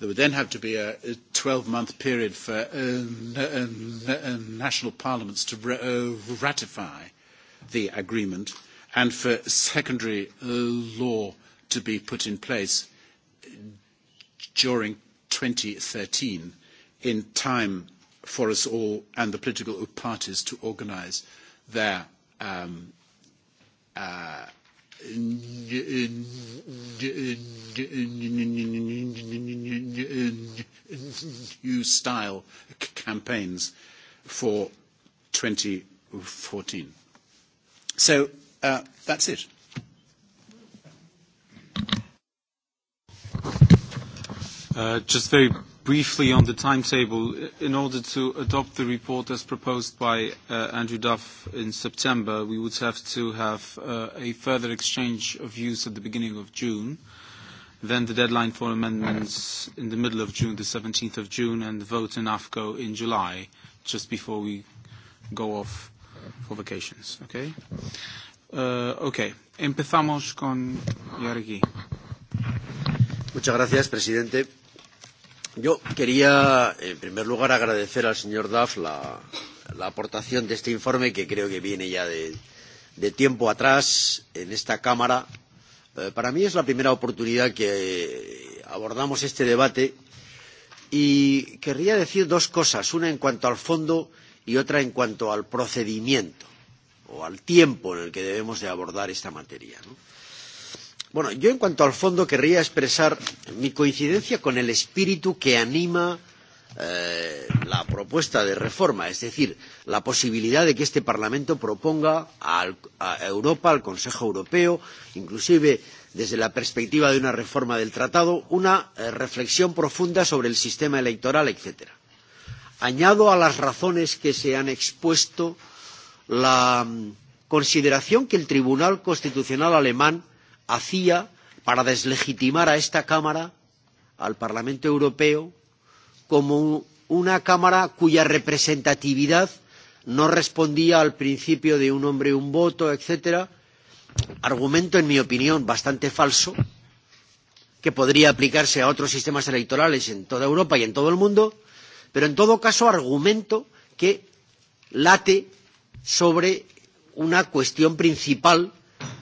S5: There would then have to be a 12-month period for uh, n- uh, n- uh, national parliaments to r- uh, ratify the agreement and for secondary uh, law to be put in place during 2013 in time for us all and the political parties to organise their um, uh, new style campaigns for 2014. So uh, that's it.
S1: Uh, just very briefly on the timetable. In order to adopt the report as proposed by uh, Andrew Duff in September, we would have to have uh, a further exchange of views at the beginning of June, then the deadline for amendments in the middle of June, the 17th of June, and the vote in AFCO in July, just before we go off for vacations. Okay? Uh,
S9: okay. Empezamos con Yargi. Muchas gracias, presidente. Yo quería, en primer lugar, agradecer al señor Duff la, la aportación de este informe, que creo que viene ya de, de tiempo atrás en esta Cámara. Eh, para mí es la primera oportunidad que abordamos este debate y querría decir dos cosas, una en cuanto al fondo y otra en cuanto al procedimiento o al tiempo en el que debemos de abordar esta materia. ¿no? Eh, Bueno, yo en cuanto al fondo querría expresar mi coincidencia con el espíritu que anima eh, la propuesta de reforma, es decir, la posibilidad de que este Parlamento proponga a, a Europa, al Consejo Europeo, inclusive desde la perspectiva de una reforma del tratado, una eh, reflexión profunda sobre el sistema electoral, etc. Añado a las razones que se han expuesto la mm, consideración que el Tribunal Constitucional alemán hacía para deslegitimar a esta Cámara, al Parlamento Europeo, como una Cámara cuya representatividad no respondía al principio de un hombre un voto, etcétera, argumento, en mi opinión, bastante falso, que podría aplicarse a otros sistemas electorales en toda Europa y en todo el mundo, pero en todo caso argumento que late sobre una cuestión principal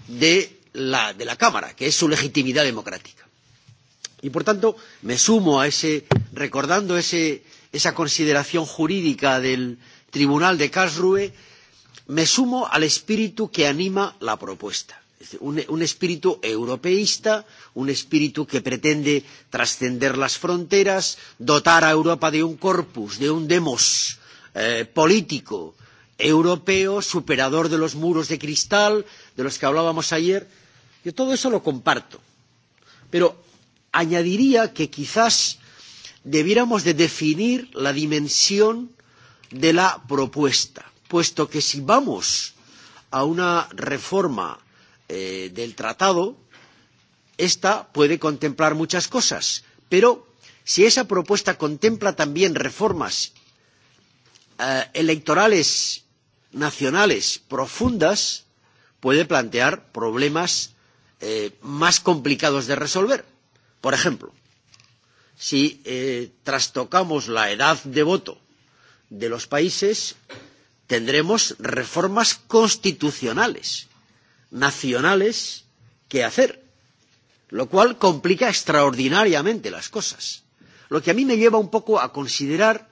S9: de la de la Cámara, que es su legitimidad democrática. Y, por tanto, me sumo a ese, recordando ese, esa consideración jurídica del Tribunal de Karlsruhe, me sumo al espíritu que anima la propuesta. Un, un espíritu europeísta, un espíritu que pretende trascender las fronteras, dotar a Europa de un corpus, de un demos eh, político europeo, superador de los muros de cristal de los que hablábamos ayer, Yo todo eso lo comparto, pero añadiría que quizás debiéramos de definir la dimensión de la propuesta, puesto que si vamos a una reforma eh, del tratado, esta puede contemplar muchas cosas, pero si esa propuesta contempla también reformas eh, electorales nacionales profundas, puede plantear problemas eh, más complicados de resolver. Por ejemplo, si eh, trastocamos la edad de voto de los países, tendremos reformas constitucionales nacionales que hacer, lo cual complica extraordinariamente las cosas. Lo que a mí me lleva un poco a considerar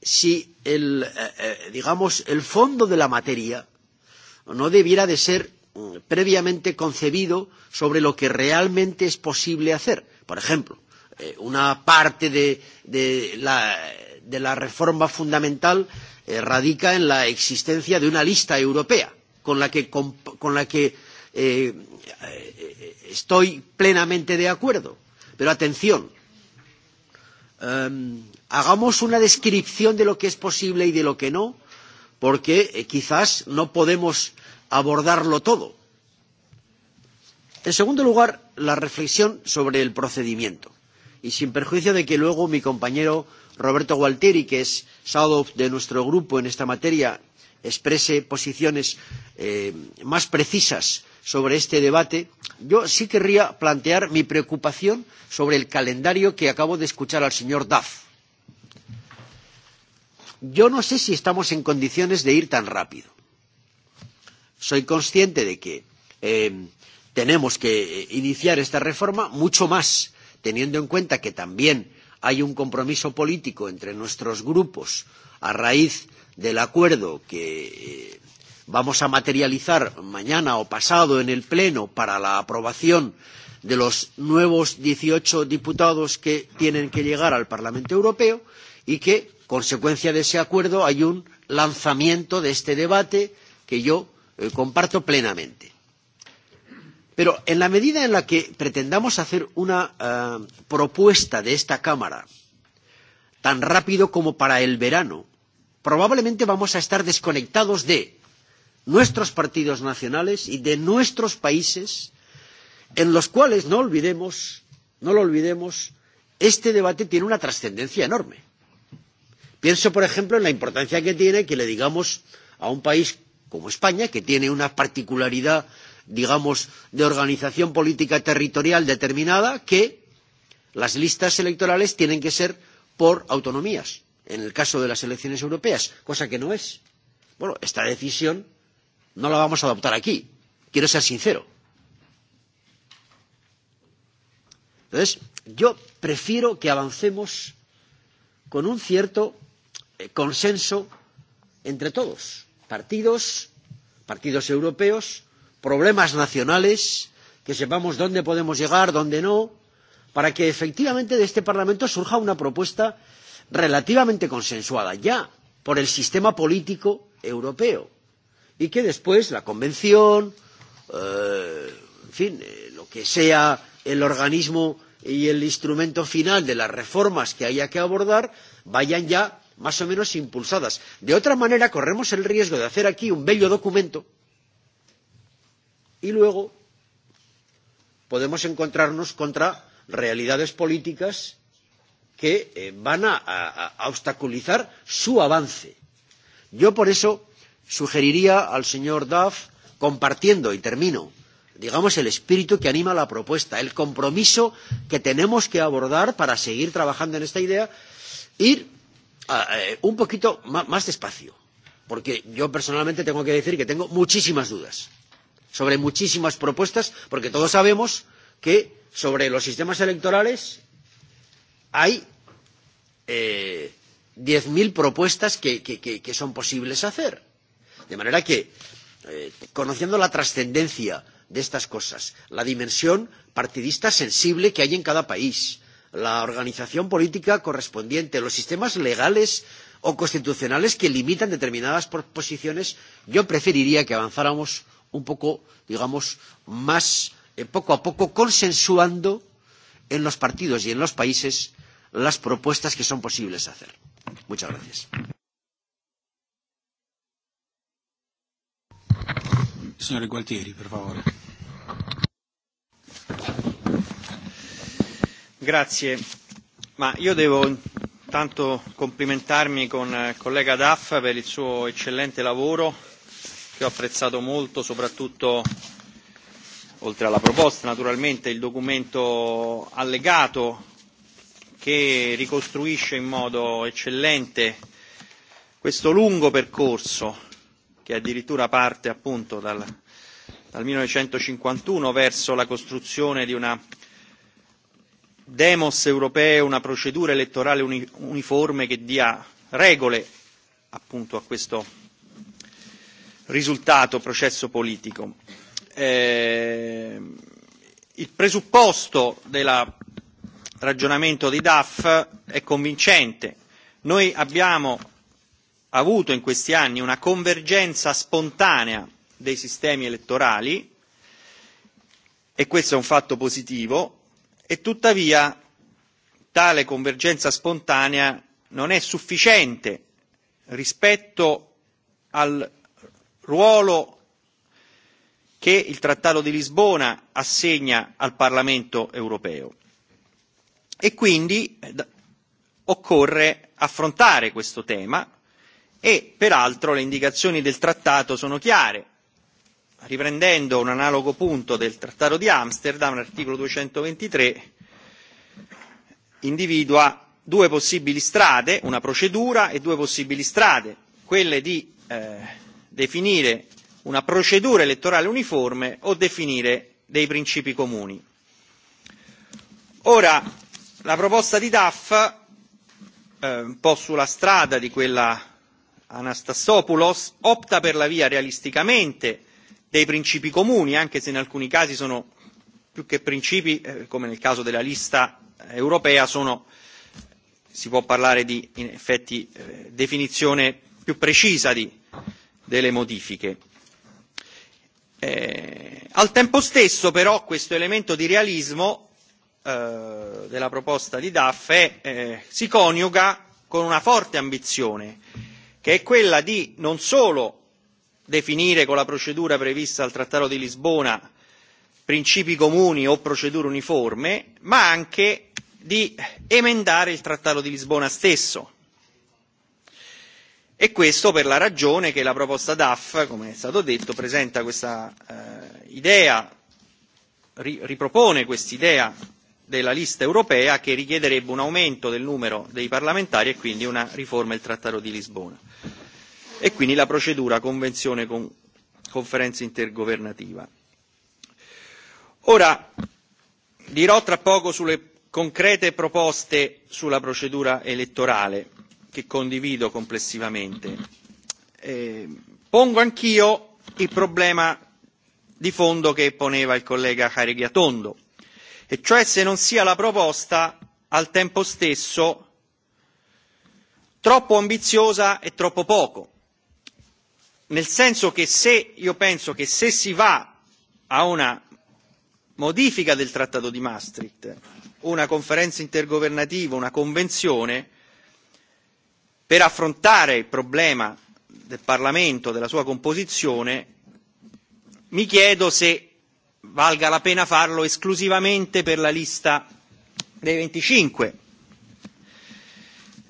S9: si el, eh, eh digamos, el fondo de la materia no debiera de ser Mm, previamente concebido sobre lo que realmente es posible hacer. Por ejemplo, eh, una parte de, de, la, de la reforma fundamental eh, radica en la existencia de una lista europea con la que, con, con la que eh, eh, estoy plenamente de acuerdo. Pero atención, um, hagamos una descripción de lo que es posible y de lo que no, porque eh, quizás no podemos abordarlo todo. En segundo lugar, la reflexión sobre el procedimiento. Y sin perjuicio de que luego mi compañero Roberto Gualtieri, que es shadow de nuestro grupo en esta materia, exprese posiciones eh, más precisas sobre este debate, yo sí querría plantear mi preocupación sobre el calendario que acabo de escuchar al señor Duff. Yo no sé si estamos en condiciones de ir tan rápido Soy consciente de que eh, tenemos que eh, iniciar esta reforma mucho más, teniendo en cuenta que también hay un compromiso político entre nuestros grupos a raíz del acuerdo que eh, vamos a materializar mañana o pasado en el Pleno para la aprobación de los nuevos 18 diputados que tienen que llegar al Parlamento Europeo y que, consecuencia de ese acuerdo, hay un lanzamiento de este debate que yo eh, comparto plenamente. Pero en la medida en la que pretendamos hacer una uh, propuesta de esta Cámara tan rápido como para el verano, probablemente vamos a estar desconectados de nuestros partidos nacionales y de nuestros países, en los cuales, no olvidemos, no lo olvidemos, este debate tiene una trascendencia enorme. Pienso, por ejemplo, en la importancia que tiene que le digamos a un país como España, que tiene una particularidad, digamos, de organización política territorial determinada, que las listas electorales tienen que ser por autonomías, en el caso de las elecciones europeas, cosa que no es. Bueno, esta decisión no la vamos a adoptar aquí. Quiero ser sincero. Entonces, yo prefiero que avancemos con un cierto eh, consenso entre todos partidos, partidos europeos, problemas nacionales, que sepamos dónde podemos llegar, dónde no, para que efectivamente de este Parlamento surja una propuesta relativamente consensuada ya por el sistema político europeo y que después la Convención, eh, en fin, eh, lo que sea el organismo y el instrumento final de las reformas que haya que abordar vayan ya más o menos impulsadas. De otra manera, corremos el riesgo de hacer aquí un bello documento y luego podemos encontrarnos contra realidades políticas que eh, van a, a, a obstaculizar su avance. Yo por eso sugeriría al señor Duff, compartiendo, y termino, digamos, el espíritu que anima la propuesta, el compromiso que tenemos que abordar para seguir trabajando en esta idea, ir Ah, eh, un poquito más, más despacio, porque yo personalmente tengo que decir que tengo muchísimas dudas sobre muchísimas propuestas, porque todos sabemos que sobre los sistemas electorales hay eh, 10.000 propuestas que, que, que, que son posibles hacer. De manera que, eh, conociendo la trascendencia de estas cosas, la dimensión partidista sensible que hay en cada país, la organización política correspondiente, los sistemas legales o constitucionales que limitan determinadas posiciones, yo preferiría que avanzáramos un poco, digamos, más eh, poco a poco, consensuando en los partidos y en los países las propuestas que son posibles hacer. Muchas gracias. Signore Gualtieri, per
S6: favore. Grazie. Ma io devo intanto complimentarmi con il eh, collega Daff per il suo eccellente lavoro, che ho apprezzato molto, soprattutto oltre alla proposta naturalmente il documento allegato che ricostruisce in modo eccellente questo lungo percorso che addirittura parte appunto dal, dal 1951 verso la costruzione di una demos europeo, una procedura elettorale uni- uniforme che dia regole appunto a questo risultato processo politico. Eh, il presupposto del ragionamento di DAF è convincente. Noi abbiamo avuto in questi anni una convergenza spontanea dei sistemi elettorali e questo è un fatto positivo e tuttavia tale convergenza spontanea non è sufficiente rispetto al ruolo che il Trattato di Lisbona assegna al Parlamento europeo e quindi eh, occorre affrontare questo tema e peraltro le indicazioni del Trattato sono chiare riprendendo un analogo punto del Trattato di Amsterdam, l'articolo 223 individua due possibili strade, una procedura e due possibili strade, quelle di eh, definire una procedura elettorale uniforme o definire dei principi comuni. Ora, la proposta di DAF, eh, un po' sulla strada di quella Anastasopoulos, opta per la via realisticamente dei principi comuni, anche se in alcuni casi sono più che principi, eh, come nel caso della lista eh, europea, sono, si può parlare di in effetti eh, definizione più precisa di, delle modifiche. Eh, al tempo stesso però questo elemento di realismo eh, della proposta di DAF è, eh, si coniuga con una forte ambizione che è quella di non solo definire con la procedura prevista al Trattato di Lisbona principi comuni o procedure uniforme, ma anche di emendare il Trattato di Lisbona stesso. E questo per la ragione che la proposta DAF, come è stato detto, presenta questa eh, idea, ri- ripropone quest'idea della lista europea che richiederebbe un aumento del numero dei parlamentari e quindi una riforma del Trattato di Lisbona e quindi la procedura convenzione con conferenza intergovernativa. Ora dirò tra poco sulle concrete proposte sulla procedura elettorale che condivido complessivamente. Eh, pongo anch'io il problema di fondo che poneva il collega Careghiatondo, e cioè se non sia la proposta al tempo stesso troppo ambiziosa e troppo poco nel senso che se io penso che se si va a una modifica del trattato di Maastricht, una conferenza intergovernativa, una convenzione, per affrontare il problema del Parlamento, della sua composizione, mi chiedo se valga la pena farlo esclusivamente per la lista dei 25,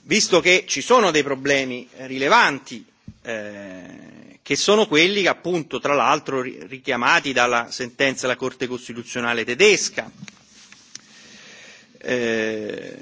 S6: visto che ci sono dei problemi rilevanti eh, che sono quelli che appunto tra l'altro richiamati dalla sentenza della Corte Costituzionale tedesca. Eh,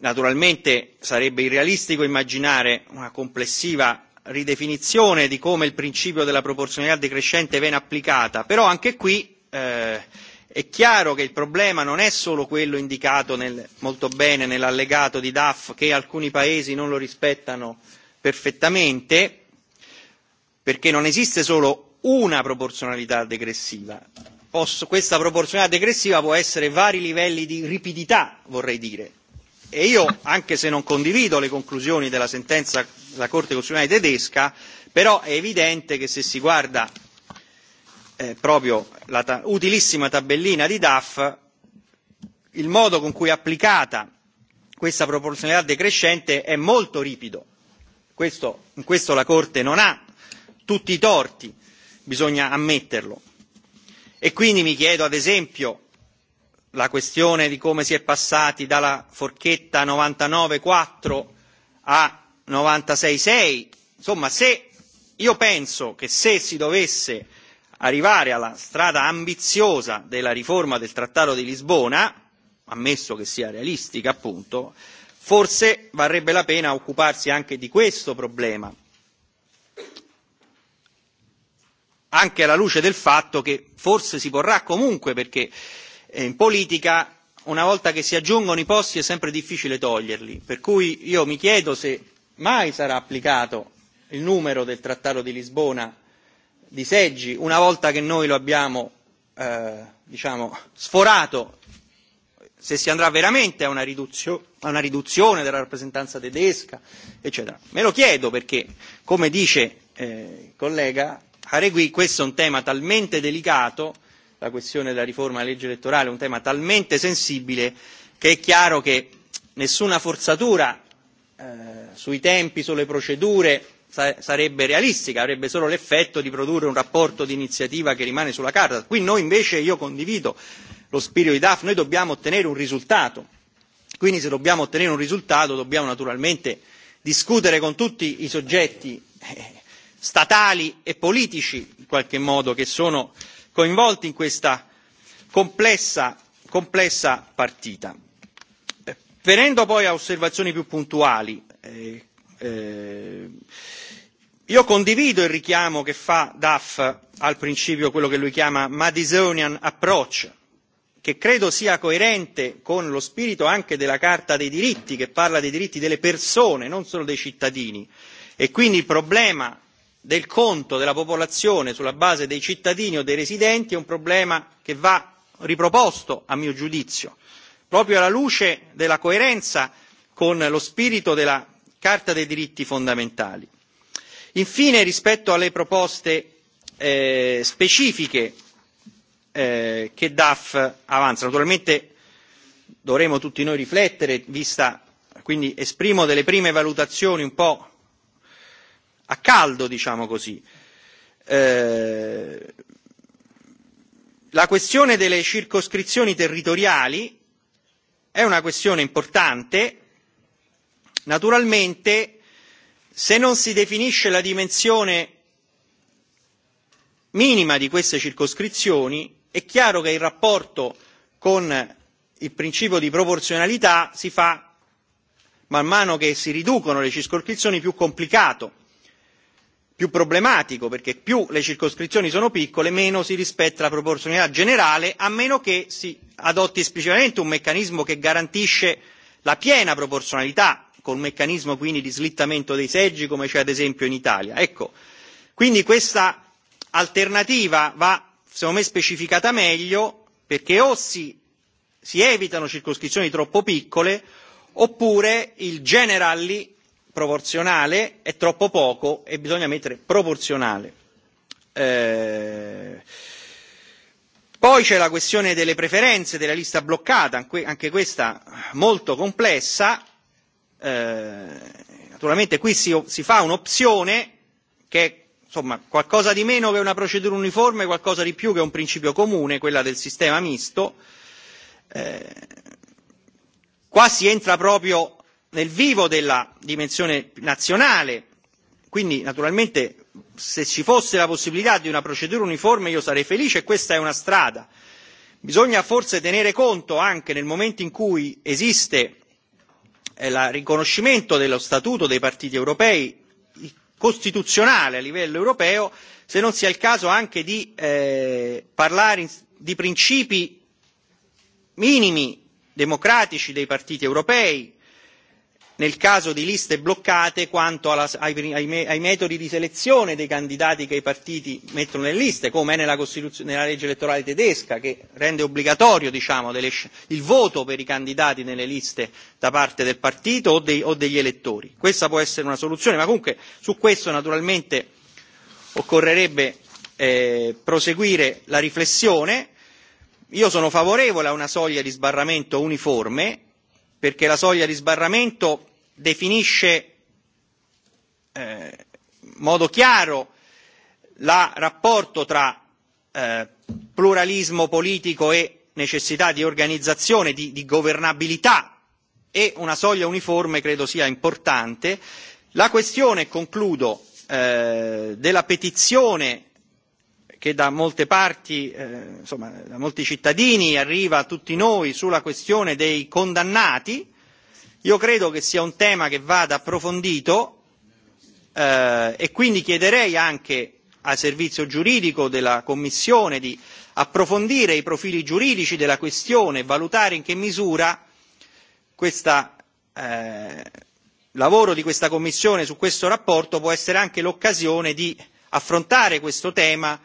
S6: naturalmente sarebbe irrealistico immaginare una complessiva ridefinizione di come il principio della proporzionalità decrescente viene applicata, però anche qui eh, è chiaro che il problema non è solo quello indicato nel, molto bene nell'allegato di DAF che alcuni paesi non lo rispettano perfettamente, perché non esiste solo una proporzionalità degressiva. Posso, questa proporzionalità degressiva può essere vari livelli di ripidità, vorrei dire. E io, anche se non condivido le conclusioni della sentenza della Corte Costituzionale tedesca, però è evidente che se si guarda eh, proprio la ta- utilissima tabellina di DAF, il modo con cui è applicata questa proporzionalità decrescente è molto ripido. Questo, in questo la Corte non ha tutti i torti, bisogna ammetterlo. E quindi mi chiedo, ad esempio, la questione di come si è passati dalla forchetta 99,4 a 96,6. Insomma, se io penso che se si dovesse arrivare alla strada ambiziosa della riforma del Trattato di Lisbona, ammesso che sia realistica appunto, forse varrebbe la pena occuparsi anche di questo problema anche alla luce del fatto che forse si porrà comunque perché eh, in politica una volta che si aggiungono i posti è sempre difficile toglierli, per cui io mi chiedo se mai sarà applicato il numero del Trattato di Lisbona di seggi una volta che noi lo abbiamo eh, diciamo, sforato, se si andrà veramente a una, riduzio- a una riduzione della rappresentanza tedesca, eccetera. Me lo chiedo perché, come dice eh, il collega, Haregui questo è un tema talmente delicato, la questione della riforma della legge elettorale è un tema talmente sensibile che è chiaro che nessuna forzatura eh, sui tempi, sulle procedure sa- sarebbe realistica, avrebbe solo l'effetto di produrre un rapporto di iniziativa che rimane sulla carta. Qui noi invece, io condivido lo spirito di DAF, noi dobbiamo ottenere un risultato. Quindi se dobbiamo ottenere un risultato dobbiamo naturalmente discutere con tutti i soggetti eh, statali e politici in qualche modo che sono coinvolti in questa complessa, complessa partita. Eh, venendo poi a osservazioni più puntuali, eh, eh, io condivido il richiamo che fa Duff al principio quello che lui chiama Madisonian approach, che credo sia coerente con lo spirito anche della Carta dei diritti, che parla dei diritti delle persone, non solo dei cittadini. E quindi il problema del conto della popolazione sulla base dei cittadini o dei residenti è un problema che va riproposto a mio giudizio proprio alla luce della coerenza con lo spirito della carta dei diritti fondamentali. infine rispetto alle proposte eh, specifiche eh, che daf avanza naturalmente dovremo tutti noi riflettere vista quindi esprimo delle prime valutazioni un po' a caldo, diciamo così. Eh, la questione delle circoscrizioni territoriali è una questione importante. Naturalmente, se non si definisce la dimensione minima di queste circoscrizioni, è chiaro che il rapporto con il principio di proporzionalità si fa man mano che si riducono le circoscrizioni più complicato più problematico perché più le circoscrizioni sono piccole meno si rispetta la proporzionalità generale a meno che si adotti esplicitamente un meccanismo che garantisce la piena proporzionalità con un meccanismo quindi di slittamento dei seggi come c'è ad esempio in Italia. Ecco, quindi questa alternativa va secondo me specificata meglio perché o si, si evitano circoscrizioni troppo piccole oppure il generally proporzionale è troppo poco e bisogna mettere proporzionale. Eh, poi c'è la questione delle preferenze, della lista bloccata, anche questa molto complessa. Eh, naturalmente qui si, si fa un'opzione che è insomma qualcosa di meno che una procedura uniforme, qualcosa di più che un principio comune, quella del sistema misto. Eh, qua si entra proprio nel vivo della dimensione nazionale quindi naturalmente se ci fosse la possibilità di una procedura uniforme io sarei felice e questa è una strada. bisogna forse tenere conto anche nel momento in cui esiste il eh, riconoscimento dello statuto dei partiti europei costituzionale a livello europeo se non sia il caso anche di eh, parlare di principi minimi democratici dei partiti europei nel caso di liste bloccate quanto alla, ai, ai, ai metodi di selezione dei candidati che i partiti mettono nelle liste, come è nella, Costituzione, nella legge elettorale tedesca, che rende obbligatorio diciamo, delle, il voto per i candidati nelle liste da parte del partito o, dei, o degli elettori. Questa può essere una soluzione, ma comunque su questo naturalmente occorrerebbe eh, proseguire la riflessione. Io sono favorevole a una soglia di sbarramento uniforme, perché la soglia di sbarramento definisce eh, in modo chiaro il rapporto tra eh, pluralismo politico e necessità di organizzazione, di, di governabilità e una soglia uniforme credo sia importante. La questione, concludo, eh, della petizione che da molte parti, eh, insomma, da molti cittadini arriva a tutti noi sulla questione dei condannati. Io credo che sia un tema che vada approfondito eh, e quindi chiederei anche al servizio giuridico della Commissione di approfondire i profili giuridici della questione e valutare in che misura questo eh, lavoro di questa Commissione su questo rapporto può essere anche l'occasione di affrontare questo tema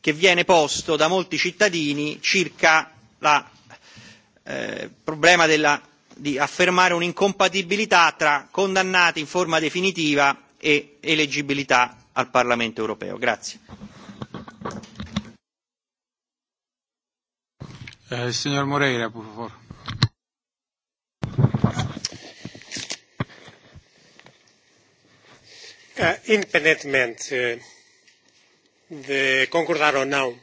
S6: che viene posto da molti cittadini circa il eh, problema della, di affermare un'incompatibilità tra condannati in forma definitiva e eleggibilità al Parlamento europeo. Grazie.
S1: Eh, signor Moreira, por favor.
S13: Uh, independentemente uh de concordar ou não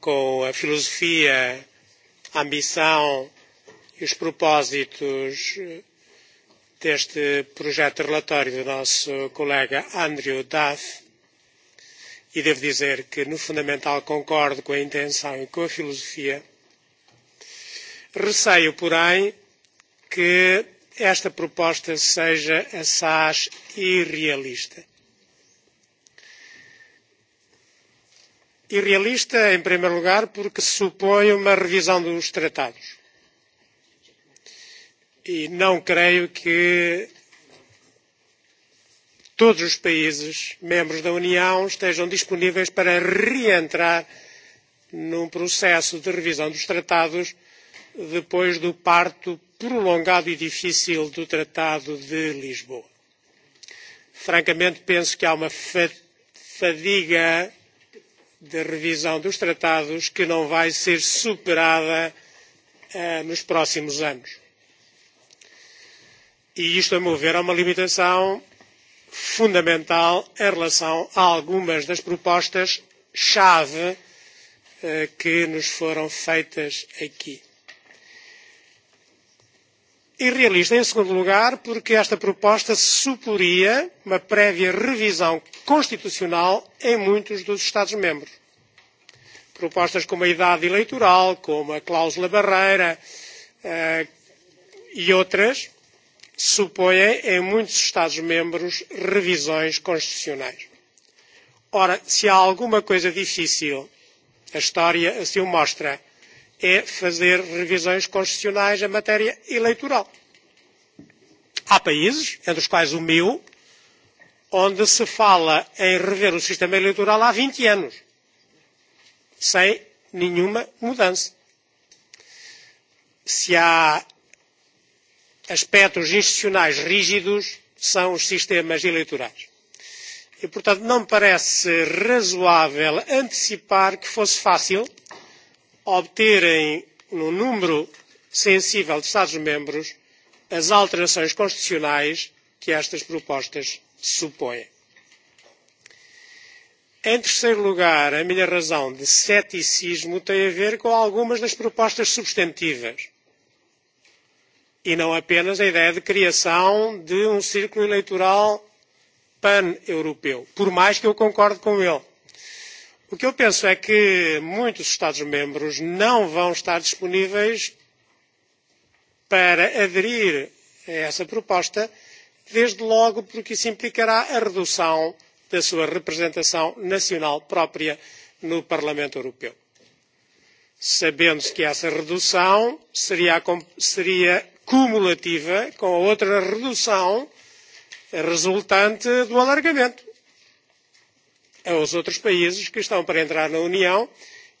S13: com a filosofia, a ambição e os propósitos eh, deste projeto de relatório do nosso colega Andrew Duff, e devo dizer que no fundamental concordo com a intenção e com a filosofia. Receio, porém, que esta proposta seja assaz irrealista. irrealista, e em primeiro lugar, porque supõe uma revisão dos tratados. E não creio que todos os países membros da União estejam disponíveis para reentrar num processo de revisão dos tratados depois do parto prolongado e difícil do Tratado de Lisboa. Francamente, penso que há uma fadiga de revisão dos tratados que não vai ser superada eh, nos próximos anos. E isto, a meu ver, é uma limitação fundamental em relação a algumas das propostas-chave eh, que nos foram feitas aqui irrealista, e em segundo lugar, porque esta proposta suporia uma prévia revisão constitucional em muitos dos Estados-membros. Propostas como a idade eleitoral, como a cláusula barreira uh, e outras, supõem em muitos Estados-membros revisões constitucionais. Ora, se há alguma coisa difícil, a história assim o mostra, é fazer revisões constitucionais em matéria eleitoral. Há países, entre os quais o meu, onde se fala em rever o sistema eleitoral há 20 anos, sem nenhuma mudança. Se há aspectos institucionais rígidos, são os sistemas eleitorais. E, portanto, não me parece razoável antecipar que fosse fácil obterem num número sensível de Estados-membros as alterações constitucionais que estas propostas supõem. Em terceiro lugar, a minha razão de ceticismo tem a ver com algumas das propostas substantivas e não apenas a ideia de criação de um círculo eleitoral pan-europeu, por mais que eu concorde com ele. O que eu penso é que muitos Estados-membros não vão estar disponíveis para aderir a essa proposta, desde logo porque isso implicará a redução da sua representação nacional própria no Parlamento Europeu. Sabendo-se que essa redução seria, seria cumulativa com a outra redução resultante do alargamento aos outros países que estão para entrar na União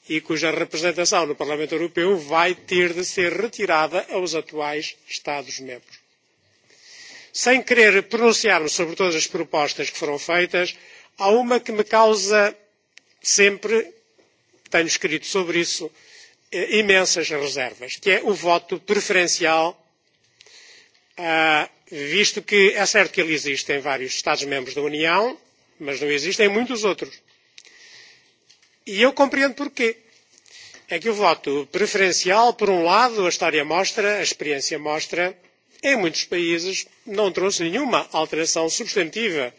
S13: e cuja representação no Parlamento Europeu vai ter de ser retirada aos atuais Estados-membros. Sem querer pronunciar-me sobre todas as propostas que foram feitas, há uma que me causa sempre, tenho escrito sobre isso, eh, imensas reservas, que é o voto preferencial, ah, visto que é certo que ele existe em vários Estados-membros da União, mas não existem muitos outros. E eu compreendo porquê. É que o voto preferencial, por um lado, a história mostra, a experiência mostra, em muitos países não trouxe nenhuma alteração substantiva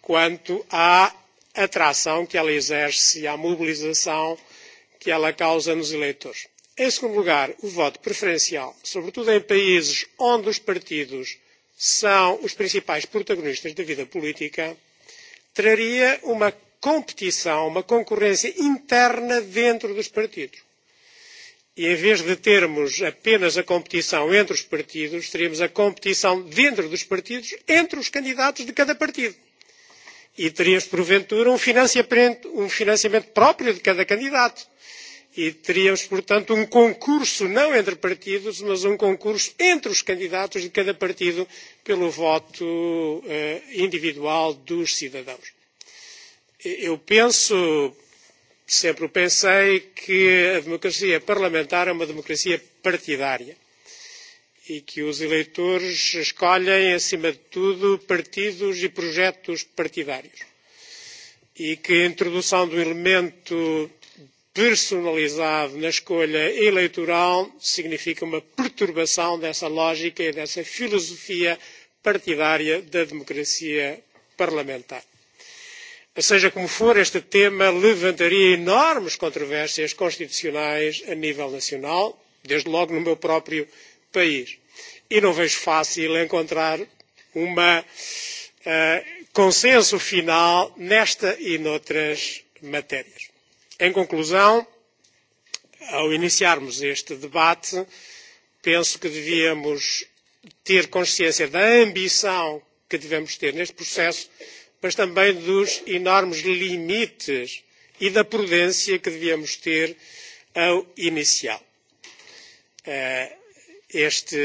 S13: quanto à atração que ela exerce e à mobilização que ela causa nos eleitores. Em segundo lugar, o voto preferencial, sobretudo em países onde os partidos são os principais protagonistas da vida política, traria uma competição, uma concorrência interna dentro dos partidos. E em vez de termos apenas a competição entre os partidos, teríamos a competição dentro dos partidos, entre os candidatos de cada partido. E teríamos, porventura, um financiamento, um financiamento próprio de cada candidato e teríamos, portanto, um concurso não entre partidos, mas um concurso entre os candidatos de cada partido pelo voto uh, individual dos cidadãos. E eu penso, sempre o pensei, que a democracia parlamentar é uma democracia partidária e que os eleitores escolhem, acima de tudo, partidos e projetos partidários e que a introdução do elemento personalizado na escolha eleitoral significa uma perturbação dessa lógica e dessa filosofia partidária da democracia parlamentar. Seja como for, este tema levantaria enormes controvérsias constitucionais a nível nacional, desde logo no meu próprio país. E não vejo fácil encontrar um uh, consenso final nesta e noutras matérias. Em conclusão, ao iniciarmos este debate, penso que devíamos ter consciência da ambição que devemos ter neste processo, mas também dos enormes limites e da prudência que devíamos ter ao inicial. Eh, este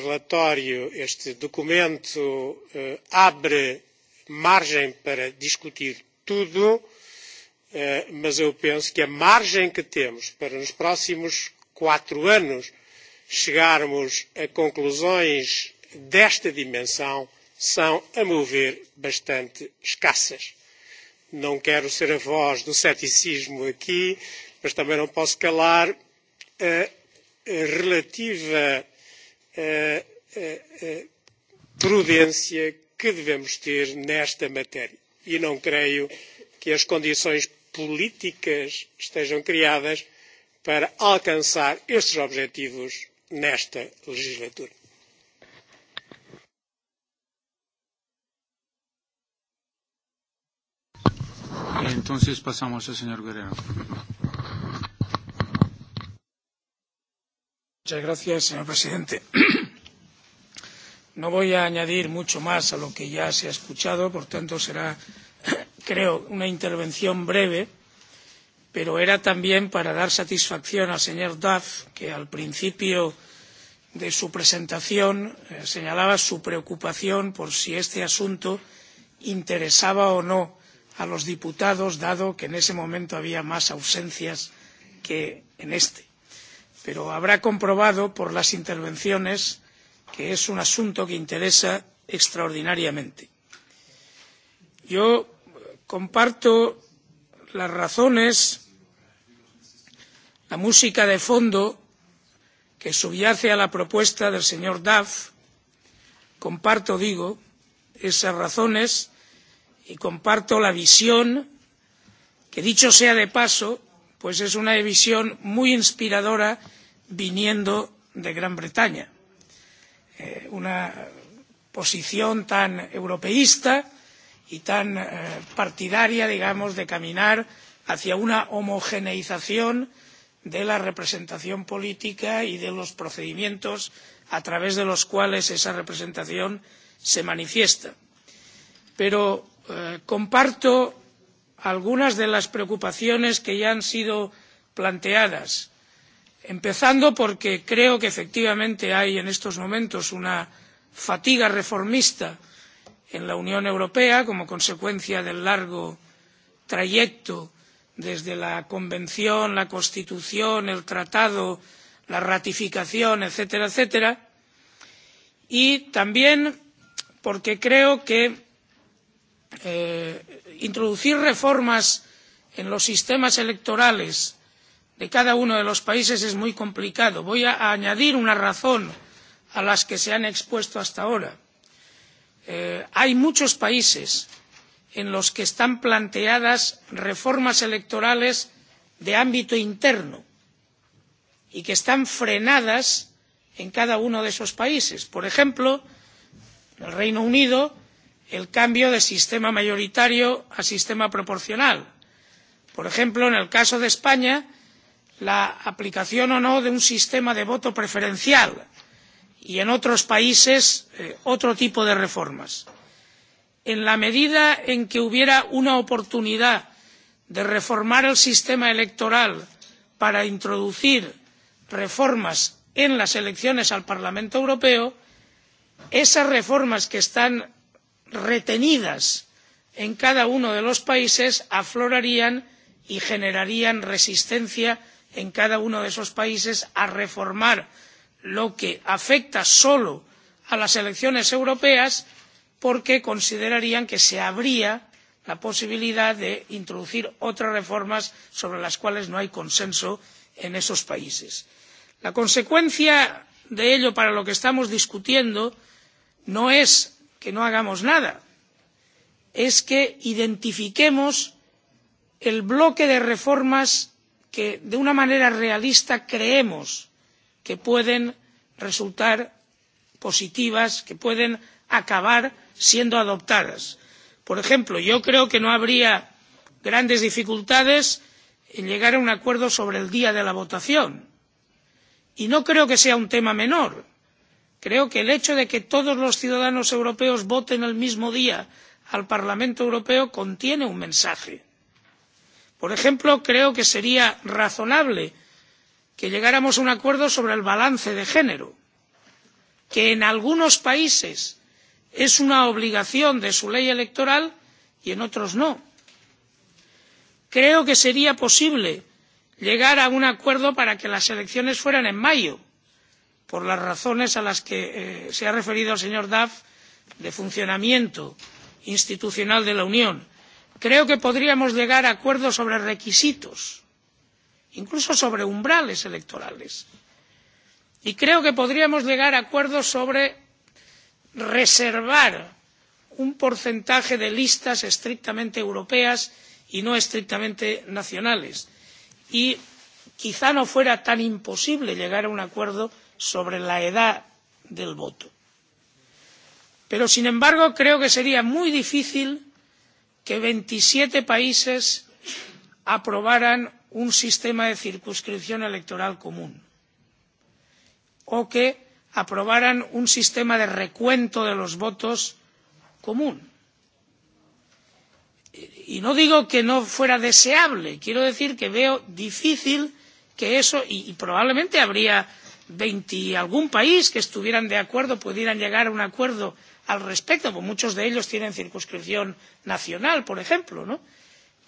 S13: relatório, este documento, eh, abre margem para discutir tudo Eh, mas eu penso que a margem que temos para nos próximos quatro anos chegarmos a conclusões desta dimensão são, a meu ver, bastante escassas. Não quero ser a voz do ceticismo aqui, mas também não posso calar a relativa a, a, a prudência que devemos ter nesta matéria. E não creio que as condições políticas estejam criadas para alcançar estes objetivos nesta legislatura.
S1: Entonces pasamos al señor Guerrero.
S13: Muchas
S12: gracias, señor presidente. No voy a añadir mucho más a lo que ya se ha escuchado, por tanto será creo, una intervención breve, pero era también para dar satisfacción al señor Duff, que al principio de su presentación eh, señalaba su preocupación por si este asunto interesaba o no a los diputados, dado que en ese momento había más ausencias que en este. Pero habrá comprobado por las intervenciones que es un asunto que interesa extraordinariamente. Yo comparto las razones la música de fondo que subyace a la propuesta del señor duff comparto digo esas razones y comparto la visión que dicho sea de paso pues es una visión muy inspiradora viniendo de gran bretaña eh, una posición tan europeísta y tan eh, partidaria digamos de caminar hacia una homogeneización de la representación política y de los procedimientos a través de los cuales esa representación se manifiesta. pero eh, comparto algunas de las preocupaciones que ya han sido planteadas empezando porque creo que efectivamente hay en estos momentos una fatiga reformista en la unión europea como consecuencia del largo trayecto desde la convención la constitución el tratado la ratificación etcétera etcétera y también porque creo que eh, introducir reformas en los sistemas electorales de cada uno de los países es muy complicado. voy a añadir una razón a las que se han expuesto hasta ahora. Eh, hay muchos países en los que están planteadas reformas electorales de ámbito interno y que están frenadas en cada uno de esos países. Por ejemplo, en el Reino Unido, el cambio de sistema mayoritario a sistema proporcional. Por ejemplo, en el caso de España, la aplicación o no de un sistema de voto preferencial y en otros países eh, otro tipo de reformas. en la medida en que hubiera una oportunidad de reformar el sistema electoral para introducir reformas en las elecciones al parlamento europeo esas reformas que están retenidas en cada uno de los países aflorarían y generarían resistencia en cada uno de esos países a reformar lo que afecta solo a las elecciones europeas porque considerarían que se abría la posibilidad de introducir otras reformas sobre las cuales no hay consenso en esos países. la consecuencia de ello para lo que estamos discutiendo no es que no hagamos nada es que identifiquemos el bloque de reformas que de una manera realista creemos que pueden resultar positivas que pueden acabar siendo adoptadas. por ejemplo yo creo que no habría grandes dificultades en llegar a un acuerdo sobre el día de la votación y no creo que sea un tema menor. creo que el hecho de que todos los ciudadanos europeos voten el mismo día al parlamento europeo contiene un mensaje. por ejemplo creo que sería razonable que llegáramos a un acuerdo sobre el balance de género que en algunos países es una obligación de su ley electoral y en otros no. creo que sería posible llegar a un acuerdo para que las elecciones fueran en mayo por las razones a las que eh, se ha referido el señor duff de funcionamiento institucional de la unión. creo que podríamos llegar a acuerdos sobre requisitos incluso sobre umbrales electorales y creo que podríamos llegar a acuerdos sobre reservar un porcentaje de listas estrictamente europeas y no estrictamente nacionales y quizá no fuera tan imposible llegar a un acuerdo sobre la edad del voto. pero sin embargo creo que sería muy difícil que veintisiete países aprobaran un sistema de circunscripción electoral común o que aprobaran un sistema de recuento de los votos común. Y no digo que no fuera deseable, quiero decir que veo difícil que eso, y, y probablemente habría veinti algún país que estuvieran de acuerdo, pudieran llegar a un acuerdo al respecto, porque muchos de ellos tienen circunscripción nacional, por ejemplo, ¿no?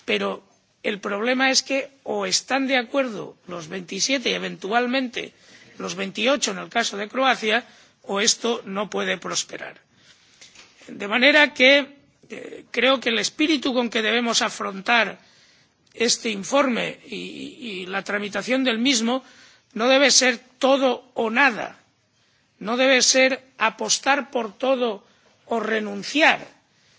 S12: Pero el problema es que o están de acuerdo los veintisiete y eventualmente los veintiocho en el caso de croacia o esto no puede prosperar. de manera que eh, creo que el espíritu con que debemos afrontar este informe y, y la tramitación del mismo no debe ser todo o nada no debe ser apostar por todo o renunciar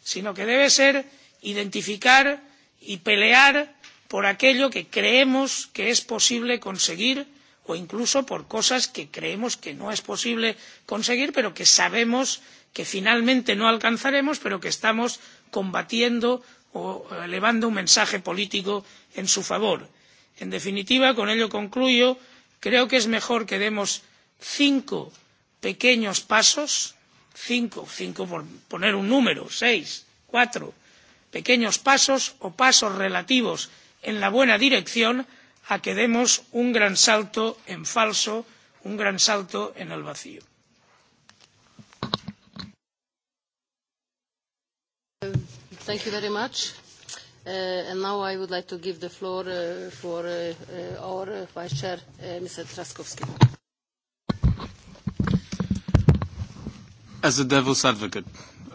S12: sino que debe ser identificar y pelear por aquello que creemos que es posible conseguir o incluso por cosas que creemos que no es posible conseguir pero que sabemos que finalmente no alcanzaremos pero que estamos combatiendo o eh, elevando un mensaje político en su favor. en definitiva con ello concluyo creo que es mejor que demos cinco pequeños pasos cinco cinco por poner un número seis cuatro pequeños pasos o pasos relativos en la buena dirección a que demos un gran salto en falso un gran salto en el vacío.
S15: Thank you very much. Uh, and now I would like to give the floor uh, for uh, uh, our uh, Vice Chair, uh, Mr. Traskowski.
S1: As a devil's advocate,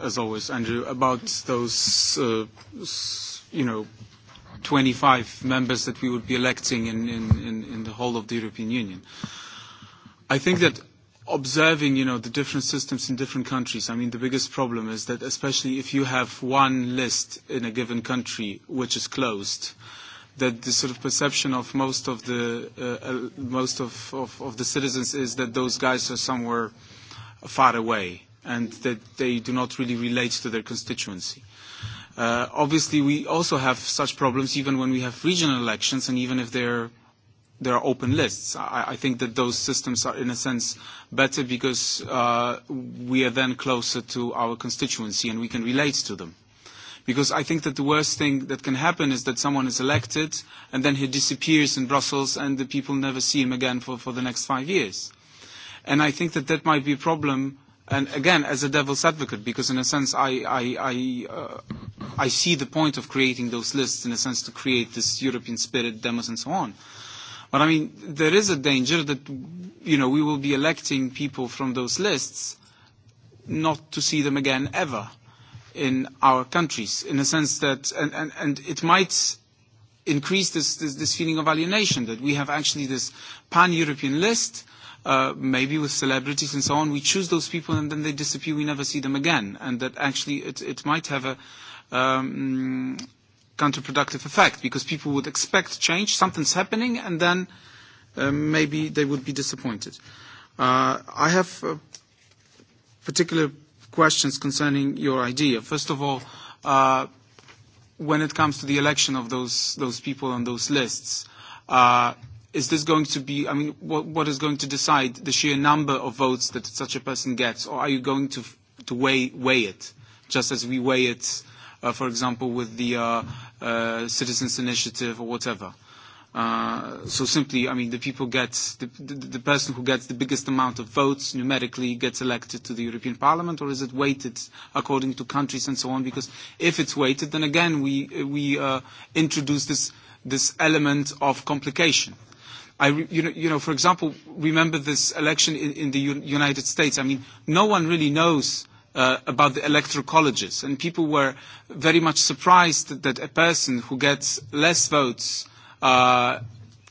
S1: as always, Andrew, about those, uh, you know, 25 members that we would be electing in, in, in the whole of the European Union. I think that observing, you know, the different systems in different countries, I mean, the biggest problem is that especially if you have one list in a given country which is closed, that the sort of perception of most of the uh, most of, of, of the citizens is that those guys are somewhere far away and that they do not really relate to their constituency. Uh, obviously, we also have such problems even when we have regional elections and even if they're there are open lists. I, I think that those systems are, in a sense, better because uh, we are then closer to our constituency and we can relate to them. Because I think that the worst thing that can happen is that someone is elected and then he disappears in Brussels and the people never see him again for, for the next five years. And I think that that might be a problem and again, as a devil's advocate, because in a sense, I, I, I, uh, I see the point of creating those lists, in a sense, to create this European spirit, demos, and so on. But I mean, there is a danger that, you know, we will be electing people from those lists not to see them again ever in our countries, in a sense that, and, and, and it might increase this, this, this feeling of alienation that we have actually this pan-European list uh, maybe with celebrities and so on, we choose those people and then they disappear, we never see them again. And that actually it, it might have a um, counterproductive effect because people would expect change, something's happening, and then uh, maybe they would be disappointed. Uh, I have uh, particular questions concerning your idea. First of all, uh, when it comes to the election of those, those people on those lists, uh, is this going to be, I mean, what, what is going to decide the sheer number of votes that such a person gets? Or are you going to, to weigh, weigh it, just as we weigh it, uh, for example, with the uh, uh, Citizens Initiative or whatever? Uh, so simply, I mean, the people get, the, the, the person who gets the biggest amount of votes numerically gets elected to the European Parliament, or is it weighted according to countries and so on? Because if it's weighted, then again, we, we uh, introduce this, this element of complication. Uh, I, you know, you know, for example, remember this election in, in the U- United States. I mean, no one really knows uh, about the electoral colleges, and people were very much surprised that a person who gets less votes uh,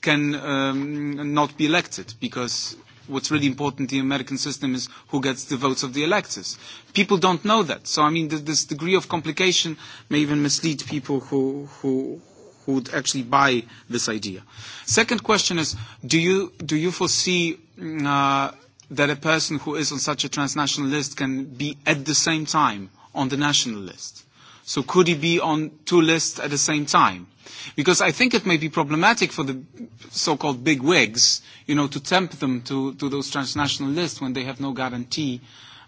S1: can um, not be elected because what's really important in the American system is who gets the votes of the electors. People don't know that. So, I mean, th- this degree of complication may even mislead people who, who, who would actually buy this idea. Second question is, do you, do you foresee mm, uh, that a person who is on such a transnational list can be at the same time on the national list? So could he be on two lists at the same time? Because I think it may be problematic for the so-called big wigs, you know, to tempt them to, to those transnational lists when they have no guarantee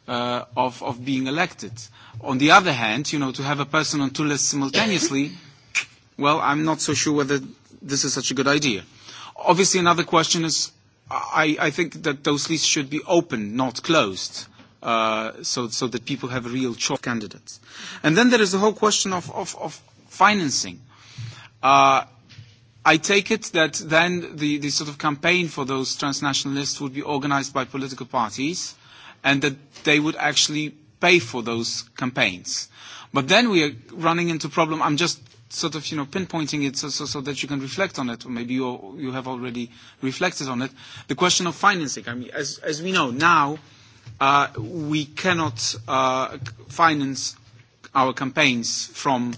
S1: uh, of, of being elected. On the other hand, you know, to have a person on two lists simultaneously well, I'm not so sure whether this is such a good idea. Obviously, another question is, I, I think that those lists should be open, not closed, uh, so, so that people have a real choice candidates. And then there is the whole question of, of, of financing. Uh, I take it that then the, the sort of campaign for those transnational lists would be organized by political parties and that they would actually pay for those campaigns. But then we are running into problem. I'm just sort of, you know, pinpointing it so, so, so that you can reflect on it, or maybe you, you have already reflected on it. The question of financing. I mean, as, as we know now, uh, we cannot uh, finance our campaigns from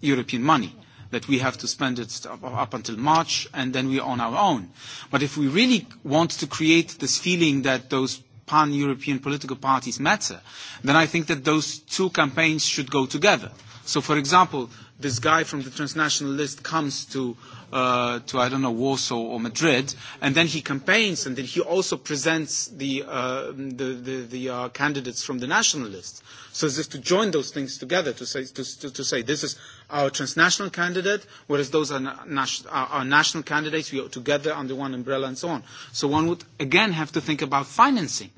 S1: European money, that we have to spend it up until March, and then we're on our own. But if we really want to create this feeling that those pan-European political parties matter, then I think that those two campaigns should go together. So, for example, this guy from the transnational list comes to, uh, to I don't know, Warsaw or Madrid, and then he campaigns, and then he also presents the, uh, the, the, the uh, candidates from the national list. So as if to join those things together to say, to, to, to say this is our transnational candidate, whereas those are nas- our, our national candidates, we are together under one umbrella and so on. So one would, again, have to think about financing.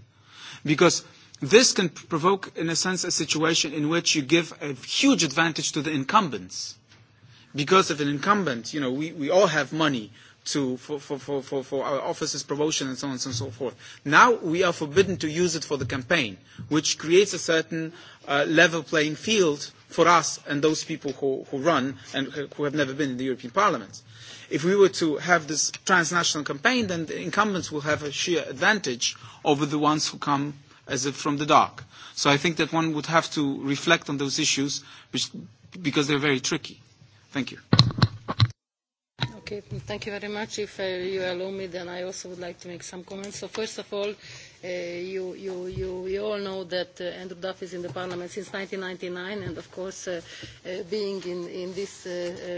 S1: Because this can provoke, in a sense, a situation in which you give a huge advantage to the incumbents. Because if an incumbent, you know, we, we all have money to, for, for, for, for, for our office's promotion and so on and so forth. Now we are forbidden to use it for the campaign, which creates a certain uh, level playing field for us and those people who, who run and who have never been in the European Parliament. If we were to have this transnational campaign, then the incumbents will have a sheer advantage over the ones who come as if from the dark. So I think that one would have to reflect on those issues which, because they're very tricky. Thank you.
S15: Okay, thank you very much. If uh, you allow me, then I also would like to make some comments. So first of all, uh, you, you, you, you all know that uh, Andrew Duff is in the Parliament since 1999, and of course, uh, uh, being in, in this uh,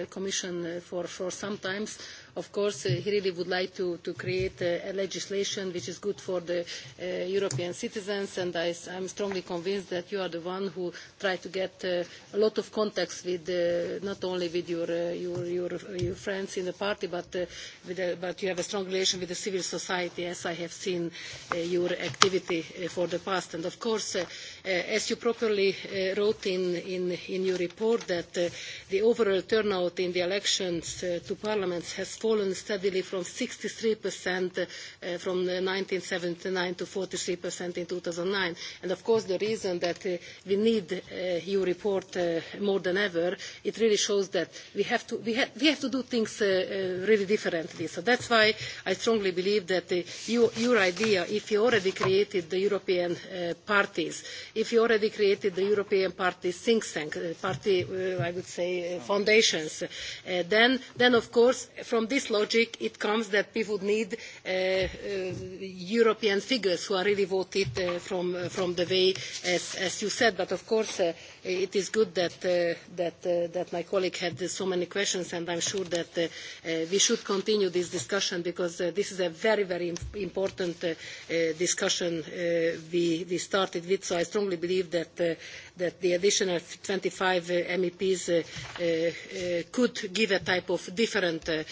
S15: uh, commission uh, for, for some times, uh, of course, uh, he really would like to, to create uh, a legislation which is good for the uh, European citizens, and I, I'm strongly convinced that you are the one who tried to get uh, a lot of contacts with, uh, not only with your, uh, your, your, your friends in the party, but, uh, with a, uh, but you have a strong relation with the civil society, as I have seen uh, your activity uh, for the past. And of course, uh, Uh, as you properly uh, wrote in, in, in your report, that uh, the overall turnout in the elections uh, to parliaments has fallen steadily from 63% uh, from 1979 to 43% in 2009. And of course, the reason that uh, we need uh, your report uh, more than ever, it really shows that we have to, we ha we have to do things uh, uh, really differently. So that's why I strongly believe that uh, you, your idea, if you already created the European uh, parties, if you already created the European party think tank, uh, party, uh, I would say, uh, foundations, uh, then, then of course from this logic it comes that we would need uh, uh, European figures who are really voted uh, from, uh, from the way as, as you said, but of course uh, it is good that, uh, that, uh, that my colleague had uh, so many questions and I'm sure that uh, uh, we should continue this discussion because uh, this is a very, very imp important uh, uh, discussion uh, we, we started with, so I strongly strongly believe that uh, that the additional 25 uh, MEPs uh, uh, uh, could give a type of different uh, uh,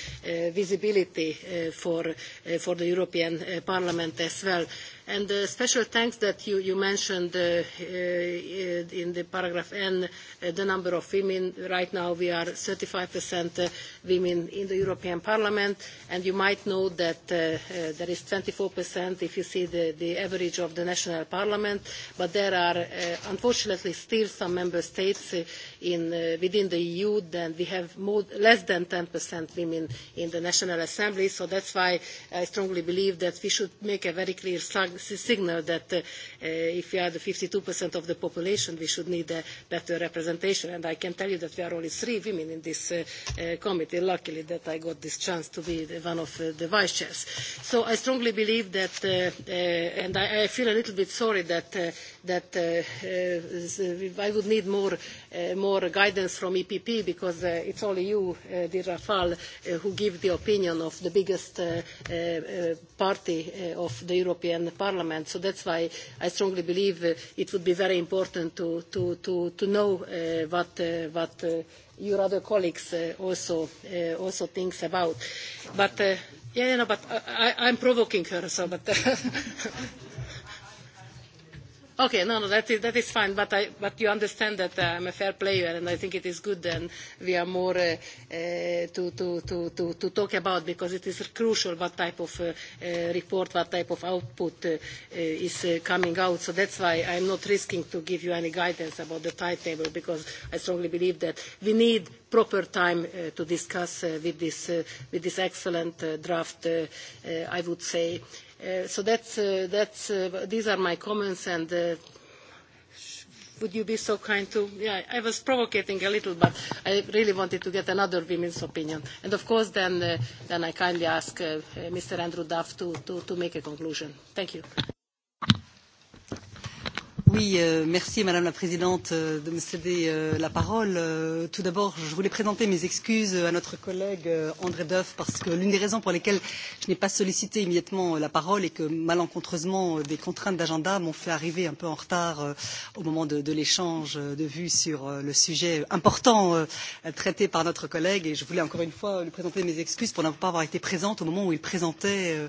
S15: visibility uh, for, uh, for the European uh, Parliament as well. And uh, special thanks that you, you mentioned uh, uh, in the paragraph N uh, the number of women. Right now we are 35% uh, women in the European Parliament and you might know that uh, uh, there is 24% if you see the, the average of the national parliament but there are uh, unfortunately currently still some member states uh, in, uh, within the EU, then we have more, less than 10% women in the National Assembly. So that's why I strongly believe that we should make a very clear signal that uh, uh, if we are the 52% of the population, we should need a better representation. And I can tell you that we are only three women in this uh, uh, committee. Luckily that I got this chance to be the, one of uh, the vice chairs. So I strongly believe that, uh, uh, and I, I feel a little bit sorry that, uh, that uh, uh, we, uh, I would need more, uh, more guidance from EPP because uh, it's only you, uh, Di Rafal, uh, who give the opinion of the biggest uh, uh, uh, party uh, of the European Parliament. So that's why I strongly believe uh, it would be very important to, to, to, to know uh, what, uh, what uh, your other colleagues uh, also, uh, also thinks about. But, uh, yeah, no, but I, I, I'm provoking her, so but... Okay, no, no, that is, that is fine, but, I, but you understand that uh, I'm a fair player, and I think it is good and we are more uh, uh, to, to, to, to, to talk about because it is crucial what type of uh, uh, report, what type of output uh, uh, is uh, coming out. So that's why I'm not risking to give you any guidance about the timetable because I strongly believe that we need proper time uh, to discuss uh, with, this, uh, with this excellent uh, draft, uh, uh, I would say. Uh, Uh, so that's, uh, that's, uh, these are my comments and uh, would you be so kind to, yeah, I was provocating a little, but I really wanted to get another women's opinion. And of course, then, uh, then I kindly ask uh, uh, Mr. Andrew Duff to, to, to make a conclusion. Thank you.
S16: Oui, euh, merci Madame la Présidente euh, de me céder euh, la parole. Euh, tout d'abord, je voulais présenter mes excuses à notre collègue euh, André Duff parce que l'une des raisons pour lesquelles je n'ai pas sollicité immédiatement euh, la parole est que malencontreusement euh, des contraintes d'agenda m'ont fait arriver un peu en retard euh, au moment de, de l'échange euh, de vues sur euh, le sujet important euh, traité par notre collègue et je voulais encore une fois lui présenter mes excuses pour n'avoir pas avoir été présente au moment où il présentait euh,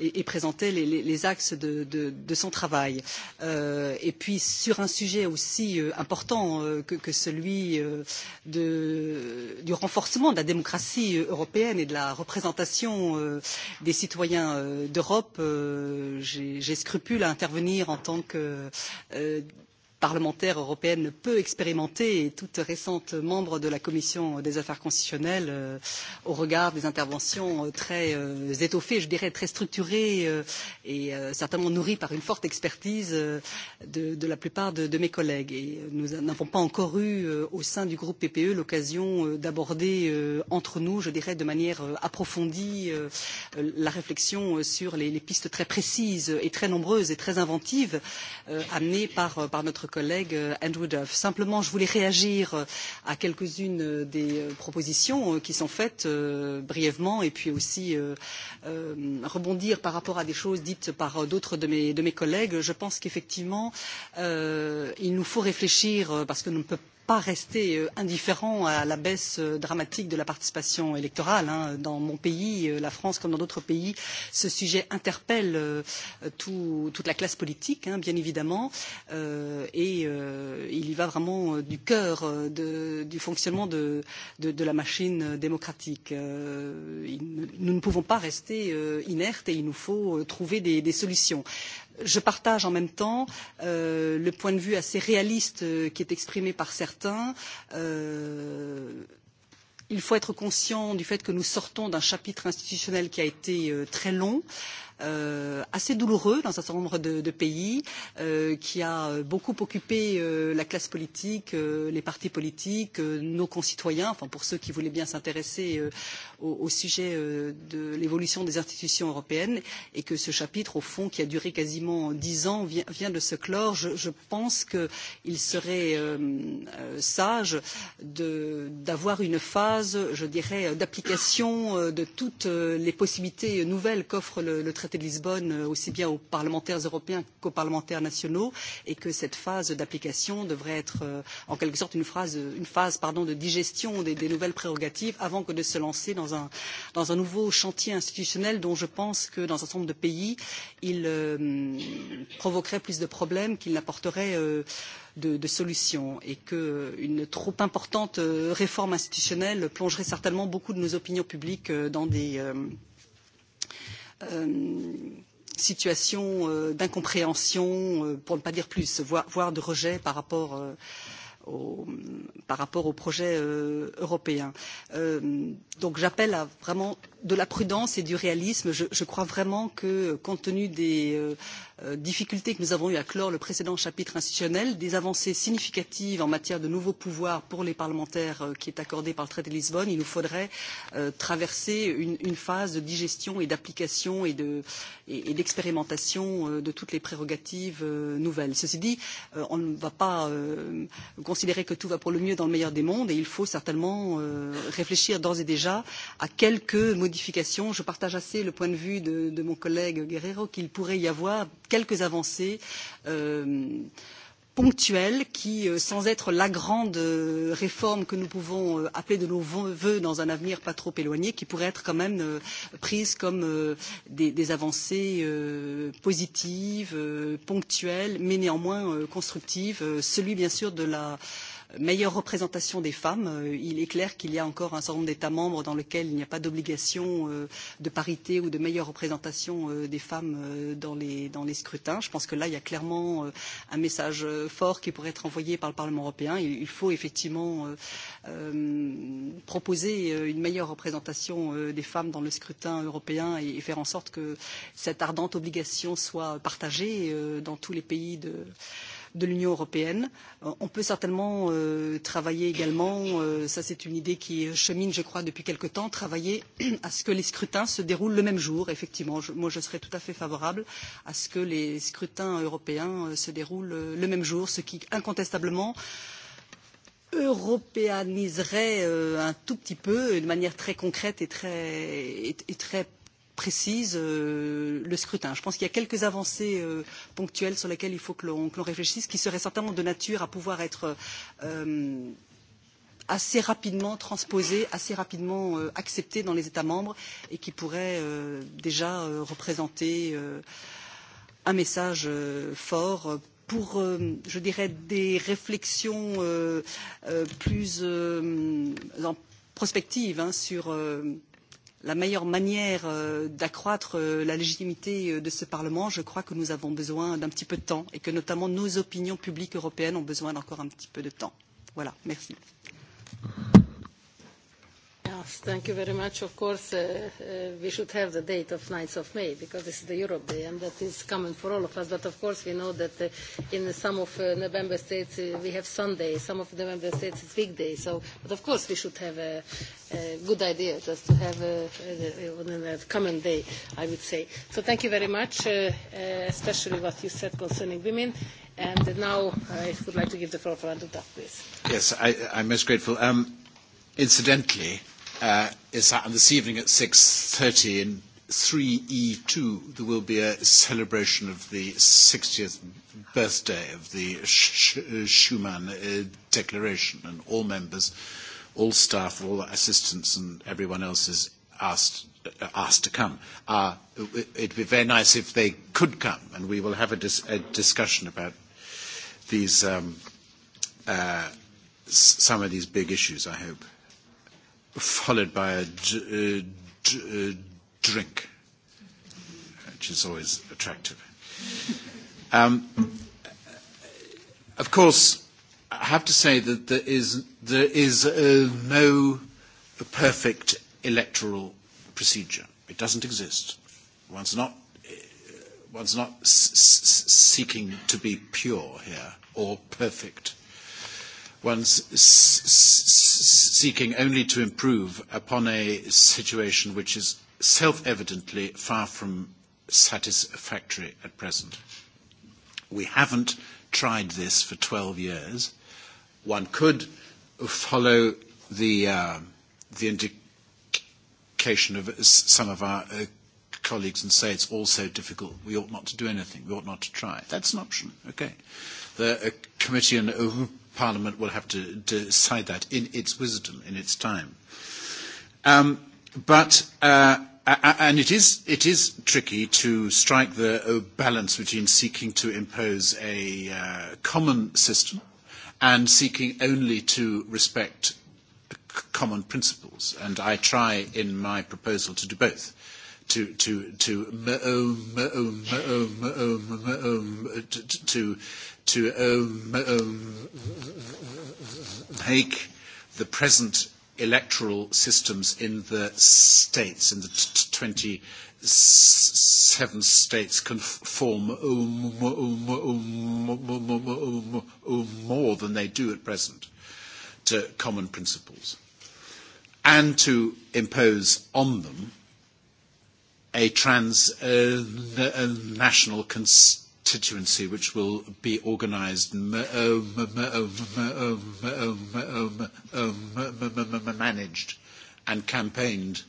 S16: et, et présentait les, les, les axes de, de, de son travail. Euh, et et puis sur un sujet aussi euh, important euh, que, que celui euh, de, du renforcement de la démocratie euh, européenne et de la représentation euh, des citoyens euh, d'Europe, euh, j'ai scrupule à intervenir en tant que euh, parlementaire européenne ne peut expérimenter et toute récente membre de la commission des affaires constitutionnelles euh, au regard des interventions euh, très euh, étoffées, je dirais très structurées euh, et euh, certainement nourries par une forte expertise euh, de, de la plupart de, de mes collègues. Et nous n'avons pas encore eu euh, au sein du groupe PPE l'occasion euh, d'aborder euh, entre nous, je dirais de manière euh, approfondie, euh, la réflexion euh, sur les, les pistes très précises et très nombreuses et très inventives euh, amenées par, euh, par notre collègue euh, Andrew Duff. Simplement, je voulais réagir euh, à quelques-unes euh, des propositions qui sont faites euh, brièvement et puis aussi euh, euh, rebondir par rapport à des choses dites par d'autres de mes, de mes collègues. Je pense qu'effectivement, euh, il nous faut réfléchir parce que nous ne peut, pas rester euh, indifférent à la baisse euh, dramatique de la participation électorale. Hein. Dans mon pays, euh, la France comme dans d'autres pays, ce sujet interpelle tout, toute la classe politique, hein, bien évidemment, euh, et euh, il y va vraiment du cœur de, du fonctionnement de, de, de la machine démocratique. Euh, il, nous ne pouvons pas rester euh, inertes et il nous faut trouver des, des solutions je partage en même temps euh, le point de vue assez réaliste euh, qui est exprimé par certains. Euh, il faut être conscient du fait que nous sortons d'un chapitre institutionnel qui a été euh, très long. Euh, euh, assez douloureux dans un certain nombre de, de pays, euh, qui a euh, beaucoup occupé euh, la classe politique, euh, les partis politiques, euh, nos concitoyens, enfin pour ceux qui voulaient bien s'intéresser euh, au, au sujet euh, de l'évolution des institutions européennes, et que ce chapitre, au fond, qui a duré quasiment dix ans, vient, vient de se clore. Je, je pense qu'il serait euh, euh, sage d'avoir une phase, je dirais, d'application euh, de toutes euh, les possibilités nouvelles qu'offre le, le traité traité de Lisbonne euh, aussi bien aux parlementaires européens qu'aux parlementaires nationaux et que cette phase d'application devrait être euh, en quelque sorte une, phrase, une phase pardon, de digestion des, des nouvelles prérogatives avant que de se lancer dans un, dans un nouveau chantier institutionnel dont je pense que dans un certain nombre de pays il euh, provoquerait plus de problèmes qu'il n'apporterait euh, de, de solutions et qu'une trop importante euh, réforme institutionnelle plongerait certainement beaucoup de nos opinions publiques dans des, Euh, situation euh, d'incompréhension, euh, pour ne pas dire plus, voire, voire de rejet par rapport, euh, au, par rapport au projet euh, européen. Euh, donc j'appelle à vraiment de la prudence et du réalisme. Je, je crois vraiment que, compte tenu des euh, euh, difficultés que nous avons eues à clore le précédent chapitre institutionnel, des avancées significatives en matière de nouveaux pouvoirs pour les parlementaires euh, qui est accordé par le traité de Lisbonne, il nous faudrait euh, traverser une, une phase de digestion et d'application et d'expérimentation de, et, et euh, de toutes les prérogatives euh, nouvelles. Ceci dit, euh, on ne va pas euh, considérer que tout va pour le mieux dans le meilleur des mondes et il faut certainement euh, réfléchir d'ores et déjà à quelques modifications modifications. Je partage assez le point de vue de, de mon collègue Guerrero qu'il pourrait y avoir quelques avancées. Euh, ponctuelle qui, euh, sans être la grande euh, réforme que nous pouvons euh, appeler de nos voeux dans un avenir pas trop éloigné, qui pourrait être quand même prise comme des, des avancées positives, ponctuelles, mais néanmoins constructives. Celui, bien sûr, de la euh, meilleure représentation des femmes. Euh, il est clair qu'il y a encore un certain nombre d'États membres dans lesquels il n'y a pas d'obligation euh, de parité ou de meilleure représentation euh, des femmes dans les, dans les scrutins. Je pense que là, il y a clairement un message fort qui pourrait être envoyé par le Parlement européen. Il faut effectivement euh, proposer une meilleure représentation des femmes dans le scrutin européen et faire en sorte que cette ardente obligation soit partagée dans tous les pays de, euh, de l'Union européenne. Euh, on peut certainement euh, travailler également, euh, ça c'est une idée qui chemine je crois depuis quelque temps, travailler à ce que les scrutins se déroulent le même jour. Effectivement, je, moi je serais tout à fait favorable à ce que les scrutins européens euh, se déroulent euh, le même jour, ce qui incontestablement euh, européaniserait euh, un tout petit peu, de manière très concrète et très, et, et très précise euh, le scrutin. Je pense qu'il y a quelques avancées euh, ponctuelles sur lesquelles il faut que l'on, que l'on réfléchisse, qui seraient certainement de nature à pouvoir être euh, assez rapidement transposées, assez rapidement euh, acceptées dans les États membres et qui pourraient euh, déjà euh, représenter euh, un message euh, fort pour, euh, je dirais, des réflexions euh, euh, plus euh, en prospective hein, sur. Euh, la meilleure manière euh, d'accroître euh, la légitimité euh, de ce Parlement, je crois que nous avons besoin d'un petit peu de temps et que notamment nos opinions publiques européennes ont besoin d'encore un petit peu de temps. Voilà, merci. Merci.
S15: Yes, thank you very much. Of course, uh, uh, we should have the date of 9th of May because this is the Europe Day and that is common for all of us. But of course, we know that uh, in some of uh, the member states uh, we have Sunday, some of the member states it's weekday. So, but of course, we should have a, a good idea just to have a, a, a, a common day, I would say. So thank you very much, uh, uh, especially what you said concerning women. And now I would like to give the floor to Anduta, please.
S5: Yes, I, I'm most grateful. Um, incidentally, uh, is happening this evening at 6.30 in 3E2. E There will be a celebration of the 60th birthday of the Schuman uh, Declaration, and all members, all staff, all assistants, and everyone else is asked uh, asked to come. Uh, it would be very nice if they could come, and we will have a, dis- a discussion about these um, uh, s- some of these big issues. I hope followed by a d- uh, d- uh, drink, which is always attractive. Um, of course, I have to say that there is, there is uh, no perfect electoral procedure. It doesn't exist. One's not, uh, one's not s- s- seeking to be pure here or perfect one's s- s- seeking only to improve upon a situation which is self-evidently far from satisfactory at present. We haven't tried this for 12 years. One could follow the, uh, the indication of some of our uh, colleagues and say it's all so difficult, we ought not to do anything, we ought not to try. That's an option, okay. The uh, committee and uh, Parliament will have to, to decide that in its wisdom, in its time. Um, but uh, and it is it is tricky to strike the uh, balance between seeking to impose a uh, common system and seeking only to respect common principles. And I try in my proposal to do both. To to to to to um, um, make the present electoral systems in the states, in the t- 27 states, conform um, um, um, more than they do at present to common principles, and to impose on them a transnational uh, uh, national cons- constituency which will be organised managed and campaigned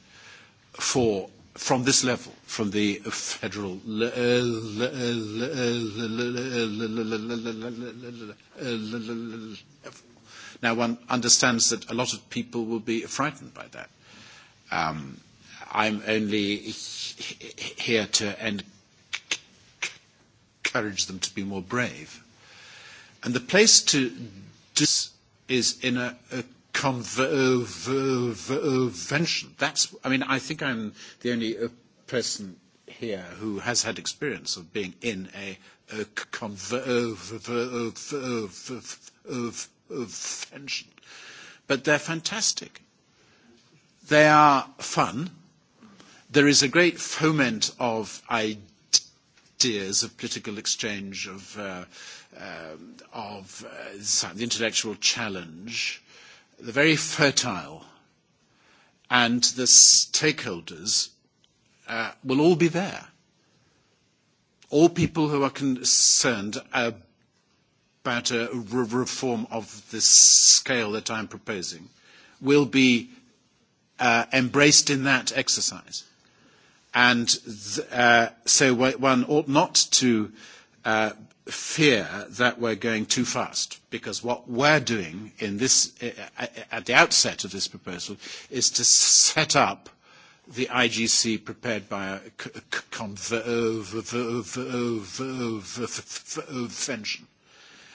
S5: for from this level, from the federal level. Now, one understands that a lot of people will be frightened by that. Um, I'm only here to end encourage them to be more brave. And the place to do this is in a, a convention. Uh, that's, I mean, I think I'm the only uh, person here who has had experience of being in a, a convention. But they're fantastic. They are fun. There is a great foment of ideas ideas of political exchange, of, uh, um, of uh, the intellectual challenge. They're very fertile. And the stakeholders uh, will all be there. All people who are concerned about a re- reform of this scale that I'm proposing will be uh, embraced in that exercise. And th- uh, so one ought not to uh, fear that we're going too fast, because what we're doing in this, uh, uh at the outset of this proposal is to set up the IGC prepared by a convention.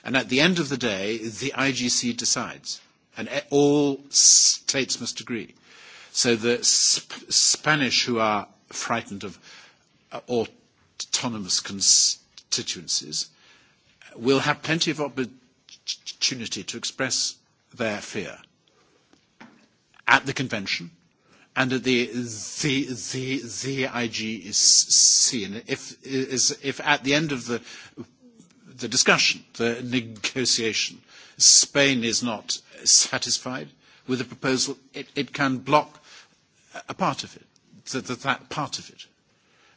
S5: And at the end of the day, the IGC decides, and e, all states must agree. So the Spanish, who are frightened of uh, autonomous constituencies uh, will have plenty of opportunity to express their fear at the convention and at the the the the IGC. And if is if at the end of the the discussion, the negotiation, Spain is not satisfied with the proposal, it, it can block a part of it that, that, that part of it.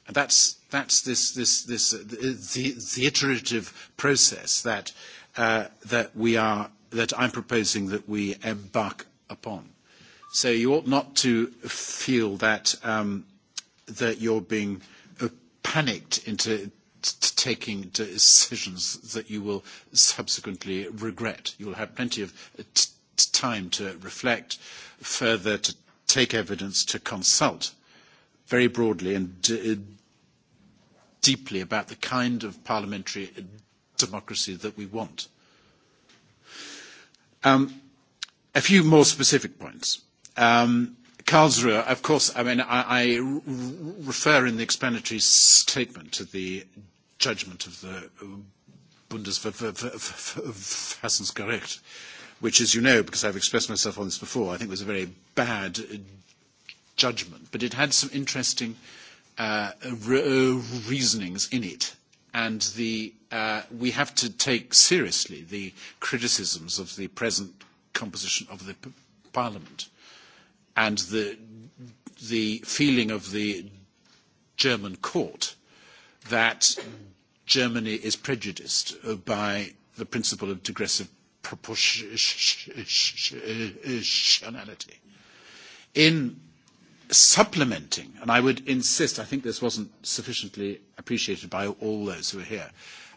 S5: And that's, that's this, this, this, uh, the, the iterative process that, uh, that, we are, that I'm proposing that we embark upon. So you ought not to feel that, um, that you're being uh, panicked into t- taking decisions that you will subsequently regret. You'll have plenty of uh, t- time to reflect, further to take evidence, to consult very broadly and uh, deeply about the kind of parliamentary uh, democracy that we want. Um, a few more specific points. Um, Karlsruhe, of course, I mean, I, I refer in the explanatory statement to the judgment of the uh, Bundesverfassungsgericht, which, as you know, because I've expressed myself on this before, I think was a very bad uh, judgment, but it had some interesting uh, re- uh, reasonings in it. And the, uh, we have to take seriously the criticisms of the present composition of the p- parliament and the, the feeling of the German court that Germany is prejudiced uh, by the principle of digressive proportionality. In supplementing, and I would insist, I think this wasn't sufficiently appreciated by all those who are here,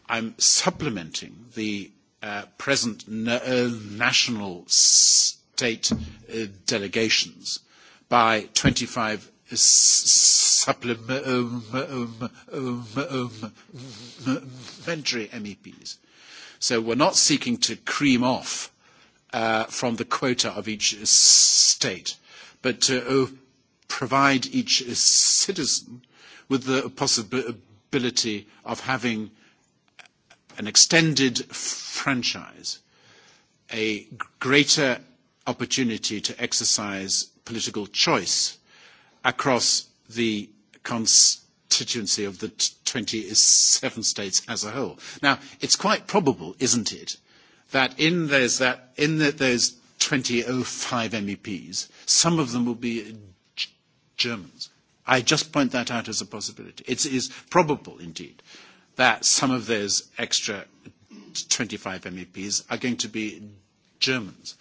S5: I'm supplementing the uh, present na- uh, national state uh, delegations by 25 supplementary MEPs. So we're not seeking to cream off uh, from the quota of each state, but to uh, provide each citizen with the possibility of having an extended franchise, a greater opportunity to exercise political choice across the constituency of the 27 states as a whole. Now, it's quite probable, isn't it, that in those, that in the, those 2005 MEPs, some of them will be Germans. I just point that out as a possibility. It is probable, indeed, that some of those extra 25 MEPs are going to be Germans.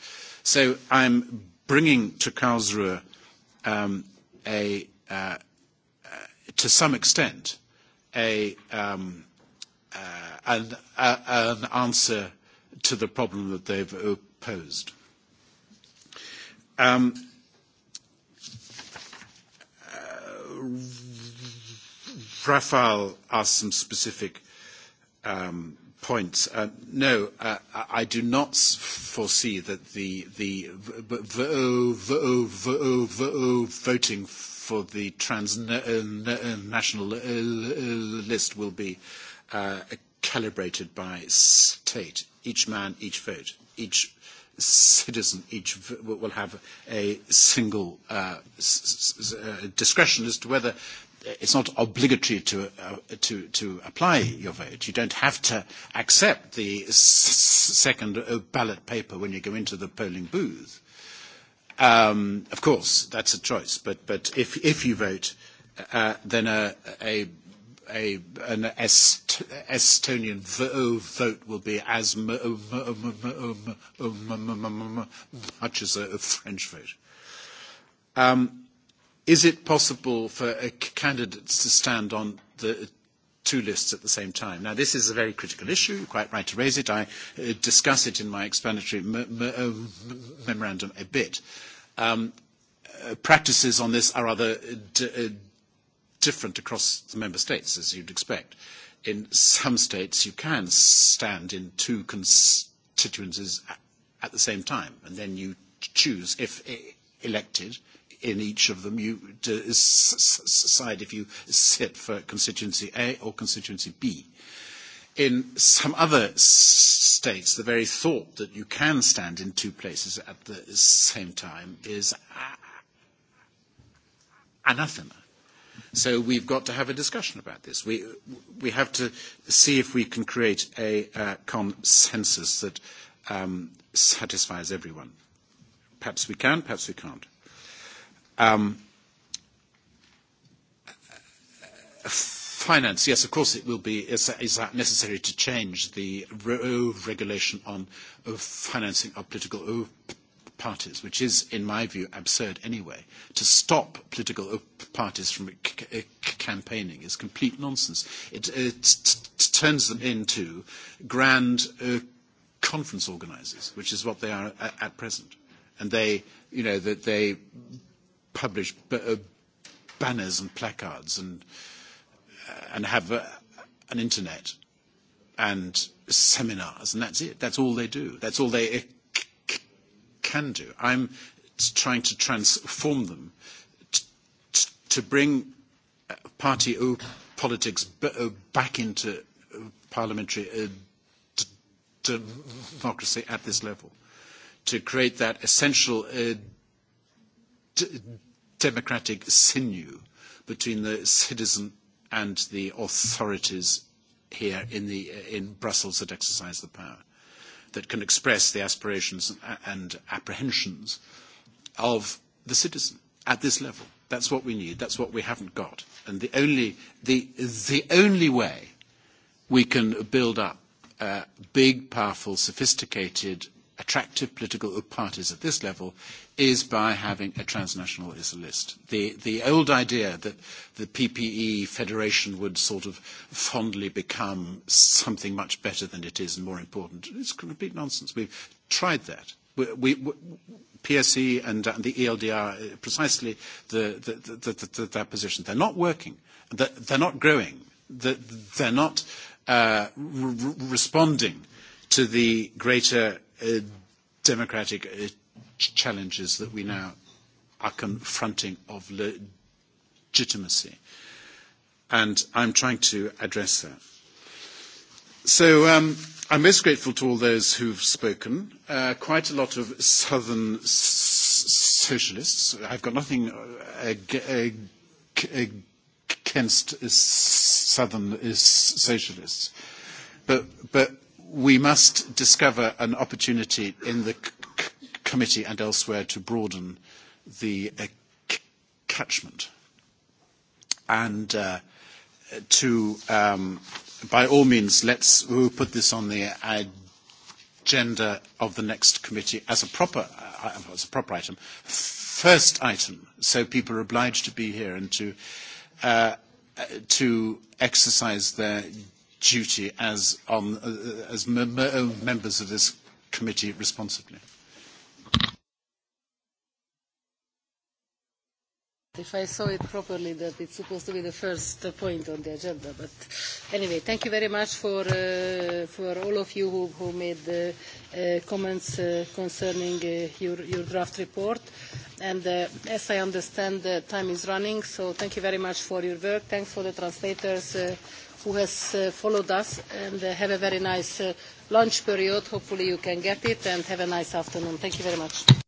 S5: So I'm bringing to Karlsruhe um, a, uh, uh, to some extent, a, um, uh, an, uh, an answer to the problem that they've uh, posed. Um, Rafal asked some specific um, points. Uh, no, uh, I do not foresee that the, the VO, VO, VO, VO voting for the transnational uh, uh, uh, list will be uh, calibrated by state. Each man, each vote. Each citizen each will have a single uh, s- s- uh, discretion as to whether it's not obligatory to, uh, to, to apply your vote. You don't have to accept the s- second ballot paper when you go into the polling booth. Um, of course, that's a choice, but, but if, if you vote, uh, then a, a a, an Est, Estonian vote will be as much as a French vote. Um, is it possible for candidates to stand on the two lists at the same time? Now, this is a very critical issue. You're quite right to raise it. I uh, discuss it in my explanatory m- m- memorandum a bit. Um, uh, practices on this are rather d- different across the member states, as you'd expect. In some states, you can stand in two constituencies at the same time, and then you choose, if e-, elected, in each of them, you decide if you sit for constituency A or constituency B. In some other states, the very thought that you can stand in two places at the same time is ah, anathema. So we've got to have a discussion about this. We, we have to see if we can create a uh, consensus that um, satisfies everyone. Perhaps we can, perhaps we can't. Um, finance, yes, of course it will be. Is, is that necessary to change the re regulation on uh, financing of political uh, parties, which is, in my view, absurd anyway. To stop political parties from c- c- campaigning is complete nonsense. It, it uh, t- t- turns them into grand uh, conference organisers, which is what they are at, at present. And they, you know, that they publish b- uh, banners and placards and uh, and have uh, an internet and seminars, and that's it. That's all they do. That's all they uh, can do. I'm trying to transform them t- t- to bring uh, party politics b- uh, back into uh, parliamentary uh, d- democracy at this level, to create that essential uh, d- democratic sinew between the citizen and the authorities here in, the, in Brussels that exercise the power that can express the aspirations and apprehensions of the citizen at this level. That's what we need. That's what we haven't got. And the only, the, the only way we can build up uh, big, powerful, sophisticated, attractive political parties at this level is by having a transnational list. The, the old idea that the PPE Federation would sort of fondly become something much better than it is and more important is complete nonsense. We've tried that. We, we, PSE e and uh, the ELDR, uh, precisely the, the, the, the, that position. They're not working. They're, they're not growing. They're, they're not uh, re- responding to the greater uh, democratic uh, ch- challenges that we now are confronting of le- legitimacy. And I'm trying to address that. So um, I'm most grateful to all those who've spoken. Uh, quite a lot of southern s- socialists. I've got nothing uh, ag- ag- against uh, southern uh, socialists. But, but we must discover an opportunity in the committee and elsewhere to broaden the uh, c- catchment and uh, to, um, by all means, let's we'll put this on the agenda of the next committee as a proper, uh, uh as a proper item. First item, so people are obliged to be here and to, uh, to exercise their duty as, on, uh, as m- m- uh, members of this committee responsibly.
S15: If I saw it properly, that it's supposed to be the first point on the agenda. But anyway, thank you very much for, uh, for all of you who, who made the uh, comments uh, concerning uh, your, your draft report. And uh, as I understand, the uh, time is running, so thank you very much for your work. Thanks for the translators uh, who has uh, followed us, and uh, have a very nice uh, lunch period. Hopefully you can get it, and have a nice afternoon. Thank you very much.